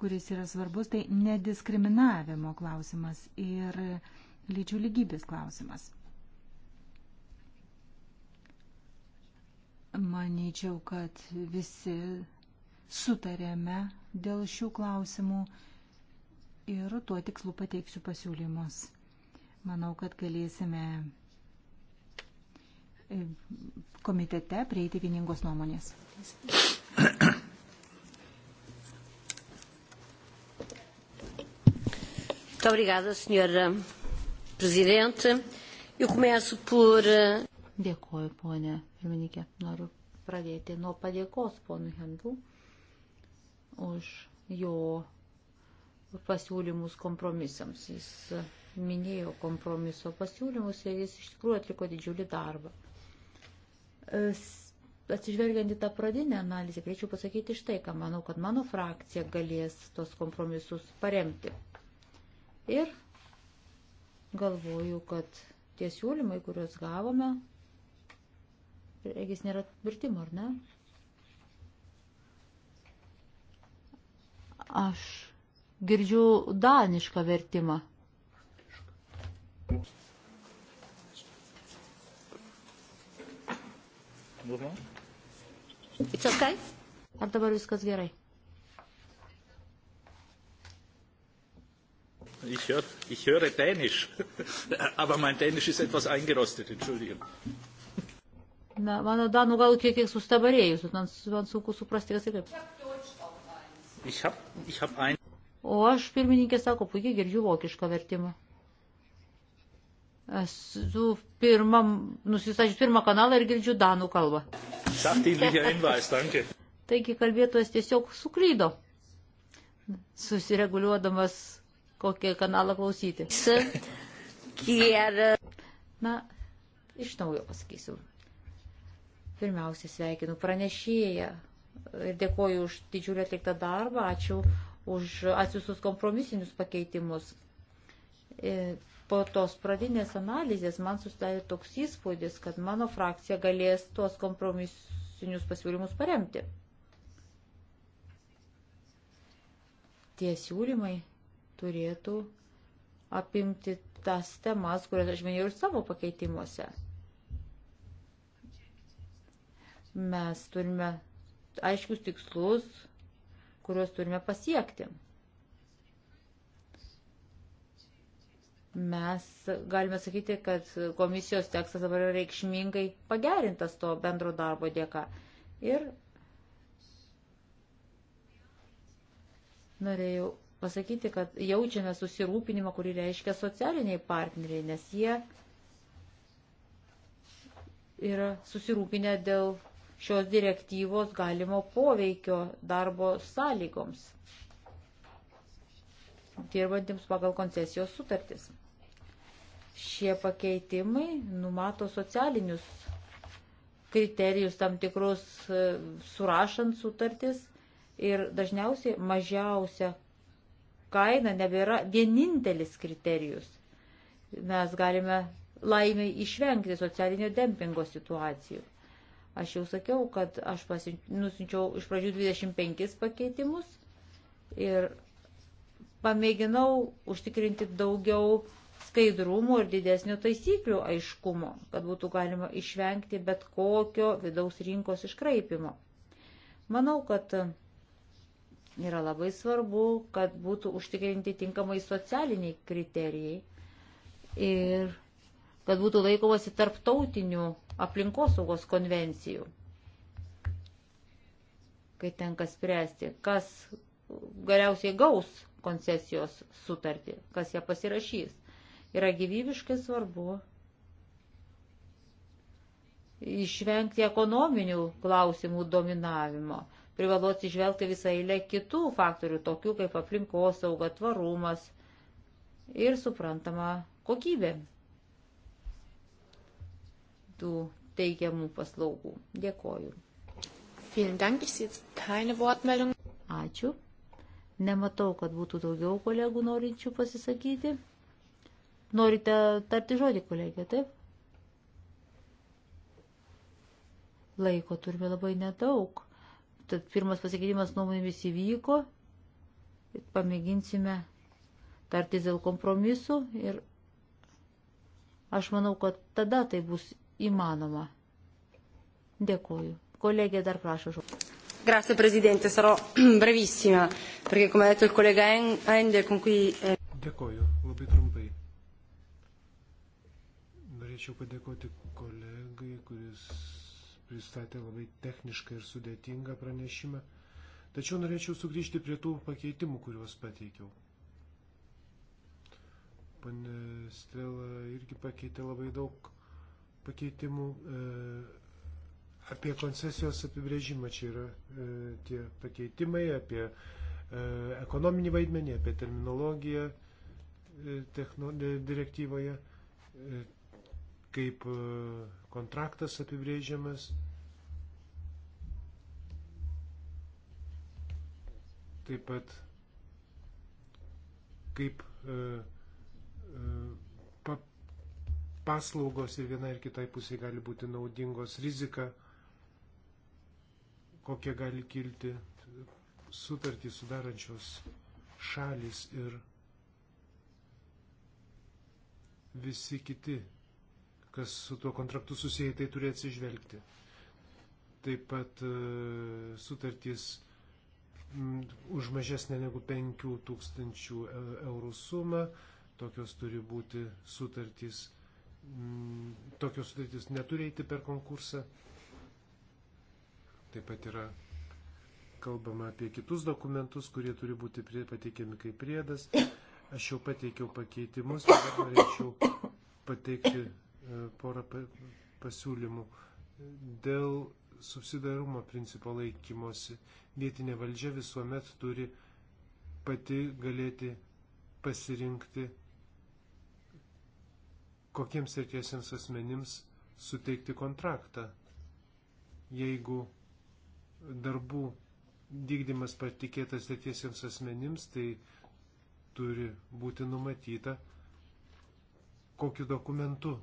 kuris yra svarbus, tai nediskriminavimo klausimas ir lyčių lygybės klausimas. Manyčiau, kad visi sutarėme dėl šių klausimų ir tuo tikslu pateiksiu pasiūlymus. Manau, kad galėsime e, komitete prieiti vieningos nuomonės. Muito obrigada, senhora eh, Presidente. Eu começo por. Eh, Dėkuoju, ponė pirmininkė. Noriu pradėti nuo padėkos ponui Hendu už jo pasiūlymus kompromisams. Jis minėjo kompromiso pasiūlymus ir jis iš tikrųjų atliko didžiulį darbą. E, atsižvelgiant į tą pradinę analizę, greičiau pasakyti štai, ką manau, kad mano frakcija galės tos kompromisus paremti. Ir galvoju, kad tie siūlymai, kuriuos gavome, regis nėra vertimo, ar ne? Aš girdžiu danišką vertimą. Okay. Ar dabar viskas gerai? Ich, hör, ich höre Dänisch, aber mein Dänisch ist etwas eingerostet, entschuldigen. Na, mano danų gal kiek, kiek sustabarėjusius, man sunku suprasti, kas ir tai kaip. Ich hab, ich hab ein... O aš, pirmininkė sako, puikiai girdžiu vokišką vertimą. Esu pirmą, nusistačius pirmą kanalą ir girdžiu danų kalbą. Taigi kalbėtojas tiesiog suklydo, susireguliuodamas kokią kanalą klausyti. Na, iš naujo pasakysiu. Pirmiausia, sveikinu pranešėją ir dėkoju už didžiulį atliktą darbą. Ačiū už atsiusus kompromisinius pakeitimus. E, po tos pradinės analizės man susidarė toks įspūdis, kad mano frakcija galės tuos kompromisinius pasiūlymus paremti. Tie siūlymai turėtų apimti tas temas, kurias aš minėjau ir savo pakeitimuose. Mes turime aiškius tikslus, kuriuos turime pasiekti. Mes galime sakyti, kad komisijos tekstas dabar yra reikšmingai pagerintas to bendro darbo dėka. Ir norėjau pasakyti, kad jaučiame susirūpinimą, kurį reiškia socialiniai partneriai, nes jie yra susirūpinę dėl šios direktyvos galimo poveikio darbo sąlygoms dirbantiems pagal koncesijos sutartis. Šie pakeitimai numato socialinius kriterijus tam tikrus e, surašant sutartis ir dažniausiai mažiausia kaina nebėra vienintelis kriterijus. Mes galime laimiai išvengti socialinio dempingo situacijų. Aš jau sakiau, kad aš pasi... nusinčiau iš pradžių 25 pakeitimus ir pamėginau užtikrinti daugiau skaidrumo ir didesnio taisyklių aiškumo, kad būtų galima išvengti bet kokio vidaus rinkos iškraipimo. Manau, kad yra labai svarbu, kad būtų užtikrinti tinkamai socialiniai kriterijai ir kad būtų laikomasi tarptautinių aplinkosaugos konvencijų, kai tenka spręsti, kas galiausiai gaus koncesijos sutartį, kas ją pasirašys. Yra gyvybiškai svarbu išvengti ekonominių klausimų dominavimo. Privalu atsižvelgti visą eilę kitų faktorių, tokių kaip aplinkosauga, tvarumas ir suprantama kokybė tų teikiamų paslaugų. Dėkoju. Ačiū. Nematau, kad būtų daugiau kolegų norinčių pasisakyti. Norite tarti žodį, kolegė, taip? Laiko turime labai nedaug. Tad pirmas pasikeitimas nuomonėmis įvyko. Pamėginsime tartis dėl kompromisų ir aš manau, kad tada tai bus įmanoma. Dėkuoju. Kolegė dar prašo žodžio. Grazie Presidente, sarò brevissima, perché come ha detto il collega Ender con cui... Eh, Dėkoju, labai trumpai. Norėčiau padėkoti kolegai, kuris pristatė labai technišką ir sudėtingą pranešimą, tačiau norėčiau sugrįžti prie tų pakeitimų, kuriuos pateikiau. Pane Strela irgi pakeitė labai daug pakeitimų e, apie koncesijos apibrėžimą. Čia yra e, tie pakeitimai apie e, ekonominį vaidmenį, apie terminologiją techno, direktyvoje, kaip kontraktas apibrėžiamas. Taip pat kaip paslaugos ir viena ir kitai pusiai gali būti naudingos, rizika, kokia gali kilti sutartį sudarančios šalis ir visi kiti, kas su tuo kontraktu susiję, tai turi atsižvelgti. Taip pat e, sutartys už mažesnę negu 5000 e, eurų sumą, tokios turi būti sutartys Mm, tokios sutartys neturi eiti per konkursą. Taip pat yra kalbama apie kitus dokumentus, kurie turi būti prie, pateikiami kaip priedas. Aš jau pateikiau pakeitimus, dabar norėčiau pateikti e, porą pasiūlymų. Dėl subsidarumo principo laikymosi vietinė valdžia visuomet turi pati galėti pasirinkti kokiems trečiesiems asmenims suteikti kontraktą, jeigu darbų vykdymas patikėtas tretiesiems asmenims, tai turi būti numatyta, kokiu dokumentu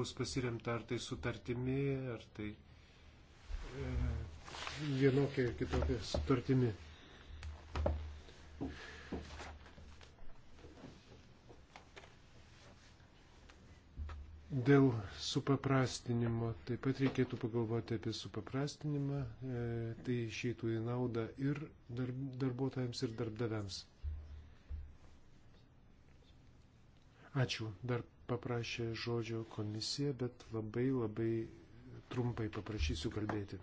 bus pasiremta, ar tai sutartimi, ar tai e, vienokia ir kitokia sutartimi. Dėl supaprastinimo taip pat reikėtų pagalvoti apie supaprastinimą, e, tai išeitų į naudą ir darb, darbuotojams, ir darbdaviams. Ačiū, dar paprašė žodžio komisija, bet labai labai trumpai paprašysiu kalbėti.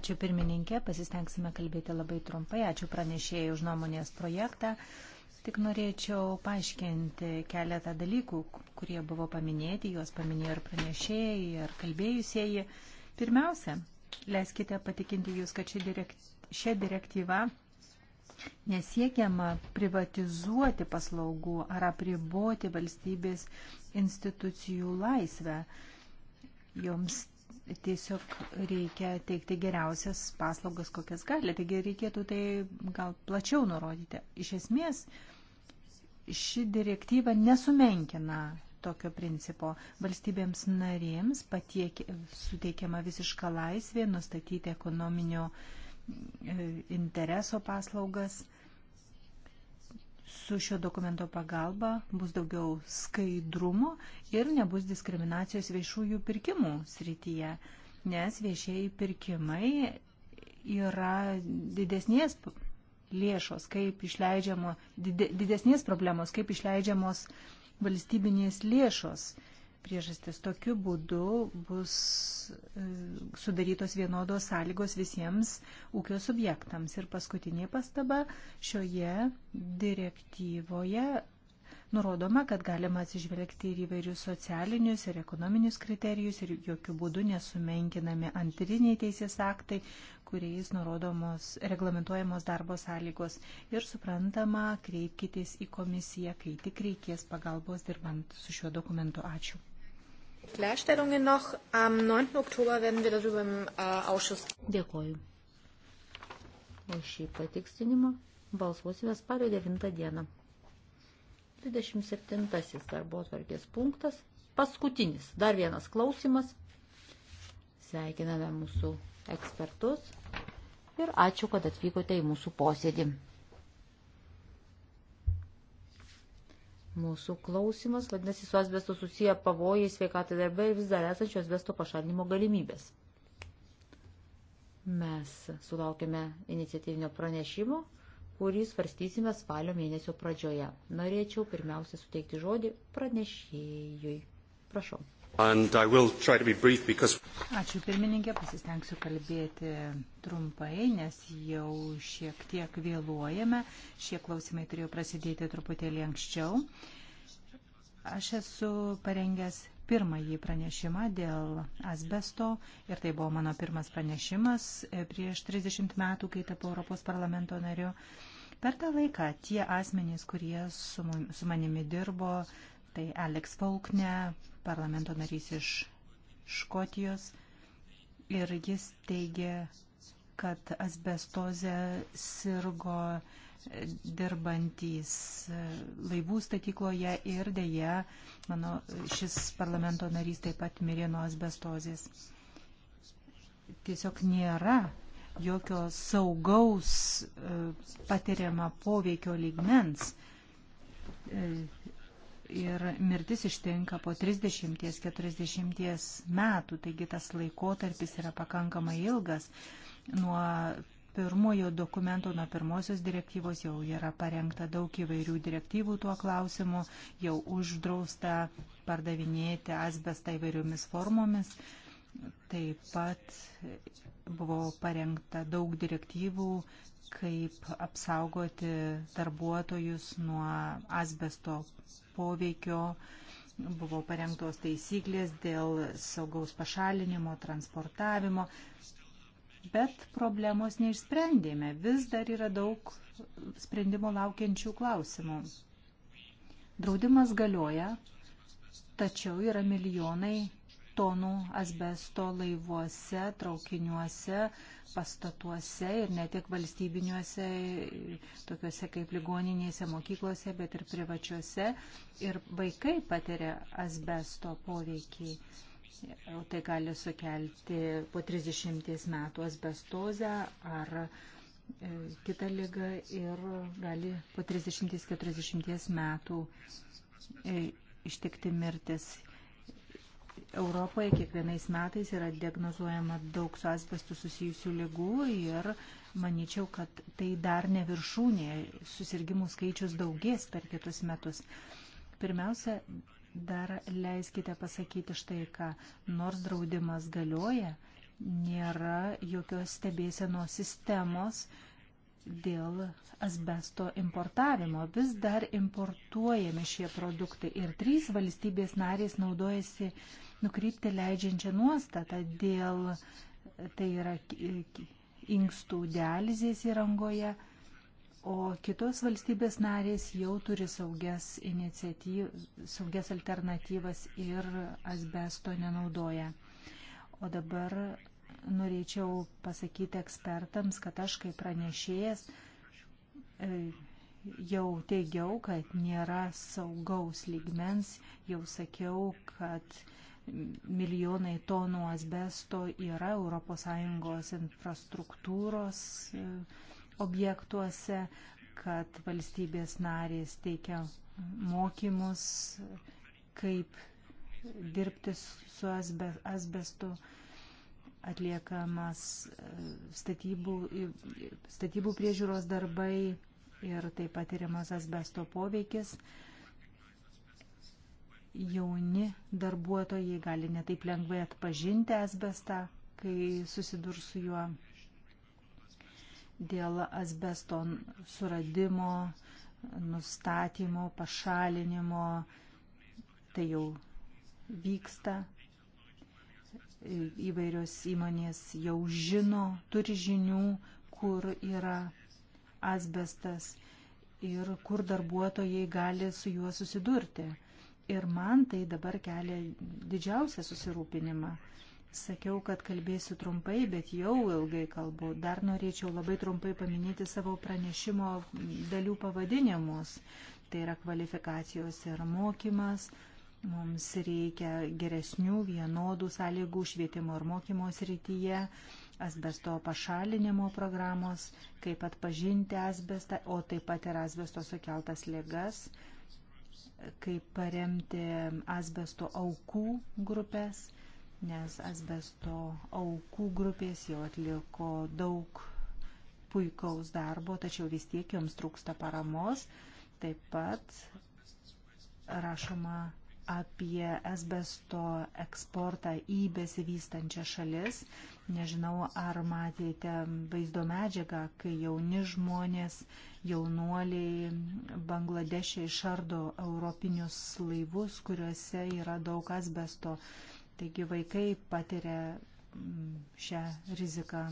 Ačiū pirmininkė, pasistengsime kalbėti labai trumpai. Ačiū pranešėjai už nuomonės projektą. E, Tik norėčiau paaiškinti keletą dalykų, kurie buvo paminėti, juos paminėjo ir pranešėjai, ir kalbėjusieji. Pirmiausia, leiskite patikinti jūs, kad ši, direkt, šia direktyva nesiekiama privatizuoti paslaugų ar apriboti valstybės institucijų laisvę. Joms tiesiog reikia teikti geriausias paslaugas, kokias gali. Taigi reikėtų tai gal plačiau nurodyti. Iš esmės, ši direktyva nesumenkina tokio principo. Valstybėms narėms patiek, suteikiama visiška laisvė nustatyti ekonominio e, intereso paslaugas. Su šio dokumento pagalba bus daugiau skaidrumo ir nebus diskriminacijos viešųjų pirkimų srityje, nes viešieji pirkimai yra didesnės lėšos, kaip išleidžiamo didesnės problemos, kaip išleidžiamos valstybinės lėšos priežastis. Tokiu būdu bus e, sudarytos vienodos sąlygos visiems ūkio subjektams. Ir paskutinė pastaba šioje direktyvoje. Nurodoma, kad galima atsižvelgti ir įvairius socialinius ir ekonominius kriterijus ir jokių būdų nesumenkinami antriniai teisės aktai, kuriais nurodomos reglamentuojamos darbo sąlygos. Ir suprantama, kreipkitės į komisiją, kai tik reikės pagalbos dirbant su šiuo dokumentu. Ačiū. Klarstellungen noch. Am 9. Oktober werden wir darüber im äh, Ausschuss. Dėkoju. Už šį patikstinimą balsuosime spalio 9 dieną. 27. darbo atvarkės punktas. Paskutinis. Dar vienas klausimas. Sveikiname mūsų ekspertus ir ačiū, kad atvykote į mūsų posėdį. Mūsų klausimas, vadinasi, su asbesto susiję pavojai sveikatai darbe ir vis dar esančios asbesto pašalinimo galimybės. Mes sulaukėme iniciatyvinio pranešimo, kurį svarstysime spalio mėnesio pradžioje. Norėčiau pirmiausia suteikti žodį pranešėjui. Prašau. Because... Ačiū pirmininkė, pasistengsiu kalbėti trumpai, nes jau šiek tiek vėluojame. Šie klausimai turėjo prasidėti truputėlį anksčiau. Aš esu parengęs pirmąjį pranešimą dėl asbesto ir tai buvo mano pirmas pranešimas prieš 30 metų, kai tapau Europos parlamento nariu. Per tą laiką tie asmenys, kurie su manimi dirbo, Tai Alex Faulkne, parlamento narys iš Škotijos. Ir jis teigia, kad asbestozė sirgo dirbantys laivų statykloje ir dėja, mano, šis parlamento narys taip pat mirė nuo asbestozės. Tiesiog nėra jokio saugaus e, patiriama poveikio lygmens e, ir mirtis ištinka po 30-40 metų, taigi tas laikotarpis yra pakankamai ilgas. Nuo pirmojo dokumento, nuo pirmosios direktyvos jau yra parengta daug įvairių direktyvų tuo klausimu, jau uždrausta pardavinėti asbestą įvairiomis formomis. Taip pat buvo parengta daug direktyvų, kaip apsaugoti darbuotojus nuo asbesto poveikio buvo parengtos taisyklės dėl saugaus pašalinimo, transportavimo, bet problemos neišsprendėme. Vis dar yra daug sprendimo laukiančių klausimų. Draudimas galioja, tačiau yra milijonai tonų asbesto laivuose, traukiniuose, pastatuose ir ne tik valstybiniuose, tokiuose kaip ligoninėse, mokyklose, bet ir privačiuose. Ir vaikai patiria asbesto poveikį. O tai gali sukelti po 30 metų asbestozę ar e, kitą ligą ir gali po 30-40 metų e, ištikti mirtis. Europoje kiekvienais metais yra diagnozuojama daug su asbestu susijusių lygų ir manyčiau, kad tai dar ne viršūnė, susirgymų skaičius daugės per kitus metus. Pirmiausia, dar leiskite pasakyti štai ką, nors draudimas galioja, nėra jokios stebėsenos sistemos, dėl asbesto importavimo. Vis dar importuojami šie produktai ir trys valstybės narės naudojasi nukrypti leidžiančią nuostatą dėl, tai yra inkstų dializės įrangoje, o kitos valstybės narės jau turi saugias, saugias alternatyvas ir asbesto nenaudoja. O dabar norėčiau pasakyti ekspertams, kad aš kaip pranešėjas e, jau teigiau, kad nėra saugaus lygmens, jau sakiau, kad milijonai tonų asbesto yra ES infrastruktūros e, objektuose, kad valstybės narės teikia mokymus, kaip dirbti su asbestu. Asbe, atliekamas e, statybų, statybų priežiūros darbai ir taip pat tyriamas asbesto poveikis. Jauni darbuotojai gali netaip lengvai atpažinti asbestą, kai susidurs su juo dėl asbesto suradimo, nustatymo, pašalinimo. Tai jau vyksta įvairios įmonės jau žino, turi žinių, kur yra asbestas ir kur darbuotojai gali su juo susidurti. Ir man tai dabar kelia didžiausią susirūpinimą. Sakiau, kad kalbėsiu trumpai, bet jau ilgai kalbu. Dar norėčiau labai trumpai paminėti savo pranešimo dalių pavadinimus. Tai yra kvalifikacijos ir mokymas, Mums reikia geresnių vienodų sąlygų švietimo ir mokymo srityje, asbesto pašalinimo programos, kaip atpažinti asbestą, o taip pat ir asbesto sukeltas ligas, kaip paremti asbesto aukų grupės, nes asbesto aukų grupės jau atliko daug puikaus darbo, tačiau vis tiek joms trūksta paramos. Taip pat rašoma apie esbesto eksportą į besivystančią šalis. Nežinau, ar matėte vaizdo medžiagą, kai jauni žmonės, jaunuoliai Bangladešiai šardo europinius laivus, kuriuose yra daug esbesto. Taigi vaikai patiria mm, šią riziką.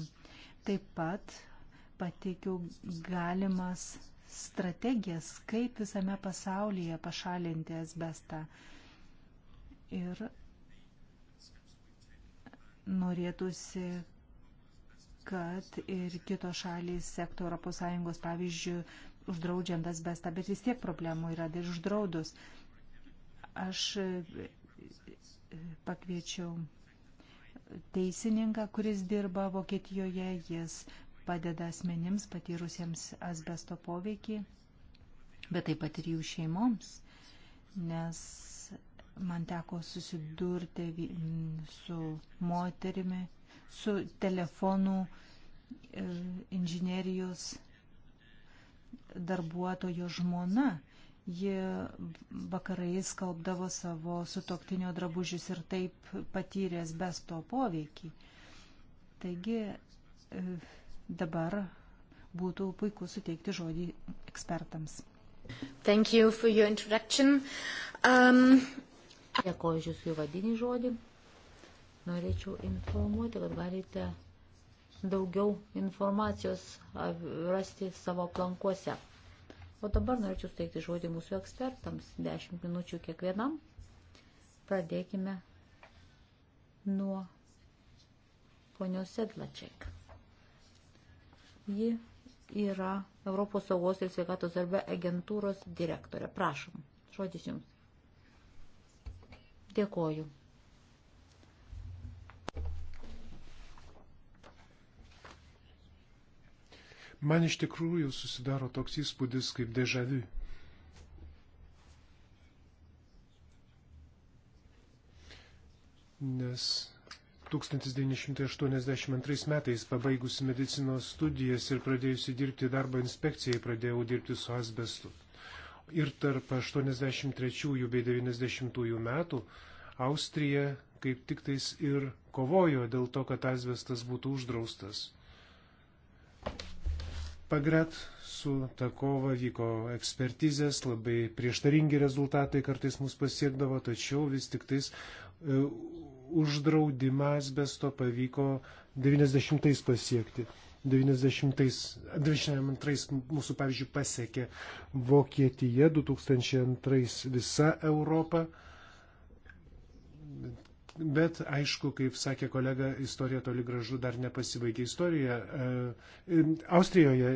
Taip pat pateikiau galimas strategijas, kaip visame pasaulyje pašalinti esbestą ir norėtųsi, kad ir kitos šalys sektų ES pavyzdžių, uždraudžiant asbestą, bet vis tiek problemų yra ir uždraudus. Aš e, pakviečiau teisininką, kuris dirba Vokietijoje, jis padeda asmenims patyrusiems asbesto poveikį, bet taip pat ir jų šeimoms, nes Man teko susidurti su moterimi, su telefonų e, inžinierijos darbuotojo žmona. Ji vakarais kalbdavo savo sutoktinio drabužius ir taip patyrė asbesto poveikį. Taigi e, dabar būtų puiku suteikti žodį ekspertams. Thank you for your introduction. Um, Dėkoju iš jūsų įvadinį žodį. Norėčiau informuoti, kad galite daugiau informacijos rasti savo plankuose. O dabar norėčiau steigti žodį mūsų ekspertams. 10 minučių kiekvienam. Pradėkime nuo ponios Sedlaček. Ji yra Europos saugos ir sveikatos darbe agentūros direktorė. Prašom, žodis jums. Dėkoju. Man iš tikrųjų susidaro toks įspūdis kaip dežavi. Nes 1982 metais pabaigusi medicinos studijas ir pradėjusi dirbti darbo inspekcijai pradėjau dirbti su asbestu. Ir tarp 83 bei 90 metų Austrija kaip tik tais ir kovojo dėl to, kad azbestas būtų uždraustas. Pagret su ta kova vyko ekspertizės, labai prieštaringi rezultatai kartais mus pasiekdavo, tačiau vis tik tais e, uždraudimą asbesto pavyko 90-ais pasiekti. 92 mūsų, pavyzdžiui, pasiekė Vokietija, 2002 visa Europa. Bet aišku, kaip sakė kolega, istorija toli gražu dar nepasibaigė. Istorija e, Austrijoje e,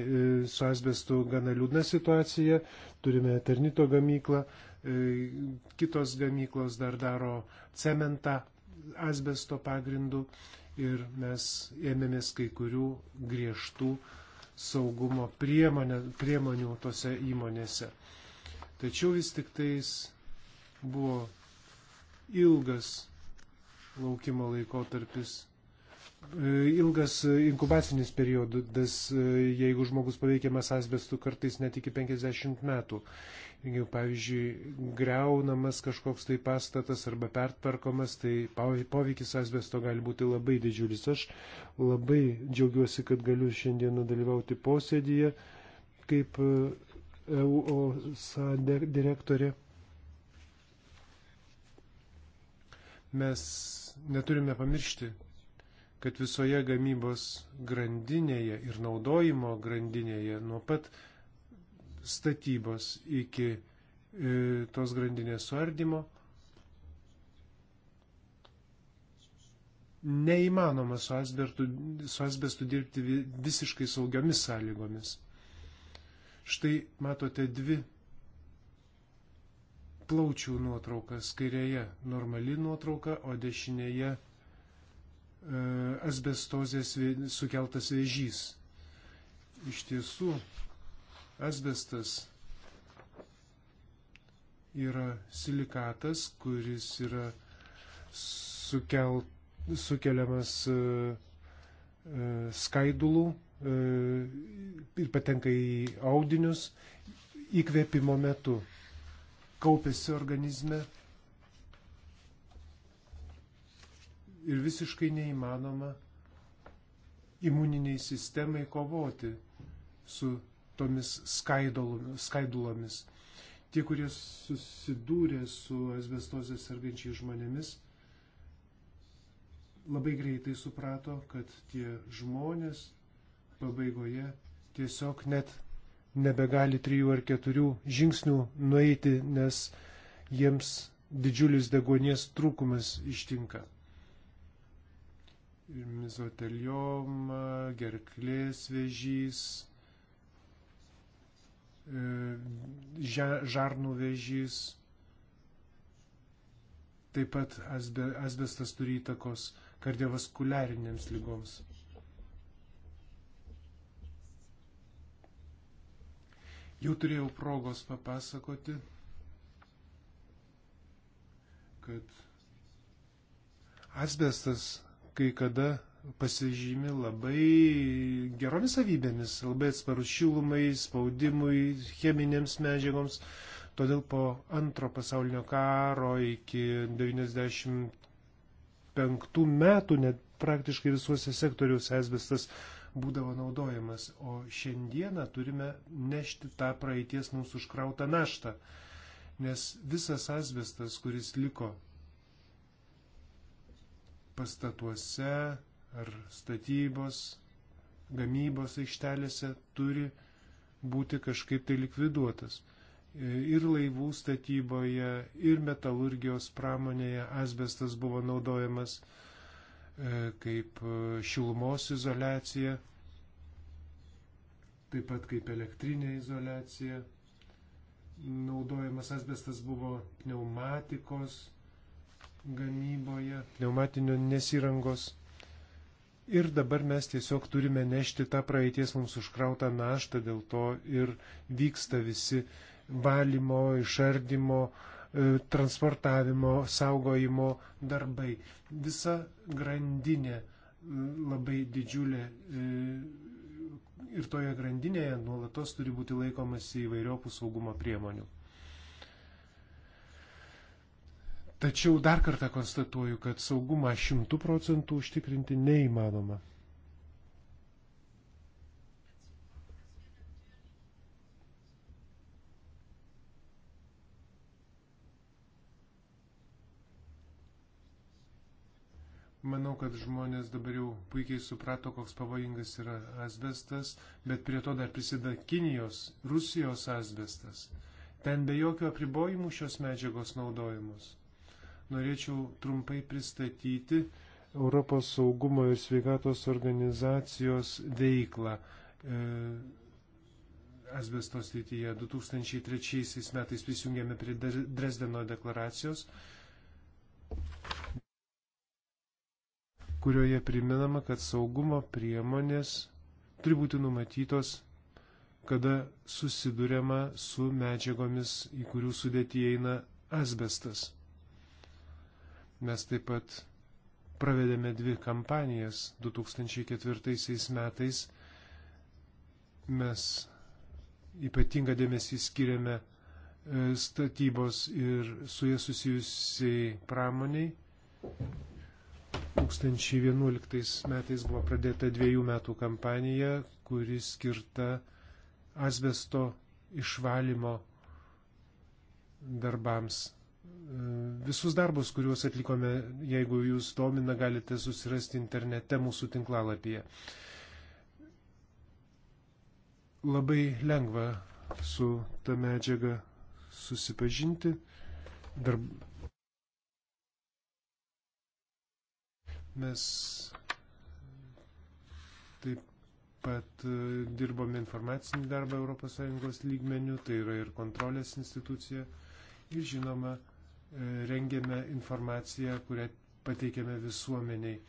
su asbestu gana liūdna situacija, turime Ternito gamyklą, e, kitos gamyklos dar daro cementą asbesto pagrindu. E, ir mes ėmėmės kai kurių griežtų saugumo priemonė, priemonių tose įmonėse. Tačiau vis tik tais buvo ilgas laukimo laikotarpis, e, ilgas inkubacinis periodas, e, jeigu žmogus paveikiamas asbestų kartais net iki 50 metų. Jeigu, pavyzdžiui, greunamas kažkoks tai pastatas arba pertvarkomas, tai poveikis asbesto gali būti labai didžiulis. Aš labai džiaugiuosi, kad galiu šiandieną dalyvauti posėdėje kaip EUOSA e direktorė. Mes neturime pamiršti, kad visoje gamybos grandinėje ir naudojimo grandinėje nuo pat statybos iki e, tos grandinės suardymo neįmanoma su asbestu, su asbestu dirbti visiškai saugiomis sąlygomis. Štai matote dvi plaučių nuotraukas. Kairėje normali nuotrauka, o dešinėje e, asbestozės sukeltas vėžys. Iš tiesų, Asbestas yra silikatas, kuris yra sukel, sukeliamas e, e, skaidulų e, ir patenka į audinius įkvėpimo metu. Kaupiasi organizme ir visiškai neįmanoma imuniniai sistemai kovoti su tomis skaidulomis. Tie, kurie susidūrė su asbestozės sergančiai žmonėmis, labai greitai suprato, kad tie žmonės pabaigoje tiesiog net nebegali trijų ar keturių žingsnių nueiti, nes jiems didžiulis degonės trūkumas ištinka. Ir mizotelioma, gerklės vėžys, E, žarnų vėžys, taip pat asbe, asbestas turi įtakos kardiovaskuliarinėms lygoms. Jau turėjau progos papasakoti, kad asbestas kai kada pasižymi labai geromis savybėmis, labai atsparus šilumai, spaudimui, cheminėms medžiagoms. Todėl po antro pasaulinio karo iki 95 metų net praktiškai visuose sektoriuose asbestas būdavo naudojamas, o šiandieną turime nešti tą praeities mūsų užkrautą naštą, nes visas asbestas, kuris liko pastatuose, ar statybos, gamybos aikštelėse turi būti kažkaip tai likviduotas. Ir laivų statyboje, ir metalurgijos pramonėje asbestas buvo naudojamas e, kaip e, šilumos izolacija, taip pat kaip elektrinė izolacija. Naudojamas asbestas buvo pneumatikos gamyboje, pneumatinio nesirangos Ir dabar mes tiesiog turime nešti tą praeities mums užkrautą naštą, dėl to ir vyksta visi valymo, išardymo, e, transportavimo, saugojimo darbai. Visa grandinė e, labai didžiulė e, ir toje grandinėje nuolatos turi būti laikomasi įvairiopų saugumo priemonių. Tačiau dar kartą konstatuoju, kad saugumą šimtų procentų užtikrinti neįmanoma. Manau, kad žmonės dabar jau puikiai suprato, koks pavojingas yra asbestas, bet prie to dar prisideda Kinijos, Rusijos asbestas. Ten be jokių apribojimų šios medžiagos naudojamos norėčiau trumpai pristatyti Europos saugumo ir sveikatos organizacijos veiklą e, asbesto srityje. 2003 metais prisijungėme prie Dresdeno deklaracijos, kurioje priminama, kad saugumo priemonės turi būti numatytos kada susidurėma su medžiagomis, į kurių sudėtį įeina asbestas. Mes taip pat pravedėme dvi kampanijas 2004 metais. Mes ypatingą dėmesį skiriame e, statybos ir su jie susijusiai pramoniai. 2011 metais buvo pradėta dviejų metų kampanija, kuri skirta asbesto išvalymo darbams Visus darbus, kuriuos atlikome, jeigu jūs domina, galite susirasti internete mūsų tinklalapyje. Labai lengva su ta medžiaga susipažinti. Darb... Mes taip pat e, dirbome informacinį darbą ES lygmenių, tai yra ir kontrolės institucija. Ir žinoma, rengiame informaciją, kurią pateikiame visuomeniai. E,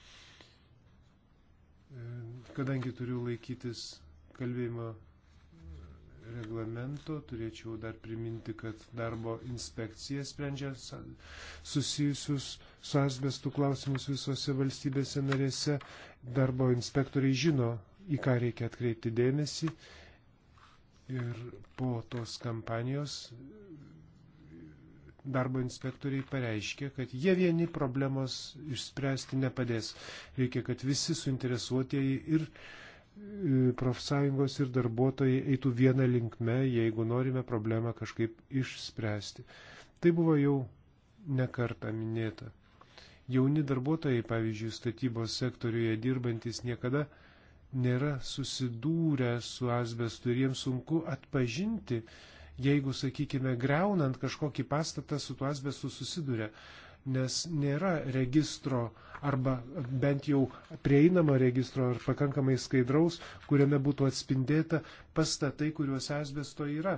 kadangi turiu laikytis kalbėjimo reglamento, turėčiau dar priminti, kad darbo inspekcija sprendžia susijusius su asbestų klausimus visose valstybėse narėse. Darbo inspektoriai žino, į ką reikia atkreipti dėmesį. Ir po tos kampanijos darbo inspektoriai pareiškė, kad jie vieni problemos išspręsti nepadės. Reikia, kad visi suinteresuotieji ir e, profsąjungos ir darbuotojai eitų vieną linkmę, jeigu norime problemą kažkaip išspręsti. Tai buvo jau nekarta minėta. Jauni darbuotojai, pavyzdžiui, statybos sektoriuje dirbantis niekada nėra susidūrę su asbestu ir jiems sunku atpažinti, uh, jeigu, sakykime, greunant kažkokį pastatą su tuo asbestu susiduria, nes nėra registro arba bent jau prieinamo registro ar pakankamai skaidraus, kuriame būtų atspindėta pastatai, kuriuose asbesto yra.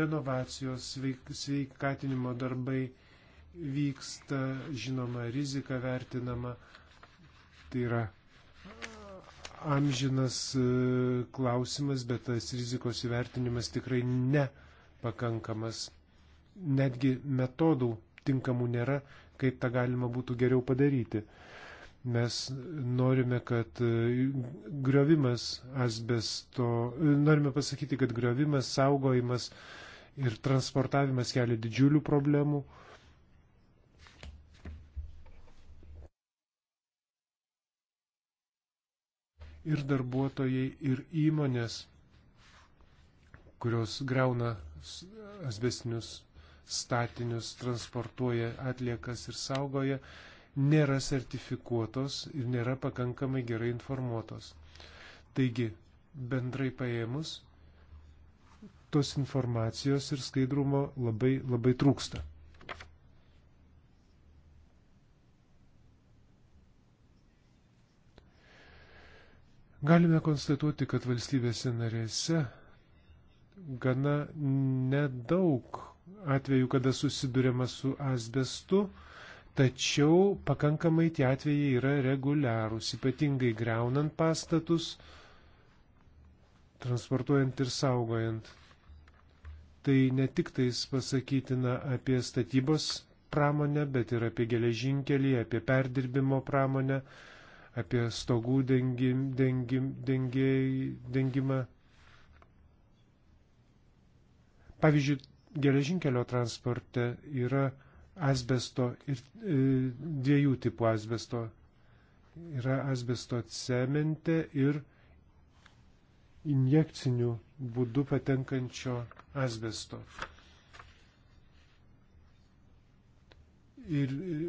Renovacijos, sveikatinimo darbai vyksta, žinoma, rizika vertinama. Tai yra amžinas e, klausimas, bet tas rizikos įvertinimas tikrai nepakankamas. Netgi metodų tinkamų nėra, kaip tą galima būtų geriau padaryti. Mes norime, kad e, griovimas asbesto, e, norime pasakyti, kad griovimas, saugojimas ir transportavimas kelia didžiulių problemų. ir darbuotojai, ir įmonės, kurios greuna asbestinius statinius, transportuoja atliekas ir saugoja, nėra sertifikuotos ir nėra pakankamai gerai informuotos. Taigi, bendrai paėmus, tos informacijos ir skaidrumo labai labai trūksta. Galime konstatuoti, kad valstybėse narėse gana nedaug atvejų, kada susidurima su asbestu, tačiau pakankamai tie atvejai yra reguliarūs, ypatingai greunant pastatus, transportuojant ir saugojant. Tai ne tik tais pasakytina apie statybos pramonę, bet ir apie geležinkelį, apie perdirbimo pramonę, apie stogų dengim, dengim, dengiai, dengimą. Pavyzdžiui, geležinkelio transporte yra asbesto ir e, dviejų tipų asbesto. Yra asbesto cemente ir injekcinių būdų patenkančio asbesto. Ir e,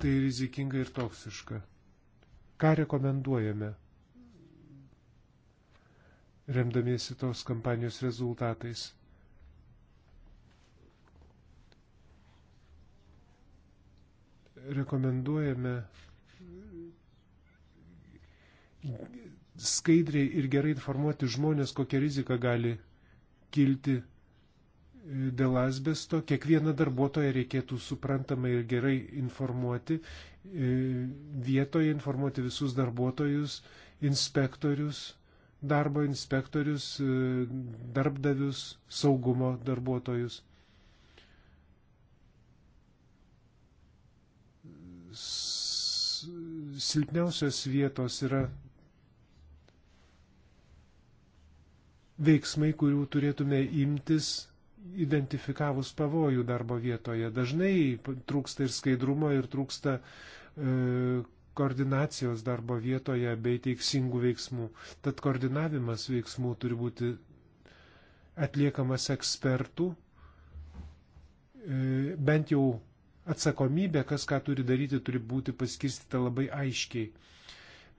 tai rizikinga ir toksiška. Ką rekomenduojame, remdamiesi tos kampanijos rezultatais? Rekomenduojame skaidriai ir gerai informuoti žmonės, kokia rizika gali kilti dėl asbesto, kiekvieną darbuotoją reikėtų suprantamai ir gerai informuoti, e, vietoje informuoti visus darbuotojus, inspektorius, darbo inspektorius, e, darbdavius, saugumo darbuotojus. Silpniausios vietos yra veiksmai, kurių turėtume imtis identifikavus pavojų darbo vietoje. Dažnai trūksta ir skaidrumo, ir trūksta e, koordinacijos darbo vietoje bei teiksingų veiksmų. Tad koordinavimas veiksmų turi būti atliekamas ekspertų, e, bent jau atsakomybė, kas ką turi daryti, turi būti paskirstyta labai aiškiai.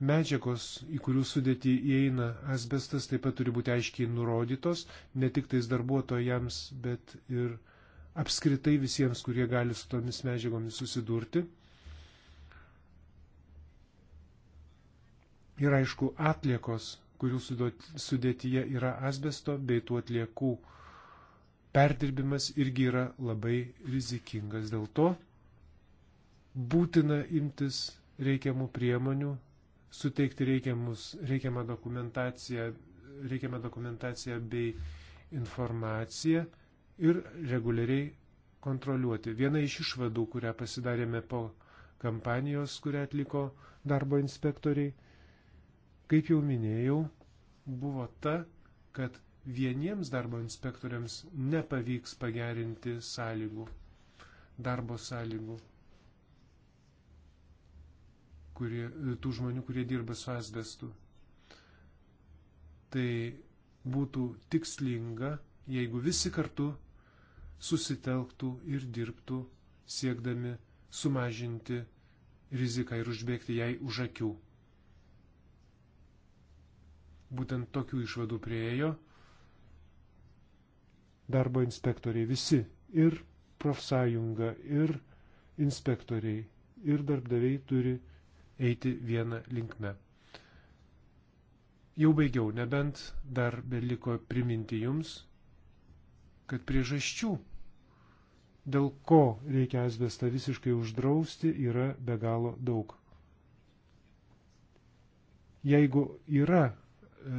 Medžiagos, į kurių sudėti įeina asbestas, taip pat turi būti aiškiai nurodytos, ne tik tais darbuotojams, bet ir apskritai visiems, kurie gali su tomis medžiagomis susidurti. Ir aišku, atliekos, kurių sudėtyje yra asbesto, bei tų atliekų perdirbimas irgi yra labai rizikingas. Dėl to būtina imtis reikiamų priemonių suteikti reikiamus, reikiamą, dokumentaciją, reikiamą dokumentaciją bei informaciją ir reguliariai kontroliuoti. Viena iš išvadų, kurią pasidarėme po kampanijos, kurią atliko darbo inspektoriai, kaip jau minėjau, buvo ta, kad vieniems darbo inspektoriams nepavyks pagerinti sąlygų, darbo sąlygų kurie, tų žmonių, kurie dirba su asbestu. Tai būtų tikslinga, jeigu visi kartu susitelktų ir dirbtų, siekdami sumažinti riziką ir užbėgti jai už akių. Būtent tokių išvadų priejo darbo inspektoriai visi ir profsąjunga ir inspektoriai ir darbdaviai turi eiti vieną linkmę. Jau baigiau, nebent dar beliko priminti jums, kad priežasčių, dėl ko reikia asbestą visiškai uždrausti, yra be galo daug. Jeigu yra e,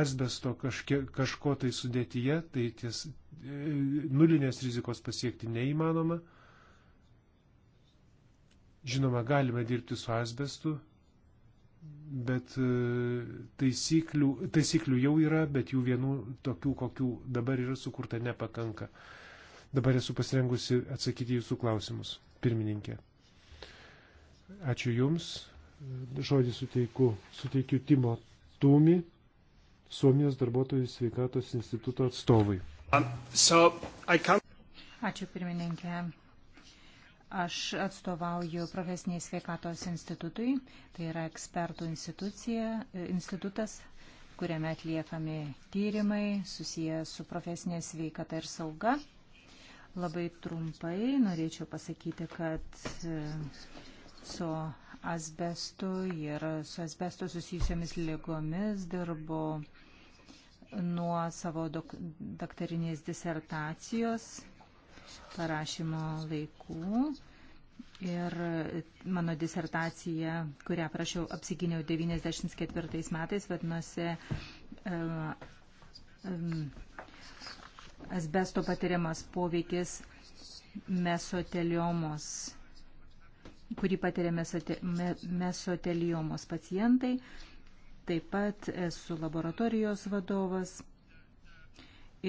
asbesto kažkie, kažko tai sudėtyje, tai ties e, nulinės rizikos pasiekti neįmanoma – Žinoma, galime dirbti su asbestu, bet e, taisyklių, taisyklių jau yra, bet jų vienų tokių, kokių dabar yra sukurta, nepakanka. Dabar esu pasirengusi atsakyti jūsų klausimus, pirmininkė. Ačiū Jums. Žodį suteiku, suteikiu Timo Tumi, Suomijos darbuotojų sveikatos instituto atstovui. Um, so Ačiū pirmininkė. Aš atstovauju profesiniai sveikatos institutui, tai yra ekspertų institutas, kuriame atliekami tyrimai susiję su profesinė sveikata ir sauga. Labai trumpai norėčiau pasakyti, kad e, su asbestu ir su asbestu susijusiamis lygomis dirbu nuo savo dok daktarinės disertacijos parašymo laikų. Ir mano disertacija, kurią prašiau, apsiginiau 94 metais, vadinosi e, e, asbesto patiriamas poveikis mesoteliomos, kurį patiria mesoteliomos pacientai. Taip pat esu laboratorijos vadovas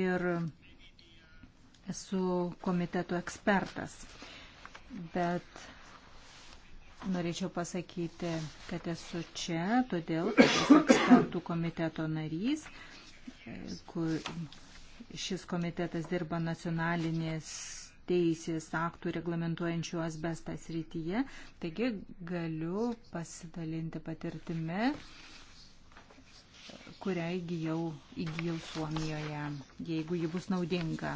ir esu komiteto ekspertas, bet norėčiau pasakyti, kad esu čia, todėl, kad esu ekspertų komiteto narys, kur šis komitetas dirba nacionalinės teisės aktų reglamentuojančių asbestą srityje, taigi galiu pasidalinti patirtimi, kurią įgyjau, įgyjau Suomijoje, jeigu ji bus naudinga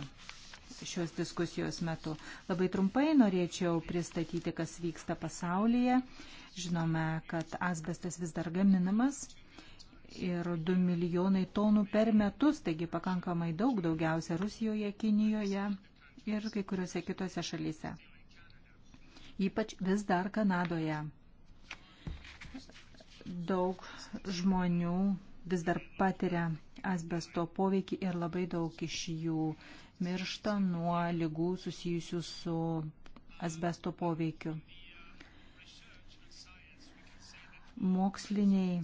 šios diskusijos metu. Labai trumpai norėčiau pristatyti, kas vyksta pasaulyje. Žinome, kad asbestas vis dar gaminamas ir 2 milijonai tonų per metus, taigi pakankamai daug, daugiausia Rusijoje, Kinijoje ir kai kuriuose kitose šalyse. Ypač vis dar Kanadoje. Daug žmonių vis dar patiria asbesto poveikį ir labai daug iš jų miršta nuo lygų susijusių su asbesto poveikiu. Moksliniai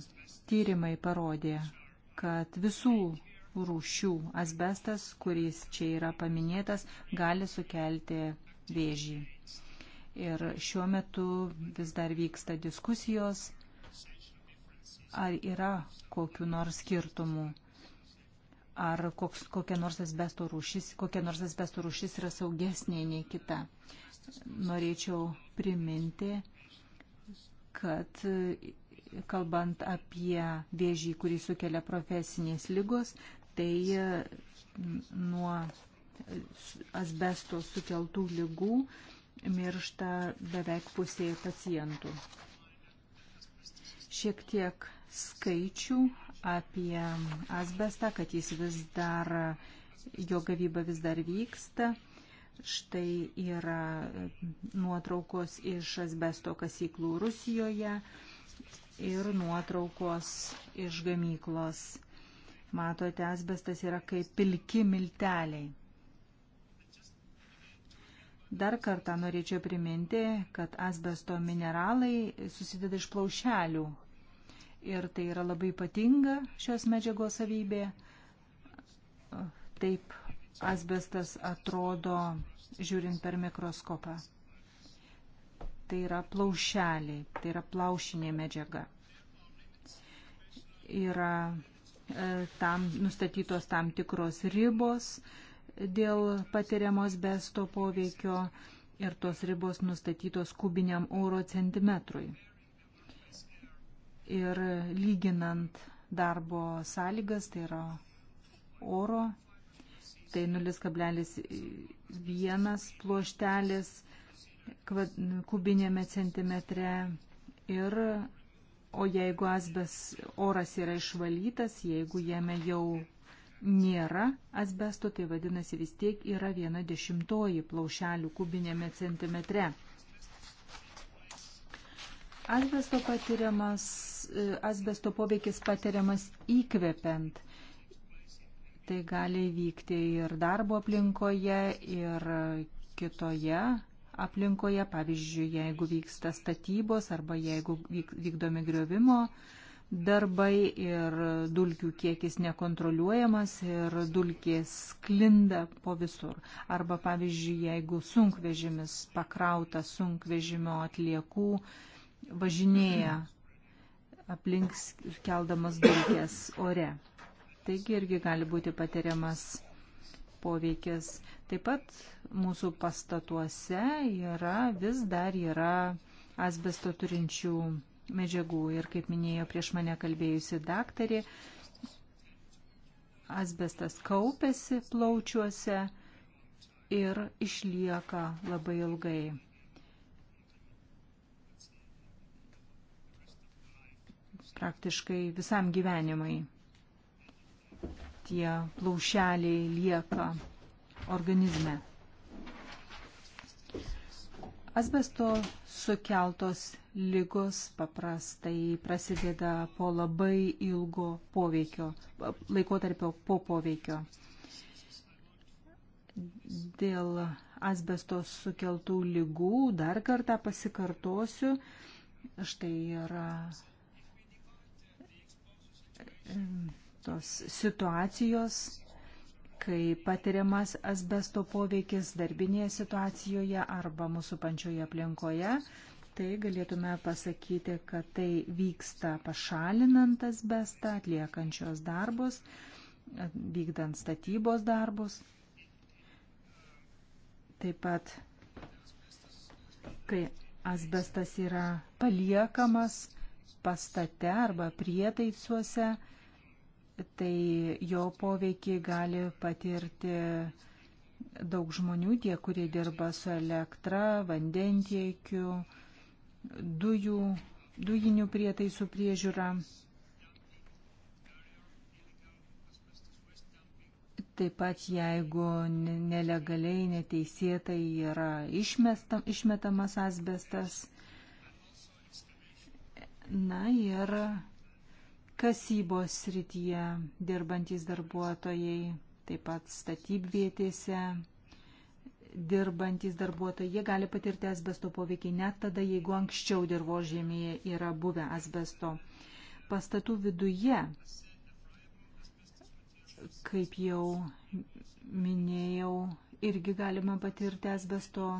tyrimai parodė, kad visų rūšių asbestas, kuris čia yra paminėtas, gali sukelti vėžį. Ir šiuo metu vis dar vyksta diskusijos, ar yra kokiu nors skirtumu ar koks, kokia nors asbesto rūšis, kokia nors asbesto rūšis yra saugesnė nei kita. Norėčiau priminti, kad e, kalbant apie vėžį, kurį sukelia profesinės lygos, tai e, nuo asbesto sukeltų lygų miršta beveik pusė pacientų. Šiek tiek skaičių apie asbestą, kad jis vis dar, jo gavyba vis dar vyksta. Štai yra nuotraukos iš asbesto kasyklų Rusijoje ir nuotraukos iš gamyklos. Matote, asbestas yra kaip pilki milteliai. Dar kartą norėčiau priminti, kad asbesto mineralai susideda iš plaušelių, ir tai yra labai ypatinga šios medžiagos savybė. Taip asbestas atrodo žiūrint per mikroskopą. Tai yra plaušeliai, tai yra plaušinė medžiaga. Yra e, tam, nustatytos tam tikros ribos dėl patiriamos besto poveikio ir tos ribos nustatytos kubiniam oro centimetrui ir lyginant darbo sąlygas, tai yra oro, tai 0,1 pluoštelės kubinėme centimetre ir o jeigu asbes oras yra išvalytas, jeigu jame jau nėra asbesto, tai vadinasi vis tiek yra viena dešimtoji plaušelių kubinėme centimetre. Asbesto patiriamas asbesto poveikis patiriamas įkvepiant. Tai gali vykti ir darbo aplinkoje, ir kitoje aplinkoje, pavyzdžiui, jeigu vyksta statybos arba jeigu vykdomi griovimo darbai ir dulkių kiekis nekontroliuojamas ir dulkės sklinda po visur. Arba, pavyzdžiui, jeigu sunkvežimis pakrauta sunkvežimio atliekų važinėja aplink keldamas dulkės ore. Taigi irgi gali būti patiriamas poveikis. Taip pat mūsų pastatuose yra, vis dar yra asbesto turinčių medžiagų. Ir kaip minėjo prieš mane kalbėjusi daktarė, asbestas kaupėsi plaučiuose ir išlieka labai ilgai. praktiškai visam gyvenimui. Tie plaušeliai lieka organizme. Asbesto sukeltos lygos paprastai prasideda po labai ilgo poveikio, laikotarpio po poveikio. Dėl asbesto sukeltų lygų dar kartą pasikartosiu. Štai yra tos situacijos, kai patiriamas asbesto poveikis darbinėje situacijoje arba mūsų pančioje aplinkoje, tai galėtume pasakyti, kad tai vyksta pašalinant asbestą, atliekančios darbus, vykdant statybos darbus. Taip pat, kai asbestas yra paliekamas pastate arba prietaisuose, tai jo poveikį gali patirti daug žmonių, tie, kurie dirba su elektra, vandentiekiu, dujų, dujinių prietaisų priežiūra. Taip pat jeigu nelegaliai, neteisėtai yra išmesta, išmetamas asbestas. Na ir kasybos srityje dirbantys darbuotojai, taip pat statybvietėse dirbantys darbuotojai, jie gali patirti asbesto poveikį net tada, jeigu anksčiau dirbožėmėje yra buvę asbesto. Pastatų viduje, kaip jau minėjau, irgi galima patirti asbesto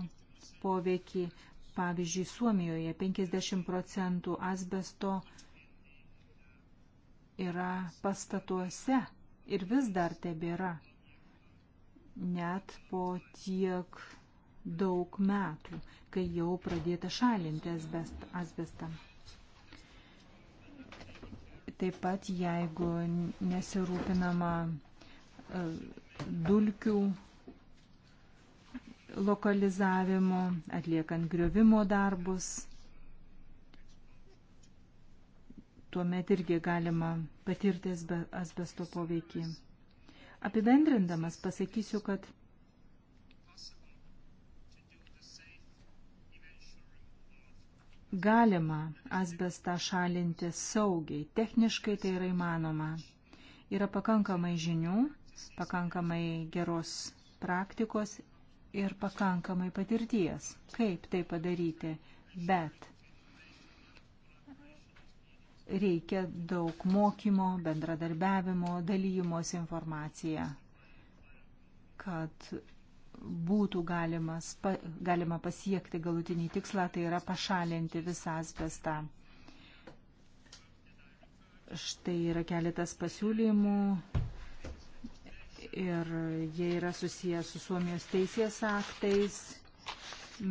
poveikį. Pavyzdžiui, Suomijoje 50 procentų asbesto yra pastatuose ir vis dar tebėra, net po tiek daug metų, kai jau pradėta šalinti asbestą. Taip pat, jeigu nesirūpinama e, dulkių lokalizavimu, atliekant griovimo darbus, tuomet irgi galima patirti asbesto poveikį. Apibendrindamas pasakysiu, kad galima asbestą šalinti saugiai, techniškai tai yra įmanoma. Yra pakankamai žinių, pakankamai geros praktikos ir pakankamai patirties, kaip tai padaryti, bet reikia daug mokymo, bendradarbiavimo, dalyjimos informacija, kad būtų galimas, pa, galima pasiekti galutinį tikslą, tai yra pašalinti visą asbestą. Štai yra keletas pasiūlymų ir jie yra susijęs su Suomijos teisės aktais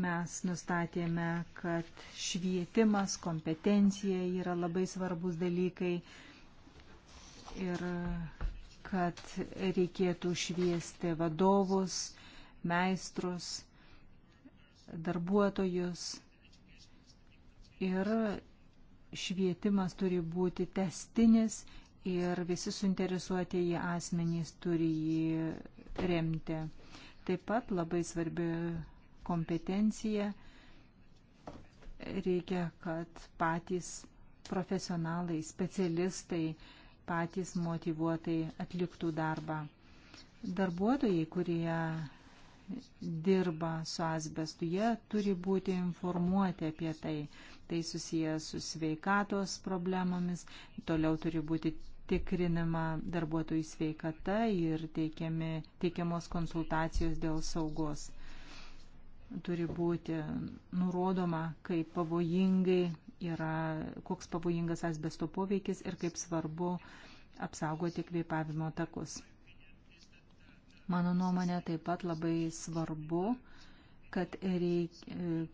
Mes nustatėme, kad švietimas, kompetencija yra labai svarbus dalykai ir kad reikėtų šviesti vadovus, meistrus, darbuotojus. Ir švietimas turi būti testinis ir visi suinteresuotieji asmenys turi jį remti. Taip pat labai svarbi kompetenciją. Reikia, kad patys profesionalai, specialistai patys motivuotai atliktų darbą. Darbuotojai, kurie dirba su asbestu, jie turi būti informuoti apie tai. Tai susijęs su sveikatos problemomis, toliau turi būti tikrinama darbuotojų sveikata ir teikiami, teikiamos konsultacijos dėl saugos turi būti nurodoma, kaip pavojingai yra, koks pavojingas asbesto poveikis ir kaip svarbu apsaugoti kvėpavimo takus. Mano nuomonė taip pat labai svarbu, kad, reik,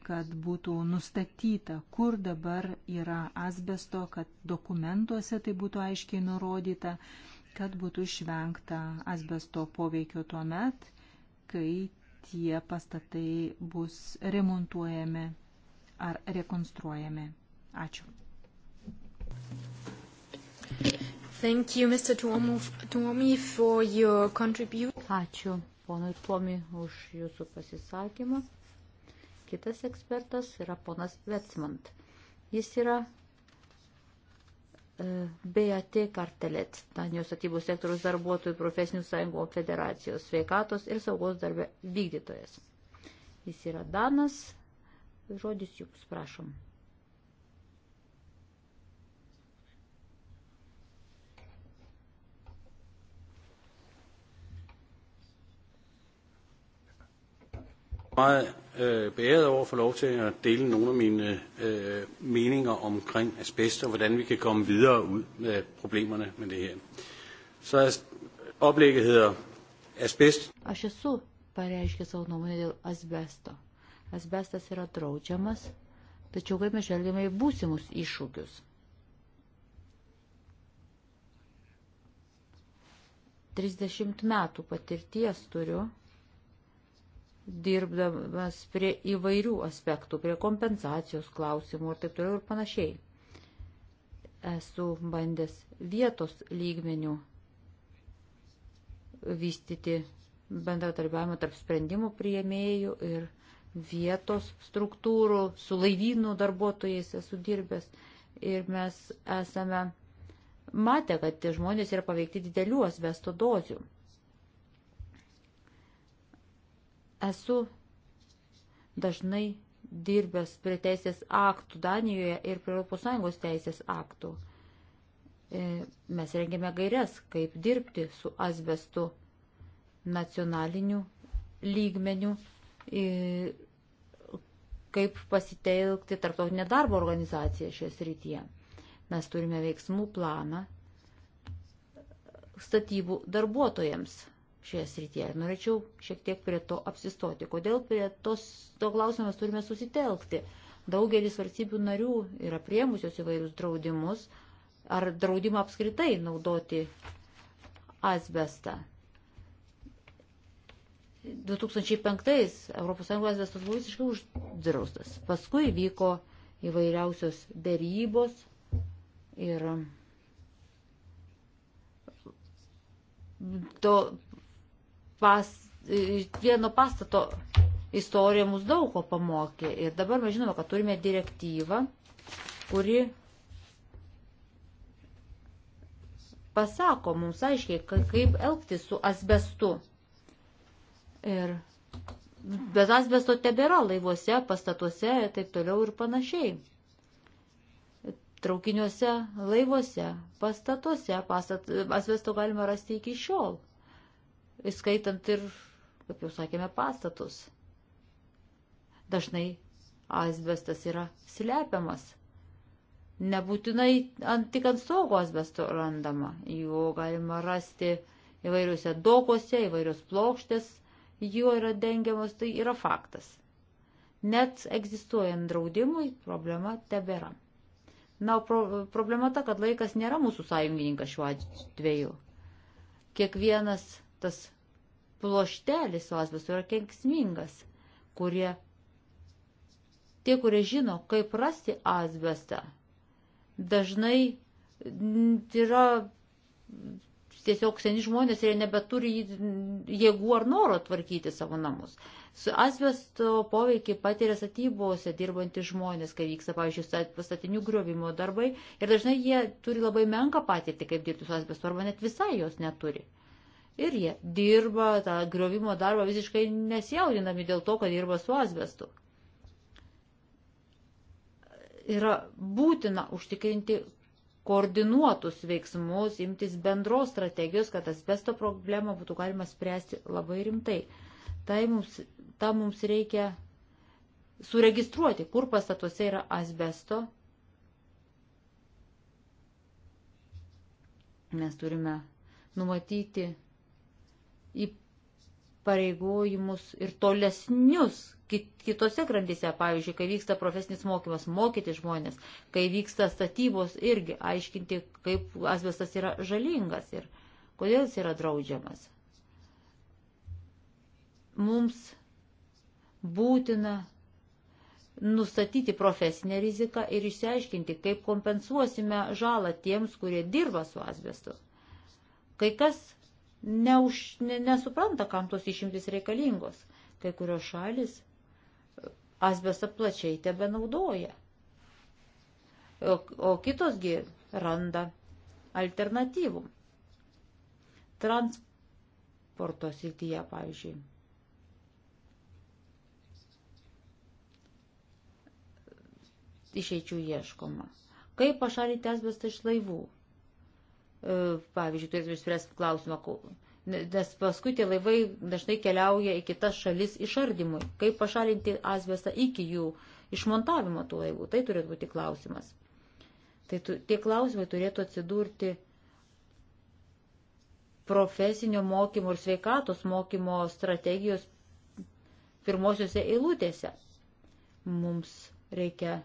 kad būtų nustatyta, kur dabar yra asbesto, kad dokumentuose tai būtų aiškiai nurodyta, kad būtų išvengta asbesto poveikio tuo met, kai tie pastatai bus remontuojami ar rekonstruojami. Ačiū. Thank you, Mr. Tuomi, for your contribution. Ačiū, ponui Tuomi, už jūsų pasisakymą. Kitas ekspertas yra ponas Vetsmant. Jis yra BAT kartelet, Danijos statybų sektoriaus darbuotojų profesinių sąjungų federacijos sveikatos ir saugos darbė vykdytojas. Jis yra Danas. Žodis jums, prašom. meget øh, beæret over at få lov til at dele nogle af mine øh, meninger omkring asbest og hvordan vi kan komme videre ud med problemerne med det her. Så as, oplægget hedder asbest. Aš esu pareiškė savo nuomonę dėl asbesto. Asbestas yra draudžiamas, tačiau kaip mes žvelgiame į būsimus iššūkius. Trisdešimt metų patirties turiu dirbdamas prie įvairių aspektų, prie kompensacijos klausimų ir taip toliau ir panašiai. Esu bandęs vietos lygmenių vystyti bendratarbiavimą tarp sprendimų prieimėjų ir vietos struktūrų, su laivynų darbuotojais esu dirbęs ir mes esame matę, kad tie žmonės yra paveikti didelių asbesto dozių. Esu dažnai dirbęs prie teisės aktų Danijoje ir prie ES teisės aktų. E, mes rengėme gairias, kaip dirbti su asbestu nacionaliniu lygmeniu, kaip pasitelkti tarptautinę darbo organizaciją šioje srityje. Mes turime veiksmų planą statybų darbuotojams šioje srityje. Norėčiau šiek tiek prie to apsistoti. Kodėl prie tos, to klausimas turime susitelkti? Daugelis valstybių narių yra priemusios įvairius draudimus ar draudimą apskritai naudoti asbestą. 2005 ES asbestas buvo visiškai uždraustas. Paskui vyko įvairiausios dėrybos ir to pas, vieno pastato istorija mus daug ko pamokė. Ir dabar mes žinome, kad turime direktyvą, kuri pasako mums aiškiai, kaip elgtis su asbestu. Ir bet asbesto tebėra laivuose, pastatuose ir taip toliau ir panašiai. Traukiniuose, laivuose, pastatuose, pastat, asbesto galima rasti iki šiol įskaitant ir, kaip jau sakėme, pastatus. Dažnai asbestas yra slepiamas. Nebūtinai ant, tik ant stogo asbesto randama. Jo galima rasti įvairiuose dokose, įvairios plokštės, juo yra dengiamos, tai yra faktas. Net egzistuojant draudimui, problema tebėra. Na, pro, problema ta, kad laikas nėra mūsų sąjungininkas šiuo atveju. Kiekvienas tas ploštelis su asbestu yra kenksmingas, kurie tie, kurie žino, kaip rasti asbestą, dažnai yra tiesiog seni žmonės ir jie nebeturi jėgų ar noro tvarkyti savo namus. Su asbesto poveikį patiria statybose dirbantys žmonės, kai vyksta, pavyzdžiui, pastatinių griovimo darbai ir dažnai jie turi labai menką patirtį, kaip dirbti su asbestu, arba net visai jos neturi ir jie dirba tą griovimo darbą visiškai nesijaudinami dėl to, kad dirba su asbestu. Yra būtina užtikrinti koordinuotus veiksmus, imtis bendros strategijos, kad asbesto problemą būtų galima spręsti labai rimtai. Tai mums, ta mums reikia suregistruoti, kur pastatuose yra asbesto. Mes turime numatyti įpareigojimus ir tolesnius kitose grandyse, pavyzdžiui, kai vyksta profesinis mokymas, mokyti žmonės, kai vyksta statybos irgi aiškinti, kaip asbestas yra žalingas ir kodėl jis yra draudžiamas. Mums būtina nustatyti profesinę riziką ir išsiaiškinti, kaip kompensuosime žalą tiems, kurie dirba su asbestu. Kai kas neuž, ne, nesupranta, kam tos išimtis reikalingos. Kai kurios šalis e, asbestą plačiai tebe naudoja. O, o kitosgi randa alternatyvų. Transporto srityje, pavyzdžiui. Išeičių ieškoma. Kaip pašalinti asbestą iš laivų? E, pavyzdžiui, turėsime išspręsti klausimą, nes paskui tie laivai dažnai keliauja į kitas šalis išardymui. Kaip pašalinti asbestą iki jų išmontavimo tų laivų, tai turėtų būti klausimas. Tai tu, tie klausimai turėtų atsidurti profesinio mokymo ir sveikatos mokymo strategijos pirmosiuose eilutėse. Mums reikia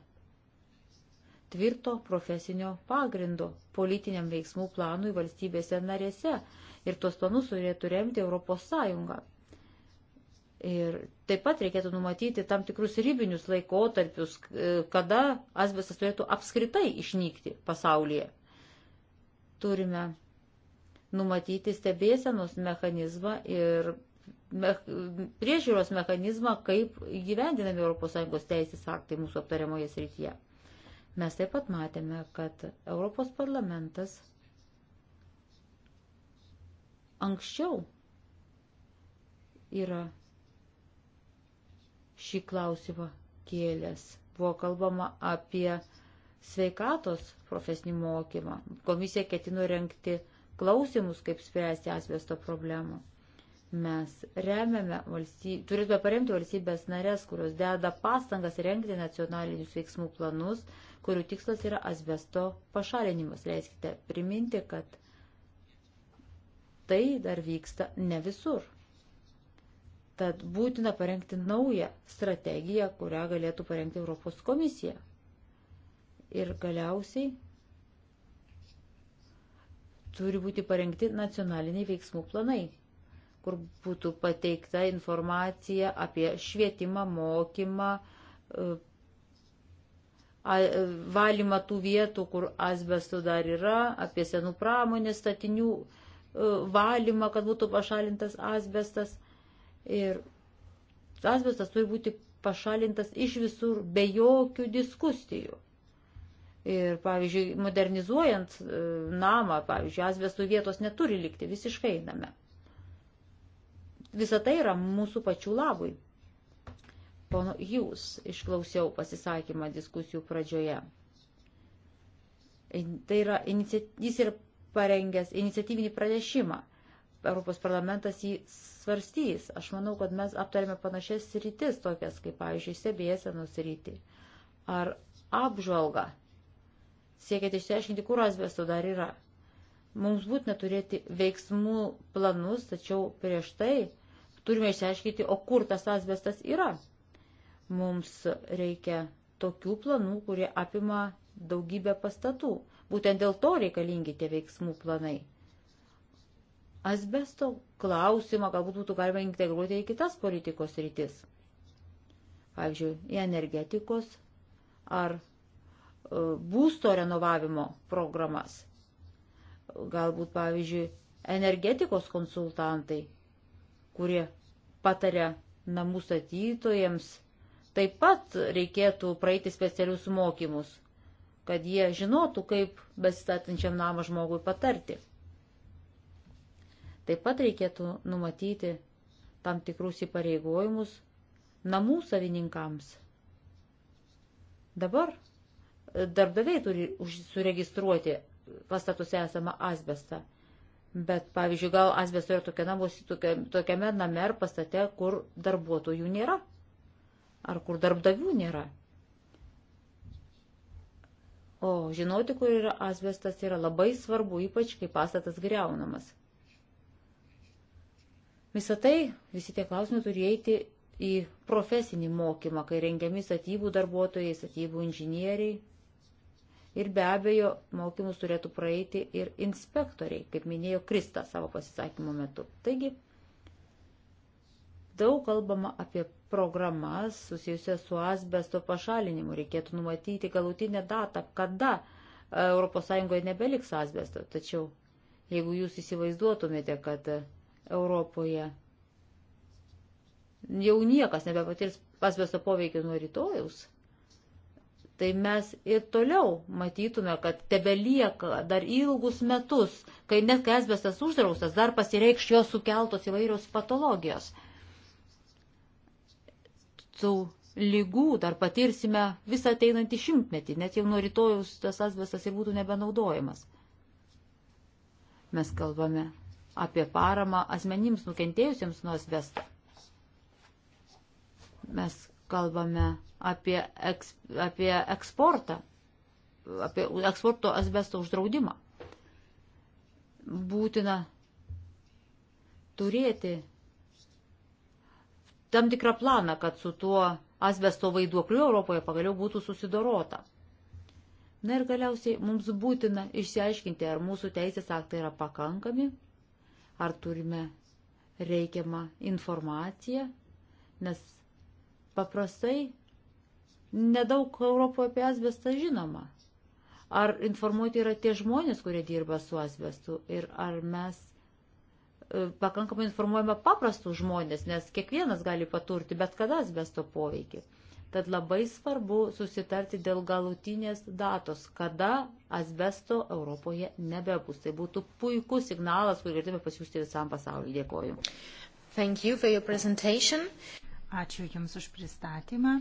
tvirto profesinio pagrindo politiniam veiksmų planui valstybėse narėse ir tuos planus turėtų remti Europos Sąjunga. Ir taip pat reikėtų numatyti tam tikrus ribinius laikotarpius, e, kada asbestas turėtų apskritai išnykti pasaulyje. Turime numatyti stebėsenos mechanizmą ir me, priežiūros mechanizmą, kaip gyvendinami ES teisės aktai mūsų aptariamoje srityje. Mes taip pat matėme, kad Europos parlamentas anksčiau yra šį klausimą kėlęs. Buvo kalbama apie sveikatos profesinį mokymą. Komisija ketino renkti klausimus, kaip spręsti asbesto problemą. Mes remiame valstybę, turėtume paremti valstybės narės, kurios deda pastangas rengti nacionalinius veiksmų planus, kurių tikslas yra asbesto pašalinimas. Leiskite priminti, kad tai dar vyksta ne visur. Tad būtina parengti naują strategiją, kurią galėtų parengti Europos komisija. Ir galiausiai turi būti parengti nacionaliniai veiksmų planai kur būtų pateikta informacija apie švietimą, mokymą, e, e, valymą tų vietų, kur asbestų dar yra, apie senų pramonės statinių e, valymą, kad būtų pašalintas asbestas. Ir asbestas turi būti pašalintas iš visur be jokių diskusijų. Ir, pavyzdžiui, modernizuojant namą, pavyzdžiui, asbestų vietos neturi likti visiškai name. Visą tai yra mūsų pačių labui. Pono Jūs išklausiau pasisakymą diskusijų pradžioje. Tai yra, jis yra parengęs iniciatyvinį pranešimą. Europos parlamentas jį svarstys. Aš manau, kad mes aptarėme panašias rytis, tokias kaip, pavyzdžiui, stebėsenos rytį ar apžvalgą, siekiant išsiaiškinti, kur asbesto dar yra. Mums būtina turėti veiksmų planus, tačiau prieš tai Turime išsiaiškinti, o kur tas asbestas yra. Mums reikia tokių planų, kurie apima daugybę pastatų. Būtent dėl to reikalingi tie veiksmų planai. Asbesto klausimą galbūt būtų galima integruoti į kitas politikos rytis. Pavyzdžiui, į energetikos ar e, būsto renovavimo programas. Galbūt, pavyzdžiui, energetikos konsultantai kurie pataria namų statytojams, taip pat reikėtų praeiti specialius mokymus, kad jie žinotų, kaip besistatančiam namą žmogui patarti. Taip pat reikėtų numatyti tam tikrus įpareigojimus namų savininkams. Dabar e, darbdaviai turi suregistruoti pastatuose esamą asbestą. Bet, pavyzdžiui, gal asbesto yra tokia namuose, tokia, tokiame name ar pastate, kur darbuotojų nėra. Ar kur darbdavių nėra. O žinoti, kur yra asbestas, yra labai svarbu, ypač kai pastatas greunamas. Visą tai, visi tie klausimai turi eiti į profesinį mokymą, kai rengiami statybų darbuotojai, statybų inžinieriai, Ir be abejo, mokymus turėtų praeiti ir inspektoriai, kaip minėjo Krista savo pasisakymo metu. Taigi, daug kalbama apie programas susijusias su asbesto pašalinimu. Reikėtų numatyti galutinę datą, kada ES nebeliks asbesto. Tačiau, jeigu jūs įsivaizduotumėte, kad e, Europoje jau niekas nebepatirs asbesto poveikio nuo rytojaus, tai mes ir toliau matytume, kad tebelieka dar ilgus metus, kai net kai esbestas uždraustas, dar pasireikš jo sukeltos įvairios patologijos. Tų lygų dar patirsime visą ateinantį šimtmetį, net jau nuo rytojus tas esbestas ir būtų nebenaudojamas. Mes kalbame apie paramą asmenims nukentėjusiems nuo esbesto. Mes kalbame apie, eks, apie eksportą, apie eksporto asbesto uždraudimą. Būtina turėti tam tikrą planą, kad su tuo asbesto vaiduokliu Europoje pagaliau būtų susidorota. Na ir galiausiai mums būtina išsiaiškinti, ar mūsų teisės aktai yra pakankami, ar turime reikiamą informaciją, nes paprastai Nedaug Europoje apie asbestą žinoma. Ar informuoti yra tie žmonės, kurie dirba su asbestu ir ar mes e, pakankamai informuojame paprastus žmonės, nes kiekvienas gali paturti bet kada asbesto poveikį. Tad labai svarbu susitarti dėl galutinės datos, kada asbesto Europoje nebebus. Tai būtų puikus signalas, kurį galėtume pasiūsti visam pasauliu. Dėkoju. You Ačiū Jums už pristatymą.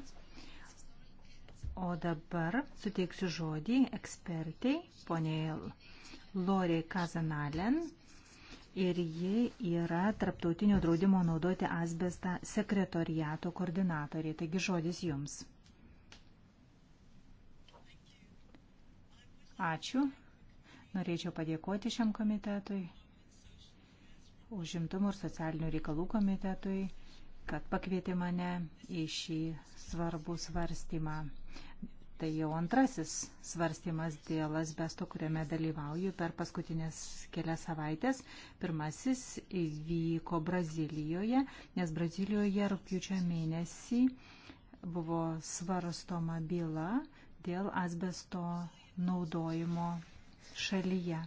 O dabar suteiksiu žodį ekspertai, poniai Loriai Kazanalen. Ir ji yra Tarptautinio draudimo naudoti asbestą sekretoriato koordinatorė. Taigi žodis jums. Ačiū. Norėčiau padėkoti šiam komitetui, užimtumo ir socialinių reikalų komitetui, kad pakvietė mane į šį svarbų svarstymą. Tai jau antrasis svarstymas dėl asbesto, kuriame dalyvauju per paskutinės kelias savaitės. Pirmasis įvyko Brazilijoje, nes Brazilijoje rūpiučio mėnesį buvo svarstoma byla dėl asbesto naudojimo šalyje.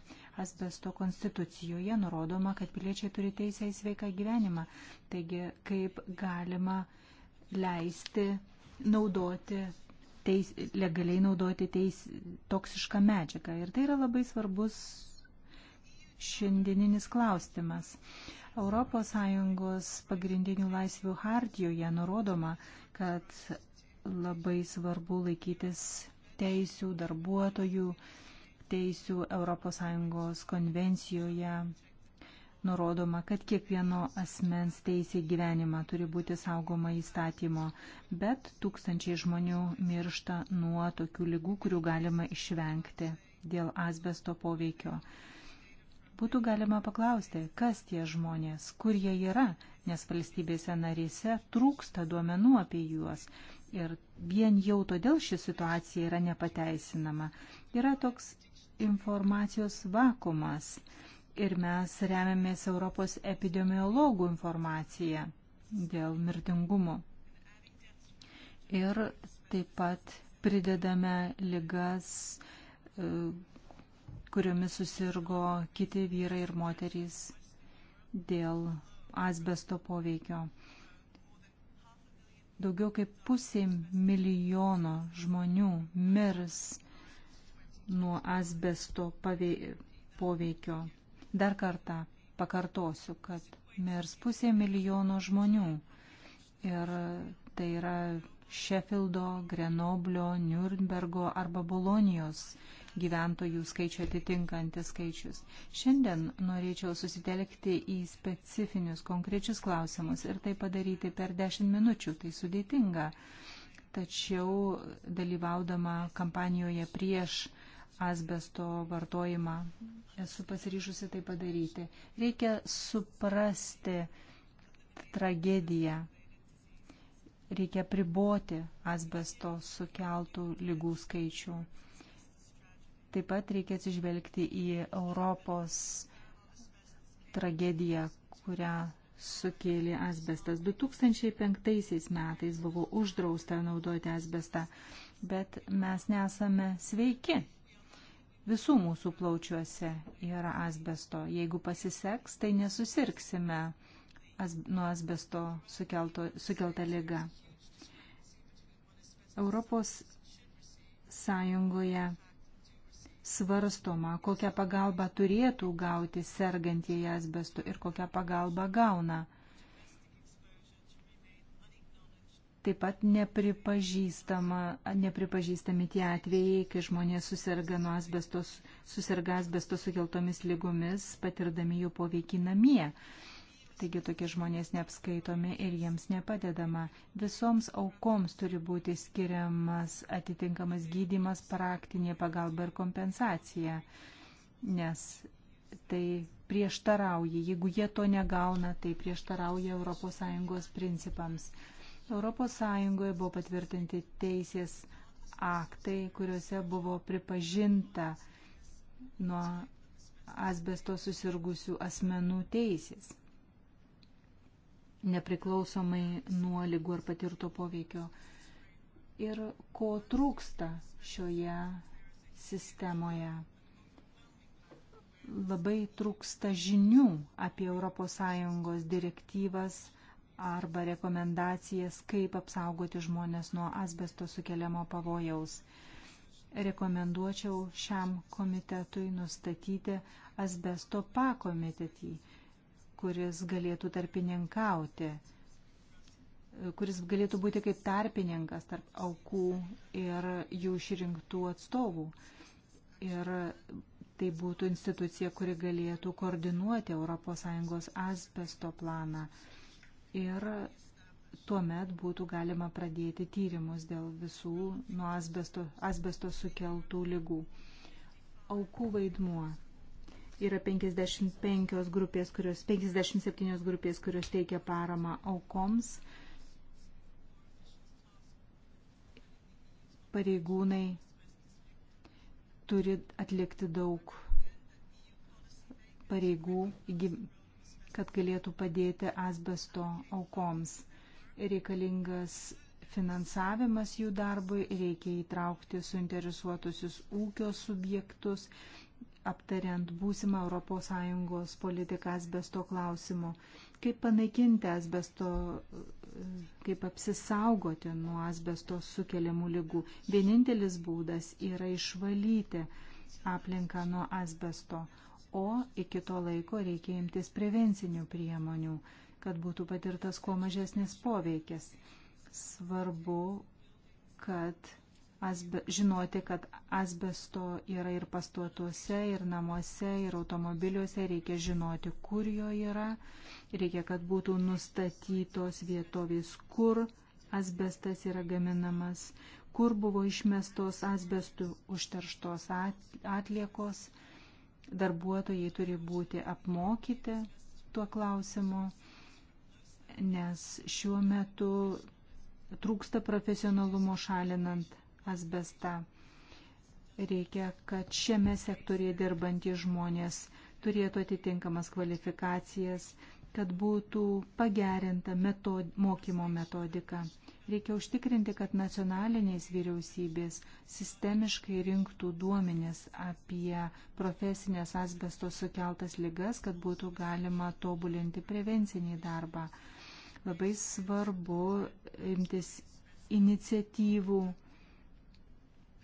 Asbesto konstitucijoje nurodoma, kad piliečiai turi teisę į sveiką gyvenimą. Taigi, kaip galima leisti naudoti teis, legaliai naudoti teis, toksišką medžiagą. Ir tai yra labai svarbus šiandieninis klausimas. ES pagrindinių laisvių hartijoje nurodoma, kad labai svarbu laikytis teisių darbuotojų, teisių ES konvencijoje nurodoma, kad kiekvieno asmens teisė gyvenimą turi būti saugoma įstatymo, bet tūkstančiai žmonių miršta nuo tokių lygų, kurių galima išvengti dėl asbesto poveikio. Būtų galima paklausti, kas tie žmonės, kur jie yra, nes valstybėse narėse trūksta duomenų apie juos. Ir vien jau todėl ši situacija yra nepateisinama. Yra toks informacijos vakumas ir mes remiamės Europos epidemiologų informaciją dėl mirtingumo. Ir taip pat pridedame ligas, e, kuriomis susirgo kiti vyrai ir moterys dėl asbesto poveikio. Daugiau kaip pusė milijono žmonių mirs nuo asbesto poveikio Dar kartą pakartosiu, kad mirs pusė milijono žmonių. Ir tai yra Šefildo, Grenoblio, Nürnbergo arba Bolonijos gyventojų skaičių atitinkantis skaičius. Šiandien norėčiau susitelkti į specifinius konkrečius klausimus ir tai padaryti per 10 minučių. Tai sudėtinga. Tačiau dalyvaudama kampanijoje prieš uh, asbesto vartojimą. Esu pasiryžusi tai padaryti. Reikia suprasti tragediją. Reikia priboti asbesto sukeltų lygų skaičių. Taip pat reikia atsižvelgti į Europos tragediją, kurią sukėlė asbestas. 2005 metais buvo uždrausta naudoti asbestą, bet mes nesame sveiki visų mūsų plaučiuose yra asbesto. Jeigu pasiseks, tai nesusirksime as, nuo asbesto sukelto, sukeltą lygą. Europos Sąjungoje svarstoma, kokią pagalbą turėtų gauti sergantieji asbestu ir kokią pagalbą gauna. Taip pat nepripažįstami tie atvejai, kai žmonės susirga nuo asbestos, susirga asbestos sukeltomis lygomis, patirdami jų poveikį namie. Taigi tokie žmonės neapskaitomi ir jiems nepadedama. Visoms aukoms turi būti skiriamas atitinkamas gydimas, praktinė pagalba ir kompensacija, nes tai prieštarauja, jeigu jie to negauna, tai prieštarauja ES principams. ES buvo patvirtinti teisės aktai, kuriuose buvo pripažinta nuo asbesto susirgusių asmenų teisės, nepriklausomai nuo lygų ar patirto poveikio. Ir ko trūksta šioje sistemoje? Labai trūksta žinių apie ES direktyvas arba rekomendacijas, kaip apsaugoti žmonės nuo asbesto sukeliamo pavojaus. Rekomenduočiau šiam komitetui nustatyti asbesto pakomitetį, kuris galėtų tarpininkauti, kuris galėtų būti kaip tarpininkas tarp aukų ir jų išrinktų atstovų. Ir tai būtų institucija, kuri galėtų koordinuoti ES asbesto planą ir tuomet būtų galima pradėti tyrimus dėl visų nuo asbesto, asbesto sukeltų lygų. Aukų vaidmuo. Yra 55 grupės, kurios, 57 grupės, kurios teikia paramą aukoms. Pareigūnai turi atlikti daug pareigų kad galėtų padėti asbesto aukoms. Reikalingas finansavimas jų darbui, reikia įtraukti suinteresuotusius ūkio subjektus, aptariant būsimą ES politiką asbesto klausimu. Kaip panaikinti asbesto, kaip apsisaugoti nuo asbesto sukeliamų lygų. Vienintelis būdas yra išvalyti aplinką nuo asbesto o iki to laiko reikia imtis prevencinių priemonių, kad būtų patirtas kuo mažesnis poveikis. Svarbu, kad asbe, žinoti, kad asbesto yra ir pastatuose, ir namuose, ir automobiliuose, reikia žinoti, kur jo yra, reikia, kad būtų nustatytos vietovės, kur asbestas yra gaminamas, kur buvo išmestos asbestų užterštos atliekos. At Darbuotojai turi būti apmokyti tuo klausimu, nes šiuo metu trūksta profesionalumo šalinant asbestą. Reikia, kad šiame sektorėje dirbantys žmonės turėtų atitinkamas kvalifikacijas, kad būtų pagerinta metod, mokymo metodika. Reikia užtikrinti, kad nacionalinės vyriausybės sistemiškai rinktų duomenis apie profesinės asbesto sukeltas ligas, kad būtų galima tobulinti prevencinį darbą. Labai svarbu imtis iniciatyvų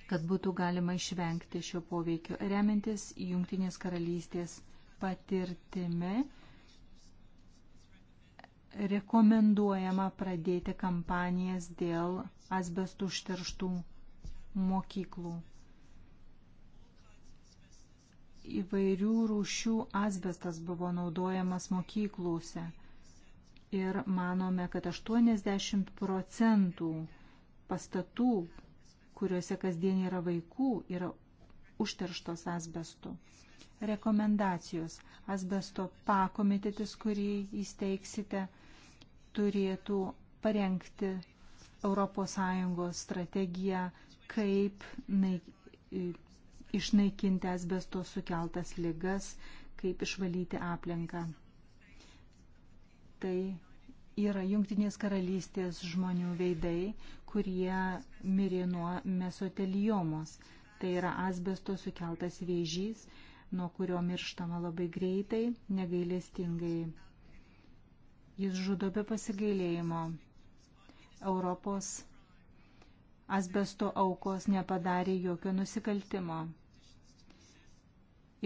kad būtų galima išvengti šio poveikio, remiantis Junktinės karalystės patirtimi rekomenduojama pradėti kampanijas dėl asbestų užterštų mokyklų. Įvairių rūšių asbestas buvo naudojamas mokyklose ir manome, kad 80 procentų pastatų, kuriuose kasdien yra vaikų, yra užterštos asbestu rekomendacijos. Asbesto pakomitetis, kurį įsteigsite, turėtų parengti ES strategiją, kaip naik, išnaikinti asbesto sukeltas ligas, kaip išvalyti aplinką. Tai yra Junktinės karalystės žmonių veidai, kurie mirė nuo mesoteliomos. Tai yra asbesto sukeltas vėžys, nuo kurio mirštama labai greitai, negailestingai. Jis žudo be pasigailėjimo. Europos asbesto aukos nepadarė jokio nusikaltimo.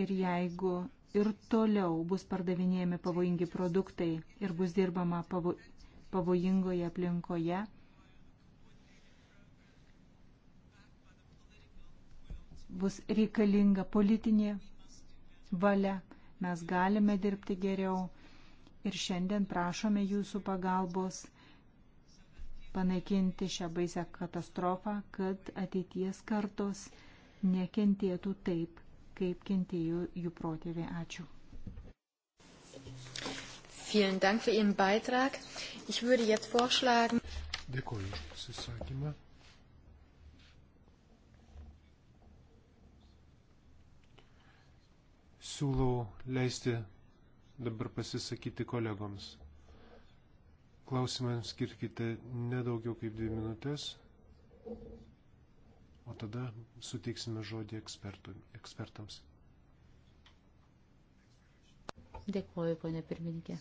Ir jeigu ir toliau bus pardavinėjami pavojingi produktai ir bus dirbama pavojingoje aplinkoje, bus reikalinga politinė valia, mes galime dirbti geriau, ir šiandien prašome jūsų pagalbos panaikinti šią baisę katastrofą, kad ateities kartos nekentėtų taip, kaip kentėjo jų protėviai. Ačiū. Vielen Dank für Ihren Beitrag. Ich würde jetzt vorschlagen. Dėkuoju už pasisakymą. Siūlau leisti dabar pasisakyti kolegoms. Klausimams skirkite nedaugiau kaip dvi minutės, o tada suteiksime žodį ekspertų, ekspertams. Dėkuoju, ponė pirmininkė.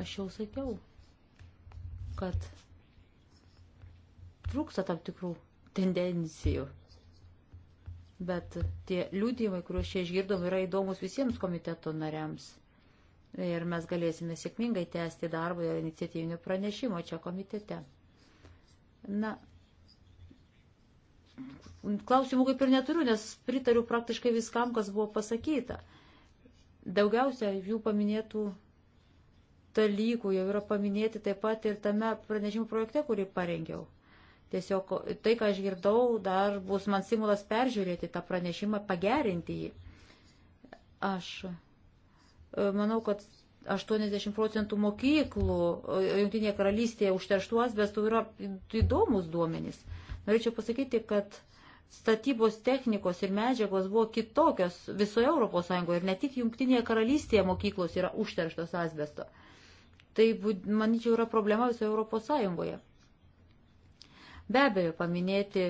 Aš jau sakiau, kad trūksta tam tikrų tendencijų bet tie liūdimai, kuriuos čia išgirdom, yra įdomus visiems komiteto nariams. Ir mes galėsime sėkmingai tęsti darbą ir iniciatyvinio pranešimo čia komitete. Na, klausimų kaip ir neturiu, nes pritariu praktiškai viskam, kas buvo pasakyta. Daugiausia jų paminėtų dalykų jau yra paminėti taip pat ir tame pranešimų projekte, kurį parengiau. Tiesiog tai, ką aš girdau, dar bus man simulas peržiūrėti tą pranešimą, pagerinti jį. Aš e, manau, kad 80 procentų mokyklų e, Junktinėje karalystėje užterštų asbestų tai yra įdomus duomenys. Norėčiau pasakyti, kad statybos technikos ir medžiagos buvo kitokios visoje ES ir ne tik Junktinėje karalystėje mokyklos yra užterštos asbesto. Tai, manyčiau, yra problema visoje ES. Be abejo, paminėti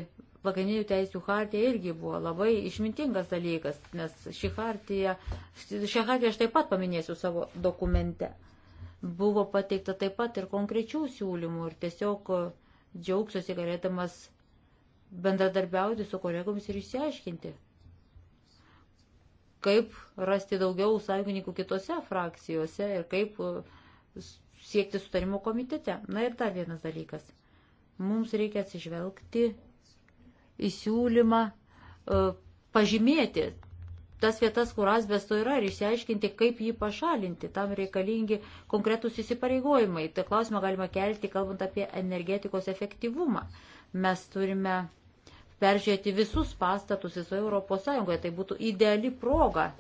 pagrindinių teisų hartija irgi buvo labai išmintingas dalykas, nes šį hartiją, šią hartiją aš taip pat paminėsiu savo dokumente. Buvo pateikta taip pat ir konkrečių siūlymų ir tiesiog džiaugsiuosi galėdamas bendradarbiauti su kolegomis ir išsiaiškinti, kaip rasti daugiau sąjungininkų kitose frakcijose ir kaip siekti sutarimo komitete. Na ir dar vienas dalykas – Mums reikia atsižvelgti į siūlymą e, pažymėti tas vietas, kur asbesto yra ir išsiaiškinti, kaip jį pašalinti. Tam reikalingi konkretus įsipareigojimai. Tai klausimą galima kelti, kalbant apie energetikos efektyvumą. Mes turime peržiūrėti visus pastatus visoje Europos Sąjungoje. Tai būtų ideali proga e,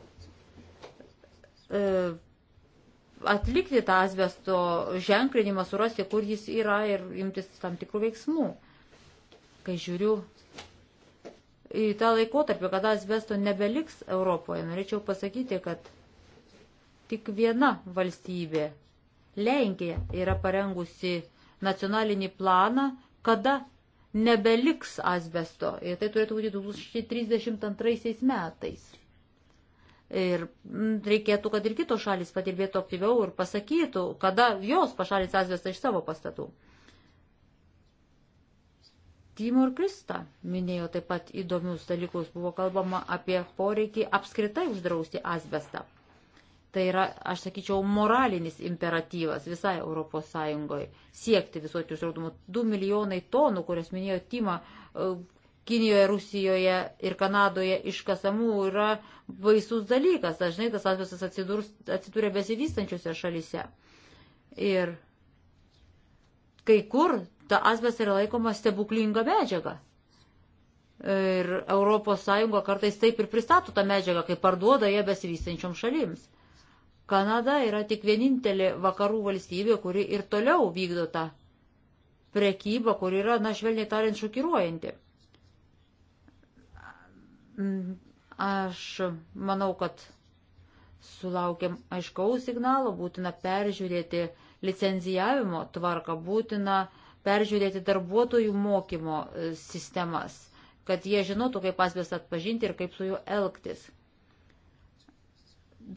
atlikti tą asbesto ženklinimą, surasti, kur jis yra ir imtis tam tikrų veiksmų. Kai žiūriu į tą laikotarpį, kada asbesto nebeliks Europoje, norėčiau pasakyti, kad tik viena valstybė, Lenkija, yra parengusi nacionalinį planą, kada nebeliks asbesto. Ir tai turėtų būti 2032 metais. Ir mm, reikėtų, kad ir kitos šalis padirbėtų aktyviau ir pasakytų, kada jos pašalis azvestą iš savo pastatų. Timur Krista minėjo taip pat įdomius dalykus. Buvo kalbama apie poreikį apskritai uždrausti azbestą. Tai yra, aš sakyčiau, moralinis imperatyvas visai Europos Sąjungoje siekti visuotų uždraudimų. 2 milijonai tonų, kurias minėjo Tima, Kinijoje, Rusijoje ir Kanadoje iškasamų yra baisus dalykas. Dažnai tas atvisas atsidūrė besivystančiose šalise. Ir kai kur ta asbestas yra laikoma stebuklinga medžiaga. Ir ES kartais taip ir pristato tą medžiagą, kai parduoda ją besivystančiom šalims. Kanada yra tik vienintelė vakarų valstybė, kuri ir toliau vykdo tą prekybą, kur yra, na, švelniai tariant, šokiruojanti. Aš manau, kad sulaukėm aiškaus signalo, būtina peržiūrėti licenzijavimo tvarką, būtina peržiūrėti darbuotojų mokymo e, sistemas, kad jie žinotų, kaip asbestą atpažinti ir kaip su juo elgtis.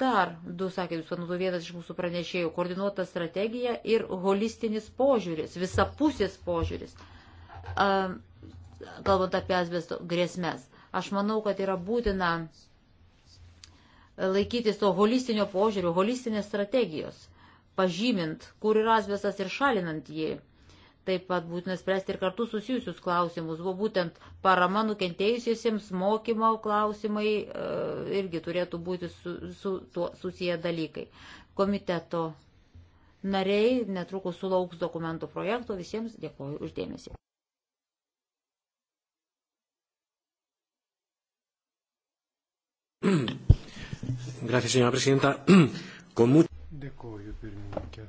Dar du sakinius panaudoju vienas iš mūsų pranešėjų - koordinuota strategija ir holistinis požiūris, visapusės požiūris, kalbant apie asbesto grėsmės. Aš manau, kad yra būtina laikytis to holistinio požiūrio, holistinės strategijos, pažymint, kur yra asbestas ir šalinant jį. Taip pat būtina spręsti ir kartu susijusius klausimus, o būtent parama nukentėjusiesiems, mokymo klausimai e, irgi turėtų būti su, su tuo susiję dalykai. Komiteto nariai netrukus sulauks dokumento projekto. Visiems dėkoju uždėmesi. Gracias, señora presidenta. Con mucho... Dėkuoju, pirmininkė.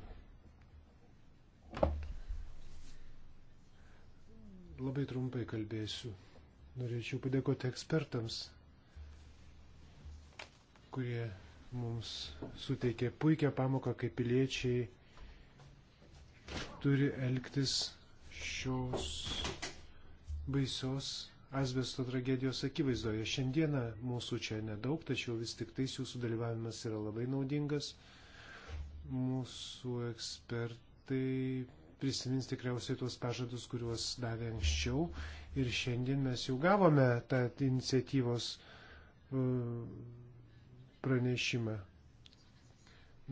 Labai trumpai kalbėsiu. Norėčiau padėkoti ekspertams, kurie mums suteikė puikią pamoką, kaip piliečiai turi elgtis šios baisios asbesto tragedijos akivaizdoje. Šiandieną mūsų čia nedaug, tačiau vis tik tais jūsų dalyvavimas yra labai naudingas. Mūsų ekspertai prisimins tikriausiai tuos pažadus, kuriuos davė anksčiau. Ir šiandien mes jau gavome tą iniciatyvos e, pranešimą.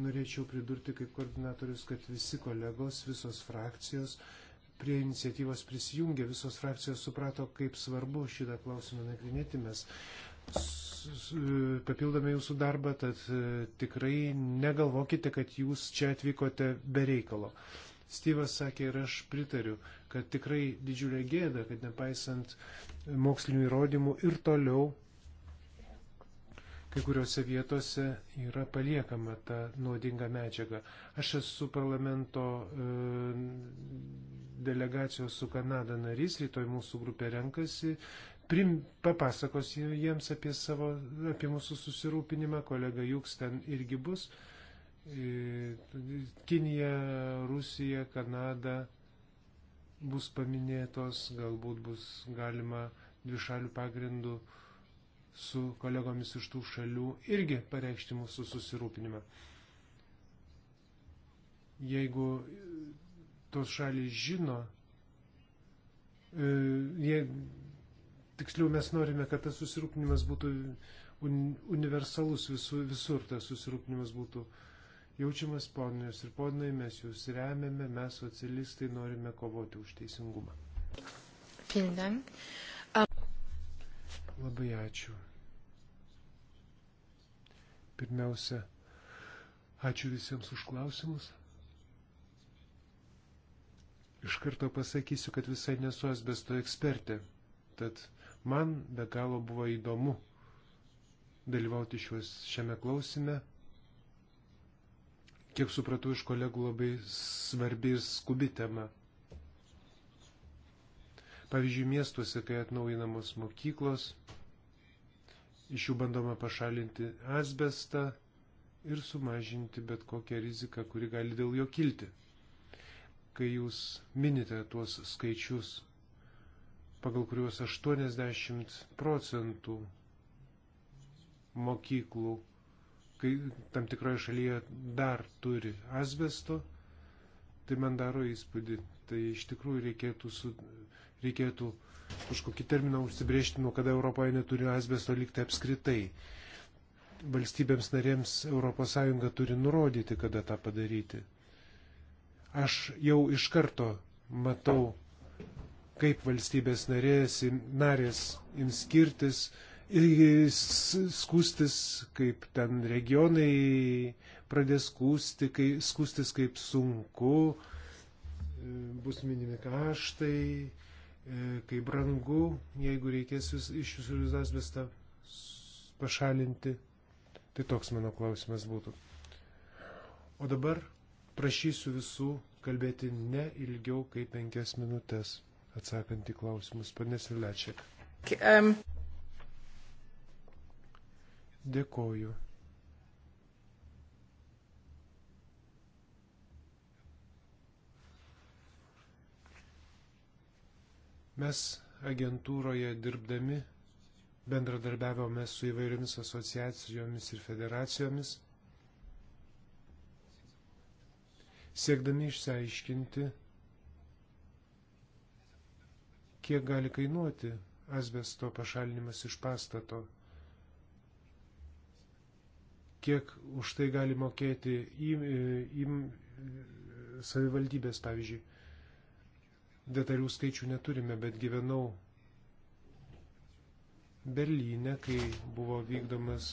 Norėčiau pridurti kaip koordinatorius, kad visi kolegos, visos frakcijos, uh, prie iniciatyvos prisijungė, visos frakcijos suprato, kaip svarbu šitą klausimą nagrinėti. Mes papildome jūsų darbą, tad e, tikrai negalvokite, kad jūs čia atvykote be reikalo. Styvas sakė ir aš pritariu, kad tikrai didžiulė gėda, kad nepaisant mokslinių įrodymų ir toliau kai kuriuose vietose yra paliekama ta nuodinga medžiaga. Aš esu parlamento e, delegacijos su Kanada narys, rytoj mūsų grupė renkasi, prim, papasakos jiems apie, savo, apie mūsų susirūpinimą, kolega Juks ten irgi bus. E, Kinija, Rusija, Kanada bus paminėtos, galbūt bus galima dvišalių pagrindų e, su kolegomis iš tų šalių irgi pareikšti mūsų susirūpinimą. Jeigu tos šalis žino, e, jie, tiksliau mes norime, kad tas susirūpinimas būtų universalus visu, visur, tas susirūpinimas būtų jaučiamas ponios ir ponai, mes jūs remiame, mes socialistai norime kovoti už teisingumą. Vielen Dank. Labai ačiū. Pirmiausia, ačiū visiems už klausimus. Iš karto pasakysiu, kad visai nesu asbesto ekspertė, tad man be galo buvo įdomu dalyvauti šiuos, šiame klausime. Kiek supratau iš kolegų labai svarbi ir skubi tema. Pavyzdžiui, miestuose, kai atnaujinamos mokyklos, Iš jų bandoma pašalinti asbestą ir sumažinti bet kokią riziką, kuri gali dėl jo kilti. Kai jūs minite tuos skaičius, pagal kuriuos 80 procentų mokyklų kai tam tikroje šalyje dar turi asbesto, tai man daro įspūdį. Tai iš tikrųjų reikėtų su, reikėtų kažkokį terminą užsibriežti, nuo kada Europoje neturi asbesto likti apskritai. Valstybėms narėms ES turi nurodyti, kada tą padaryti. Aš jau iš karto matau, kaip valstybės narės, narės ims skirtis, skustis, kaip ten regionai pradės skusti, kai, skustis, kaip sunku, e, bus minimi kaštai, E, kai brangu, jeigu reikės vis, iš jūsų vizas visą pašalinti. Tai toks mano klausimas būtų. O dabar prašysiu visų kalbėti ne ilgiau kaip penkias minutės, atsakant į klausimus. Panes Vilečiak. Um. Dėkoju. Mes agentūroje dirbdami bendradarbiavome su įvairiomis asociacijomis ir federacijomis, siekdami išsiaiškinti, kiek gali kainuoti asbesto pašalinimas iš pastato, kiek už tai gali mokėti į, į, savivaldybės, pavyzdžiui detalių skaičių neturime, bet gyvenau Berlyne, kai buvo vykdomas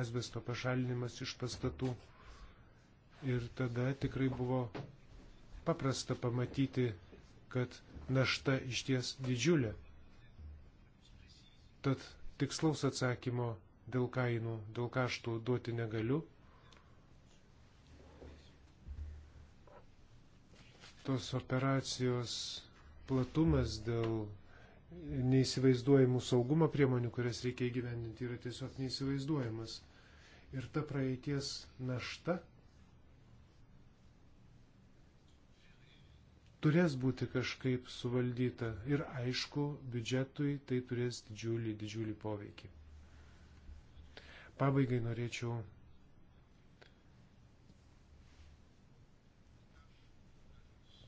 asbesto pašalinimas iš pastatų. Ir tada tikrai buvo paprasta pamatyti, kad našta iš ties didžiulė. Tad tikslaus atsakymo dėl kainų, dėl kaštų duoti negaliu, tos operacijos platumas dėl neįsivaizduojamų saugumo priemonių, kurias reikia įgyvendinti, yra tiesiog neįsivaizduojamas. Ir ta praeities našta turės būti kažkaip suvaldyta ir aišku, biudžetui tai turės didžiulį, didžiulį poveikį. Pabaigai norėčiau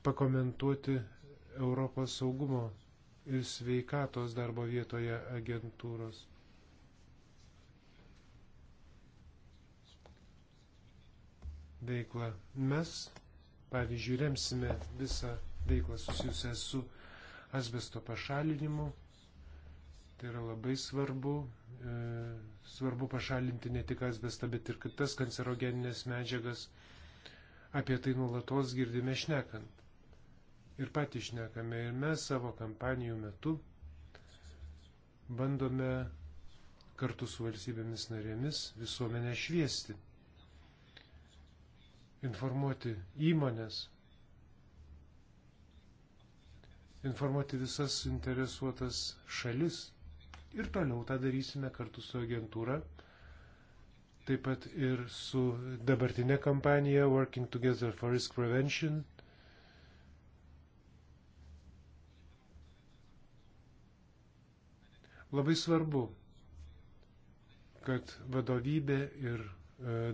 pakomentuoti Europos saugumo ir sveikatos darbo vietoje agentūros. Veikla. Mes, pavyzdžiui, remsime visą veiklą susijusią su asbesto pašalinimu. Tai yra labai svarbu. E, svarbu pašalinti ne tik asbestą, bet ir kitas kancerogeninės medžiagas. Apie tai nuolatos girdime šnekant ir patys šnekame. Ir mes savo kampanijų metu bandome kartu su valstybėmis narėmis visuomenę šviesti, informuoti įmonės, informuoti visas suinteresuotas šalis ir toliau tą darysime kartu su agentūra, taip pat ir su dabartinė kampanija Working Together for Risk Prevention Labai svarbu, kad vadovybė ir e,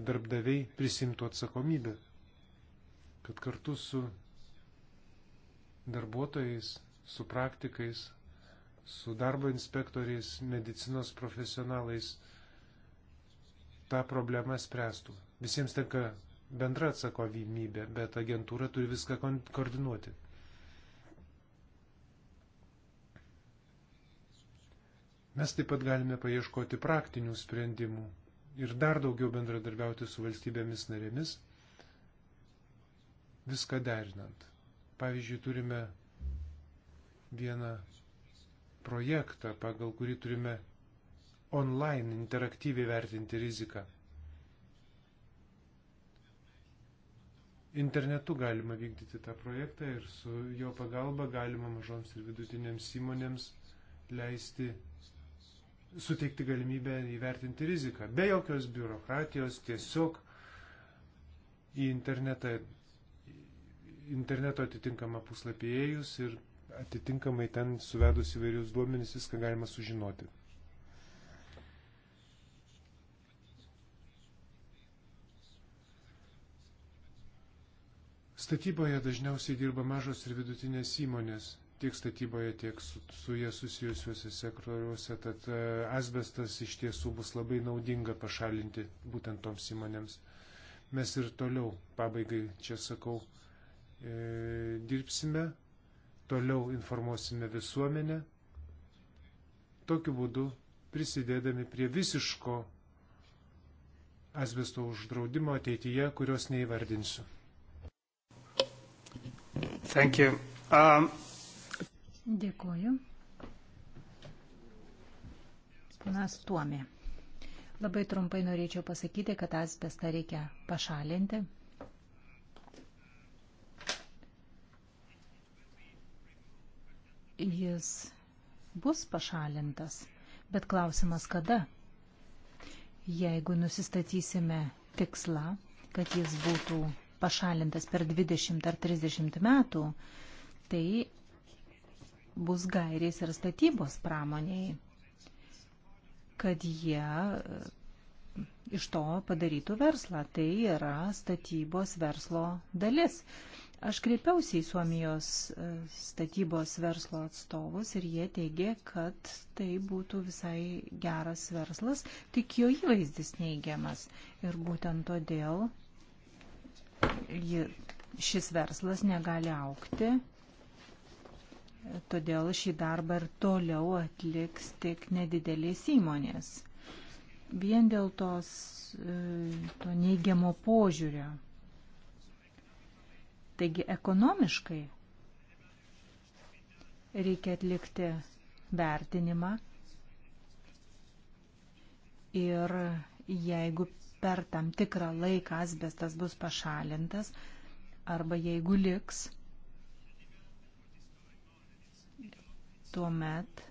darbdaviai prisimtų atsakomybę, kad kartu su darbuotojais, su praktikais, su darbo inspektoriais, medicinos profesionalais tą problemą spręstų. Visiems tenka bendra atsakomybė, bet agentūra turi viską koordinuoti. Mes taip pat galime paieškoti praktinių sprendimų ir dar daugiau bendradarbiauti su valstybėmis narėmis, viską derinant. Pavyzdžiui, turime vieną projektą, pagal kurį turime online interaktyviai vertinti riziką. Internetu galima vykdyti tą projektą ir su jo pagalba galima mažoms ir vidutinėms įmonėms leisti suteikti galimybę įvertinti riziką. Be jokios biurokratijos tiesiog į internetą, interneto atitinkamą puslapį ėjus ir atitinkamai ten suvedus įvairius duomenis viską galima sužinoti. Statyboje dažniausiai dirba mažos ir vidutinės įmonės tiek statyboje, tiek su, su jie susijusiuose sektoriuose, tad e, asbestas iš tiesų bus labai naudinga pašalinti būtent toms įmonėms. Mes ir toliau, pabaigai čia sakau, e, dirbsime, toliau informuosime visuomenę, tokiu būdu prisidėdami prie visiško asbesto uždraudimo ateityje, kurios neįvardinsiu. Thank you. Um... Dėkuoju. Ponas Tuomė. Labai trumpai norėčiau pasakyti, kad asbestą reikia pašalinti. Jis bus pašalintas, bet klausimas kada? Jeigu nusistatysime tikslą, kad jis būtų pašalintas per 20 ar 30 metų, tai bus gairės ir statybos pramoniai, kad jie e, iš to padarytų verslą. Tai yra statybos verslo dalis. Aš kreipiausi į Suomijos e, statybos verslo atstovus ir jie teigė, kad tai būtų visai geras verslas, tik jo įvaizdis neigiamas. Ir būtent todėl šis verslas negali aukti Todėl šį darbą ir toliau atliks tik nedidelės įmonės. Vien dėl tos, e, to neigiamo požiūrio. Taigi ekonomiškai reikia atlikti vertinimą ir jeigu per tam tikrą laiką asbestas bus pašalintas arba jeigu liks, tuomet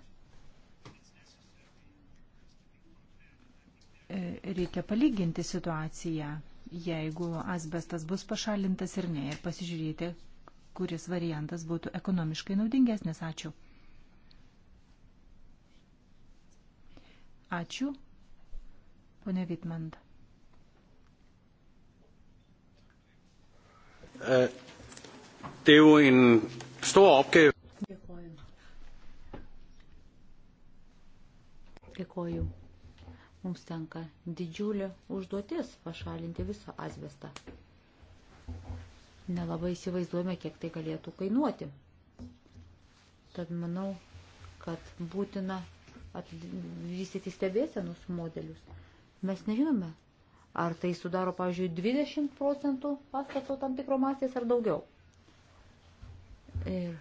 e, reikia palyginti situaciją, jeigu asbestas bus pašalintas ir ne, ir pasižiūrėti, kuris variantas būtų ekonomiškai naudingesnis. Ačiū. Ačiū, ponė Vitmand. Øh, det er jo en stor opgave Dėkoju. Mums tenka didžiulė užduotis pašalinti visą asbestą. Nelabai įsivaizduojame, kiek tai galėtų kainuoti. Tad manau, kad būtina vystyti stebėsenos modelius. Mes nežinome, ar tai sudaro, pavyzdžiui, 20 procentų pastato tam tikro masės ar daugiau. Ir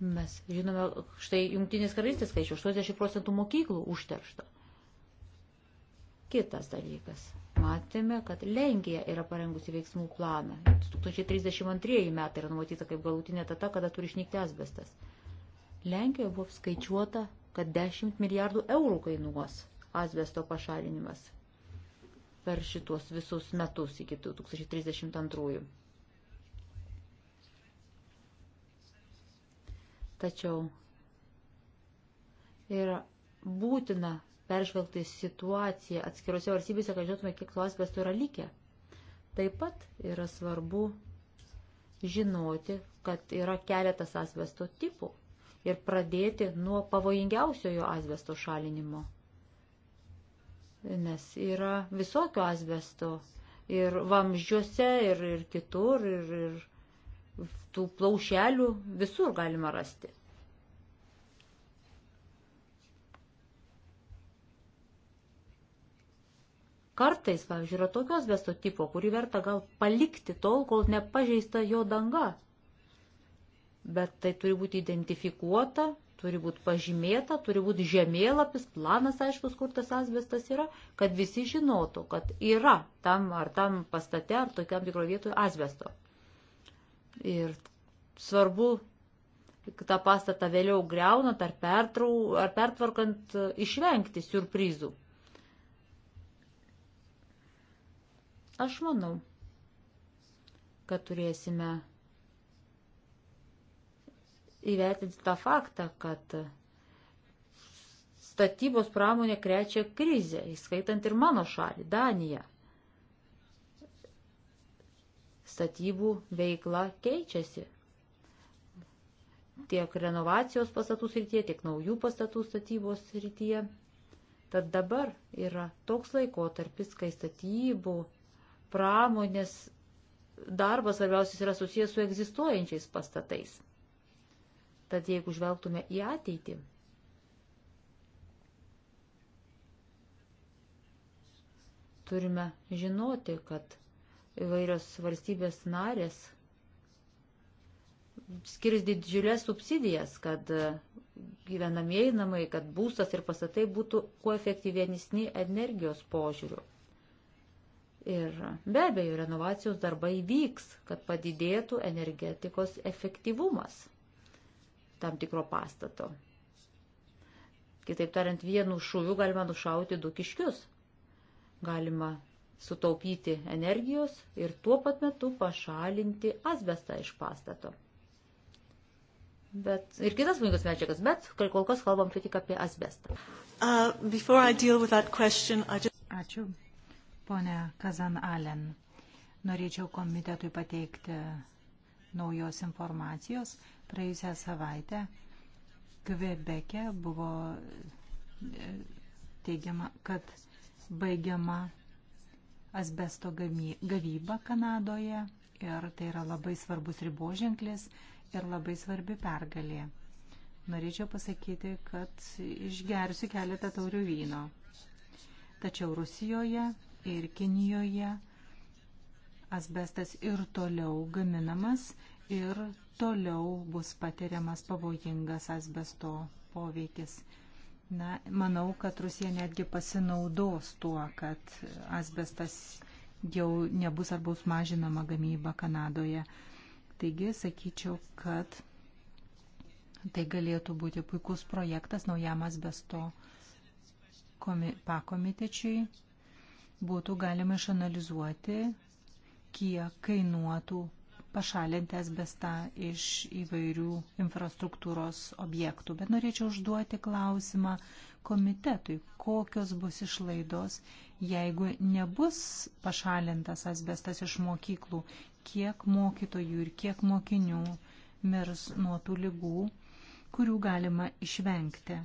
Mes žinome, štai jungtinės karalystės skaičių 80 procentų mokyklų užteršta. Kitas dalykas. Matėme, kad Lenkija yra parengusi veiksmų planą. 2032 metai yra numatyta kaip galutinė data, kada turi išnykti asbestas. Lenkijoje buvo apskaičiuota, kad 10 milijardų eurų kainuos asbesto pašalinimas per šitos visus metus iki 2032. Tačiau yra būtina peržvelgti situaciją atskirose valstybėse, kad žinotume, kiek to asbesto yra likę. Taip pat yra svarbu žinoti, kad yra keletas asbesto tipų ir pradėti nuo pavojingiausiojo asbesto šalinimo. Nes yra visokio asbesto ir vamzdžiuose, ir, ir kitur, ir, ir tų plaušelių visur galima rasti. Kartais, pavyzdžiui, yra tokios vesto tipo, kurį verta gal palikti tol, kol nepažeista jo danga. Bet tai turi būti identifikuota, turi būti pažymėta, turi būti žemėlapis, planas aiškus, kur tas asbestas yra, kad visi žinotų, kad yra tam ar tam pastate ar tokiam tikroje vietoje asbesto. Ir svarbu tą pastatą vėliau greunant ar, pertrau, ar pertvarkant išvengti surprizų. Aš manau, kad turėsime įvertinti tą faktą, kad statybos pramonė krečia krizę, įskaitant ir mano šalį, Daniją statybų veikla keičiasi. Tiek renovacijos pastatų srityje, tiek naujų pastatų statybos srityje. Tad dabar yra toks laikotarpis, kai statybų pramonės darbas svarbiausias yra susijęs su egzistuojančiais pastatais. Tad jeigu žvelgtume į ateitį, turime žinoti, kad įvairios valstybės narės skirs didžiulės subsidijas, kad e, gyvenamieji namai, kad būstas ir pastatai būtų kuo efektyvienisni energijos požiūriu. Ir be abejo, renovacijos darbai vyks, kad padidėtų energetikos efektyvumas tam tikro pastato. Kitaip tariant, vienu šūviu galima nušauti du kiškius. Galima sutaupyti energijos ir tuo pat metu pašalinti asbestą iš pastato. Bet ir kitas vangas medžiagas, bet kol kas kalbam tik apie asbestą. Uh, question, just... Ačiū. Pone Kazan Alen, norėčiau komitetui pateikti naujos informacijos. Praėjusią savaitę Kvebeke buvo e, teigiama, kad baigiama asbesto gavybą Kanadoje ir tai yra labai svarbus riboženklis ir labai svarbi pergalė. Norėčiau pasakyti, kad išgersiu keletą taurių vyno. Tačiau Rusijoje ir Kinijoje asbestas ir toliau gaminamas ir toliau bus patiriamas pavojingas asbesto poveikis. Na, manau, kad Rusija netgi pasinaudos tuo, kad asbestas jau nebus ar bus mažinama gamyba Kanadoje. Taigi, sakyčiau, kad tai galėtų būti puikus projektas naujam asbesto pakomitečiui. Būtų galima išanalizuoti, kiek kainuotų pašalinti asbestą iš įvairių infrastruktūros objektų. Bet norėčiau užduoti klausimą komitetui, kokios bus išlaidos, jeigu nebus pašalintas asbestas iš mokyklų, kiek mokytojų ir kiek mokinių mirs nuo tų lygų, kurių galima išvengti.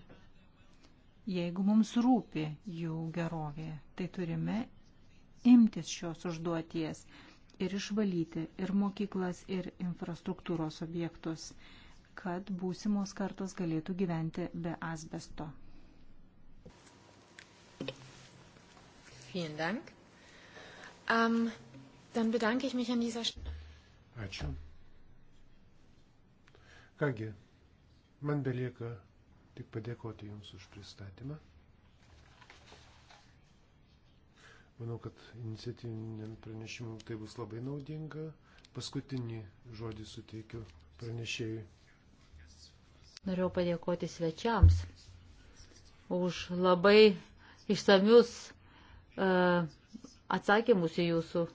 Jeigu mums rūpi jų gerovė, tai turime imtis šios užduoties ir išvalyti ir mokyklas, ir infrastruktūros objektus, kad būsimos kartos galėtų gyventi be asbesto. Vielen Dank. Ähm, dann bedanke ich mich an dieser Stelle. Ačiū. Kągi, man belieka tik padėkoti Jums už pristatymą. Manau, kad iniciatyviniam pranešimui tai bus labai naudinga. Paskutinį žodį suteikiu pranešėjui. Norėjau padėkoti svečiams už labai išsamius uh, atsakymus į jūsų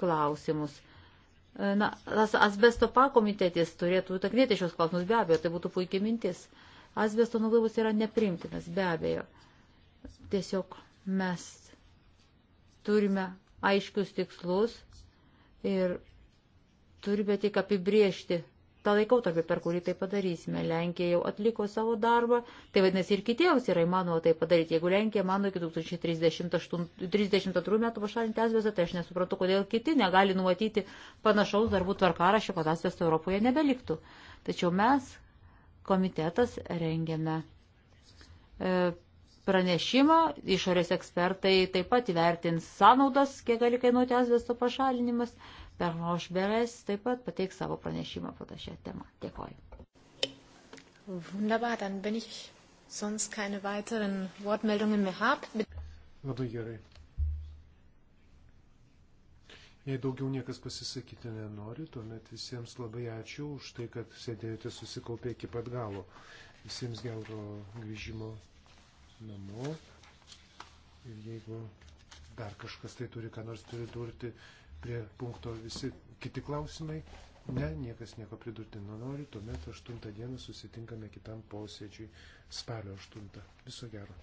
klausimus. E, na, tas asbesto pakomitetis turėtų taknėti šios klausimus, be abejo, tai būtų puikiai mintis. Asbesto nuglaimus yra neprimtinas, be abejo. Tiesiog mes Turime aiškius tikslus ir turime tik apibriežti tą laikotarpį, per kurį tai padarysime. Lenkija jau atliko savo darbą, tai vadinasi ir kitiems yra įmanoma tai padaryti. Jeigu Lenkija mano iki 2032 metų pašalinti asbestą, tai aš nesuprantu, kodėl kiti negali numatyti panašaus darbų tvarkarašio, kad asbesto Europoje nebeliktų. Tačiau mes, komitetas, rengiame. E, pranešimą. Išorės ekspertai taip pat įvertins sąnaudas, kiek gali kainuoti asbesto pašalinimas. Pernoš Beres taip pat pateiks savo pranešimą po šią temą. Dėkoju. Wunderbar, dann bin ich sonst keine weiteren Wortmeldungen mehr habe. Labai gerai. Jei daugiau niekas pasisakyti nenori, tuomet visiems labai ačiū už tai, kad sėdėjote susikaupę iki pat galo. Visiems gero grįžimo namo. Ir jeigu dar kažkas tai turi, ką nors pridurti prie punkto visi kiti klausimai, ne, niekas nieko pridurti nenori, tuomet 8 dieną susitinkame kitam posėdžiui spalio 8. Viso gero.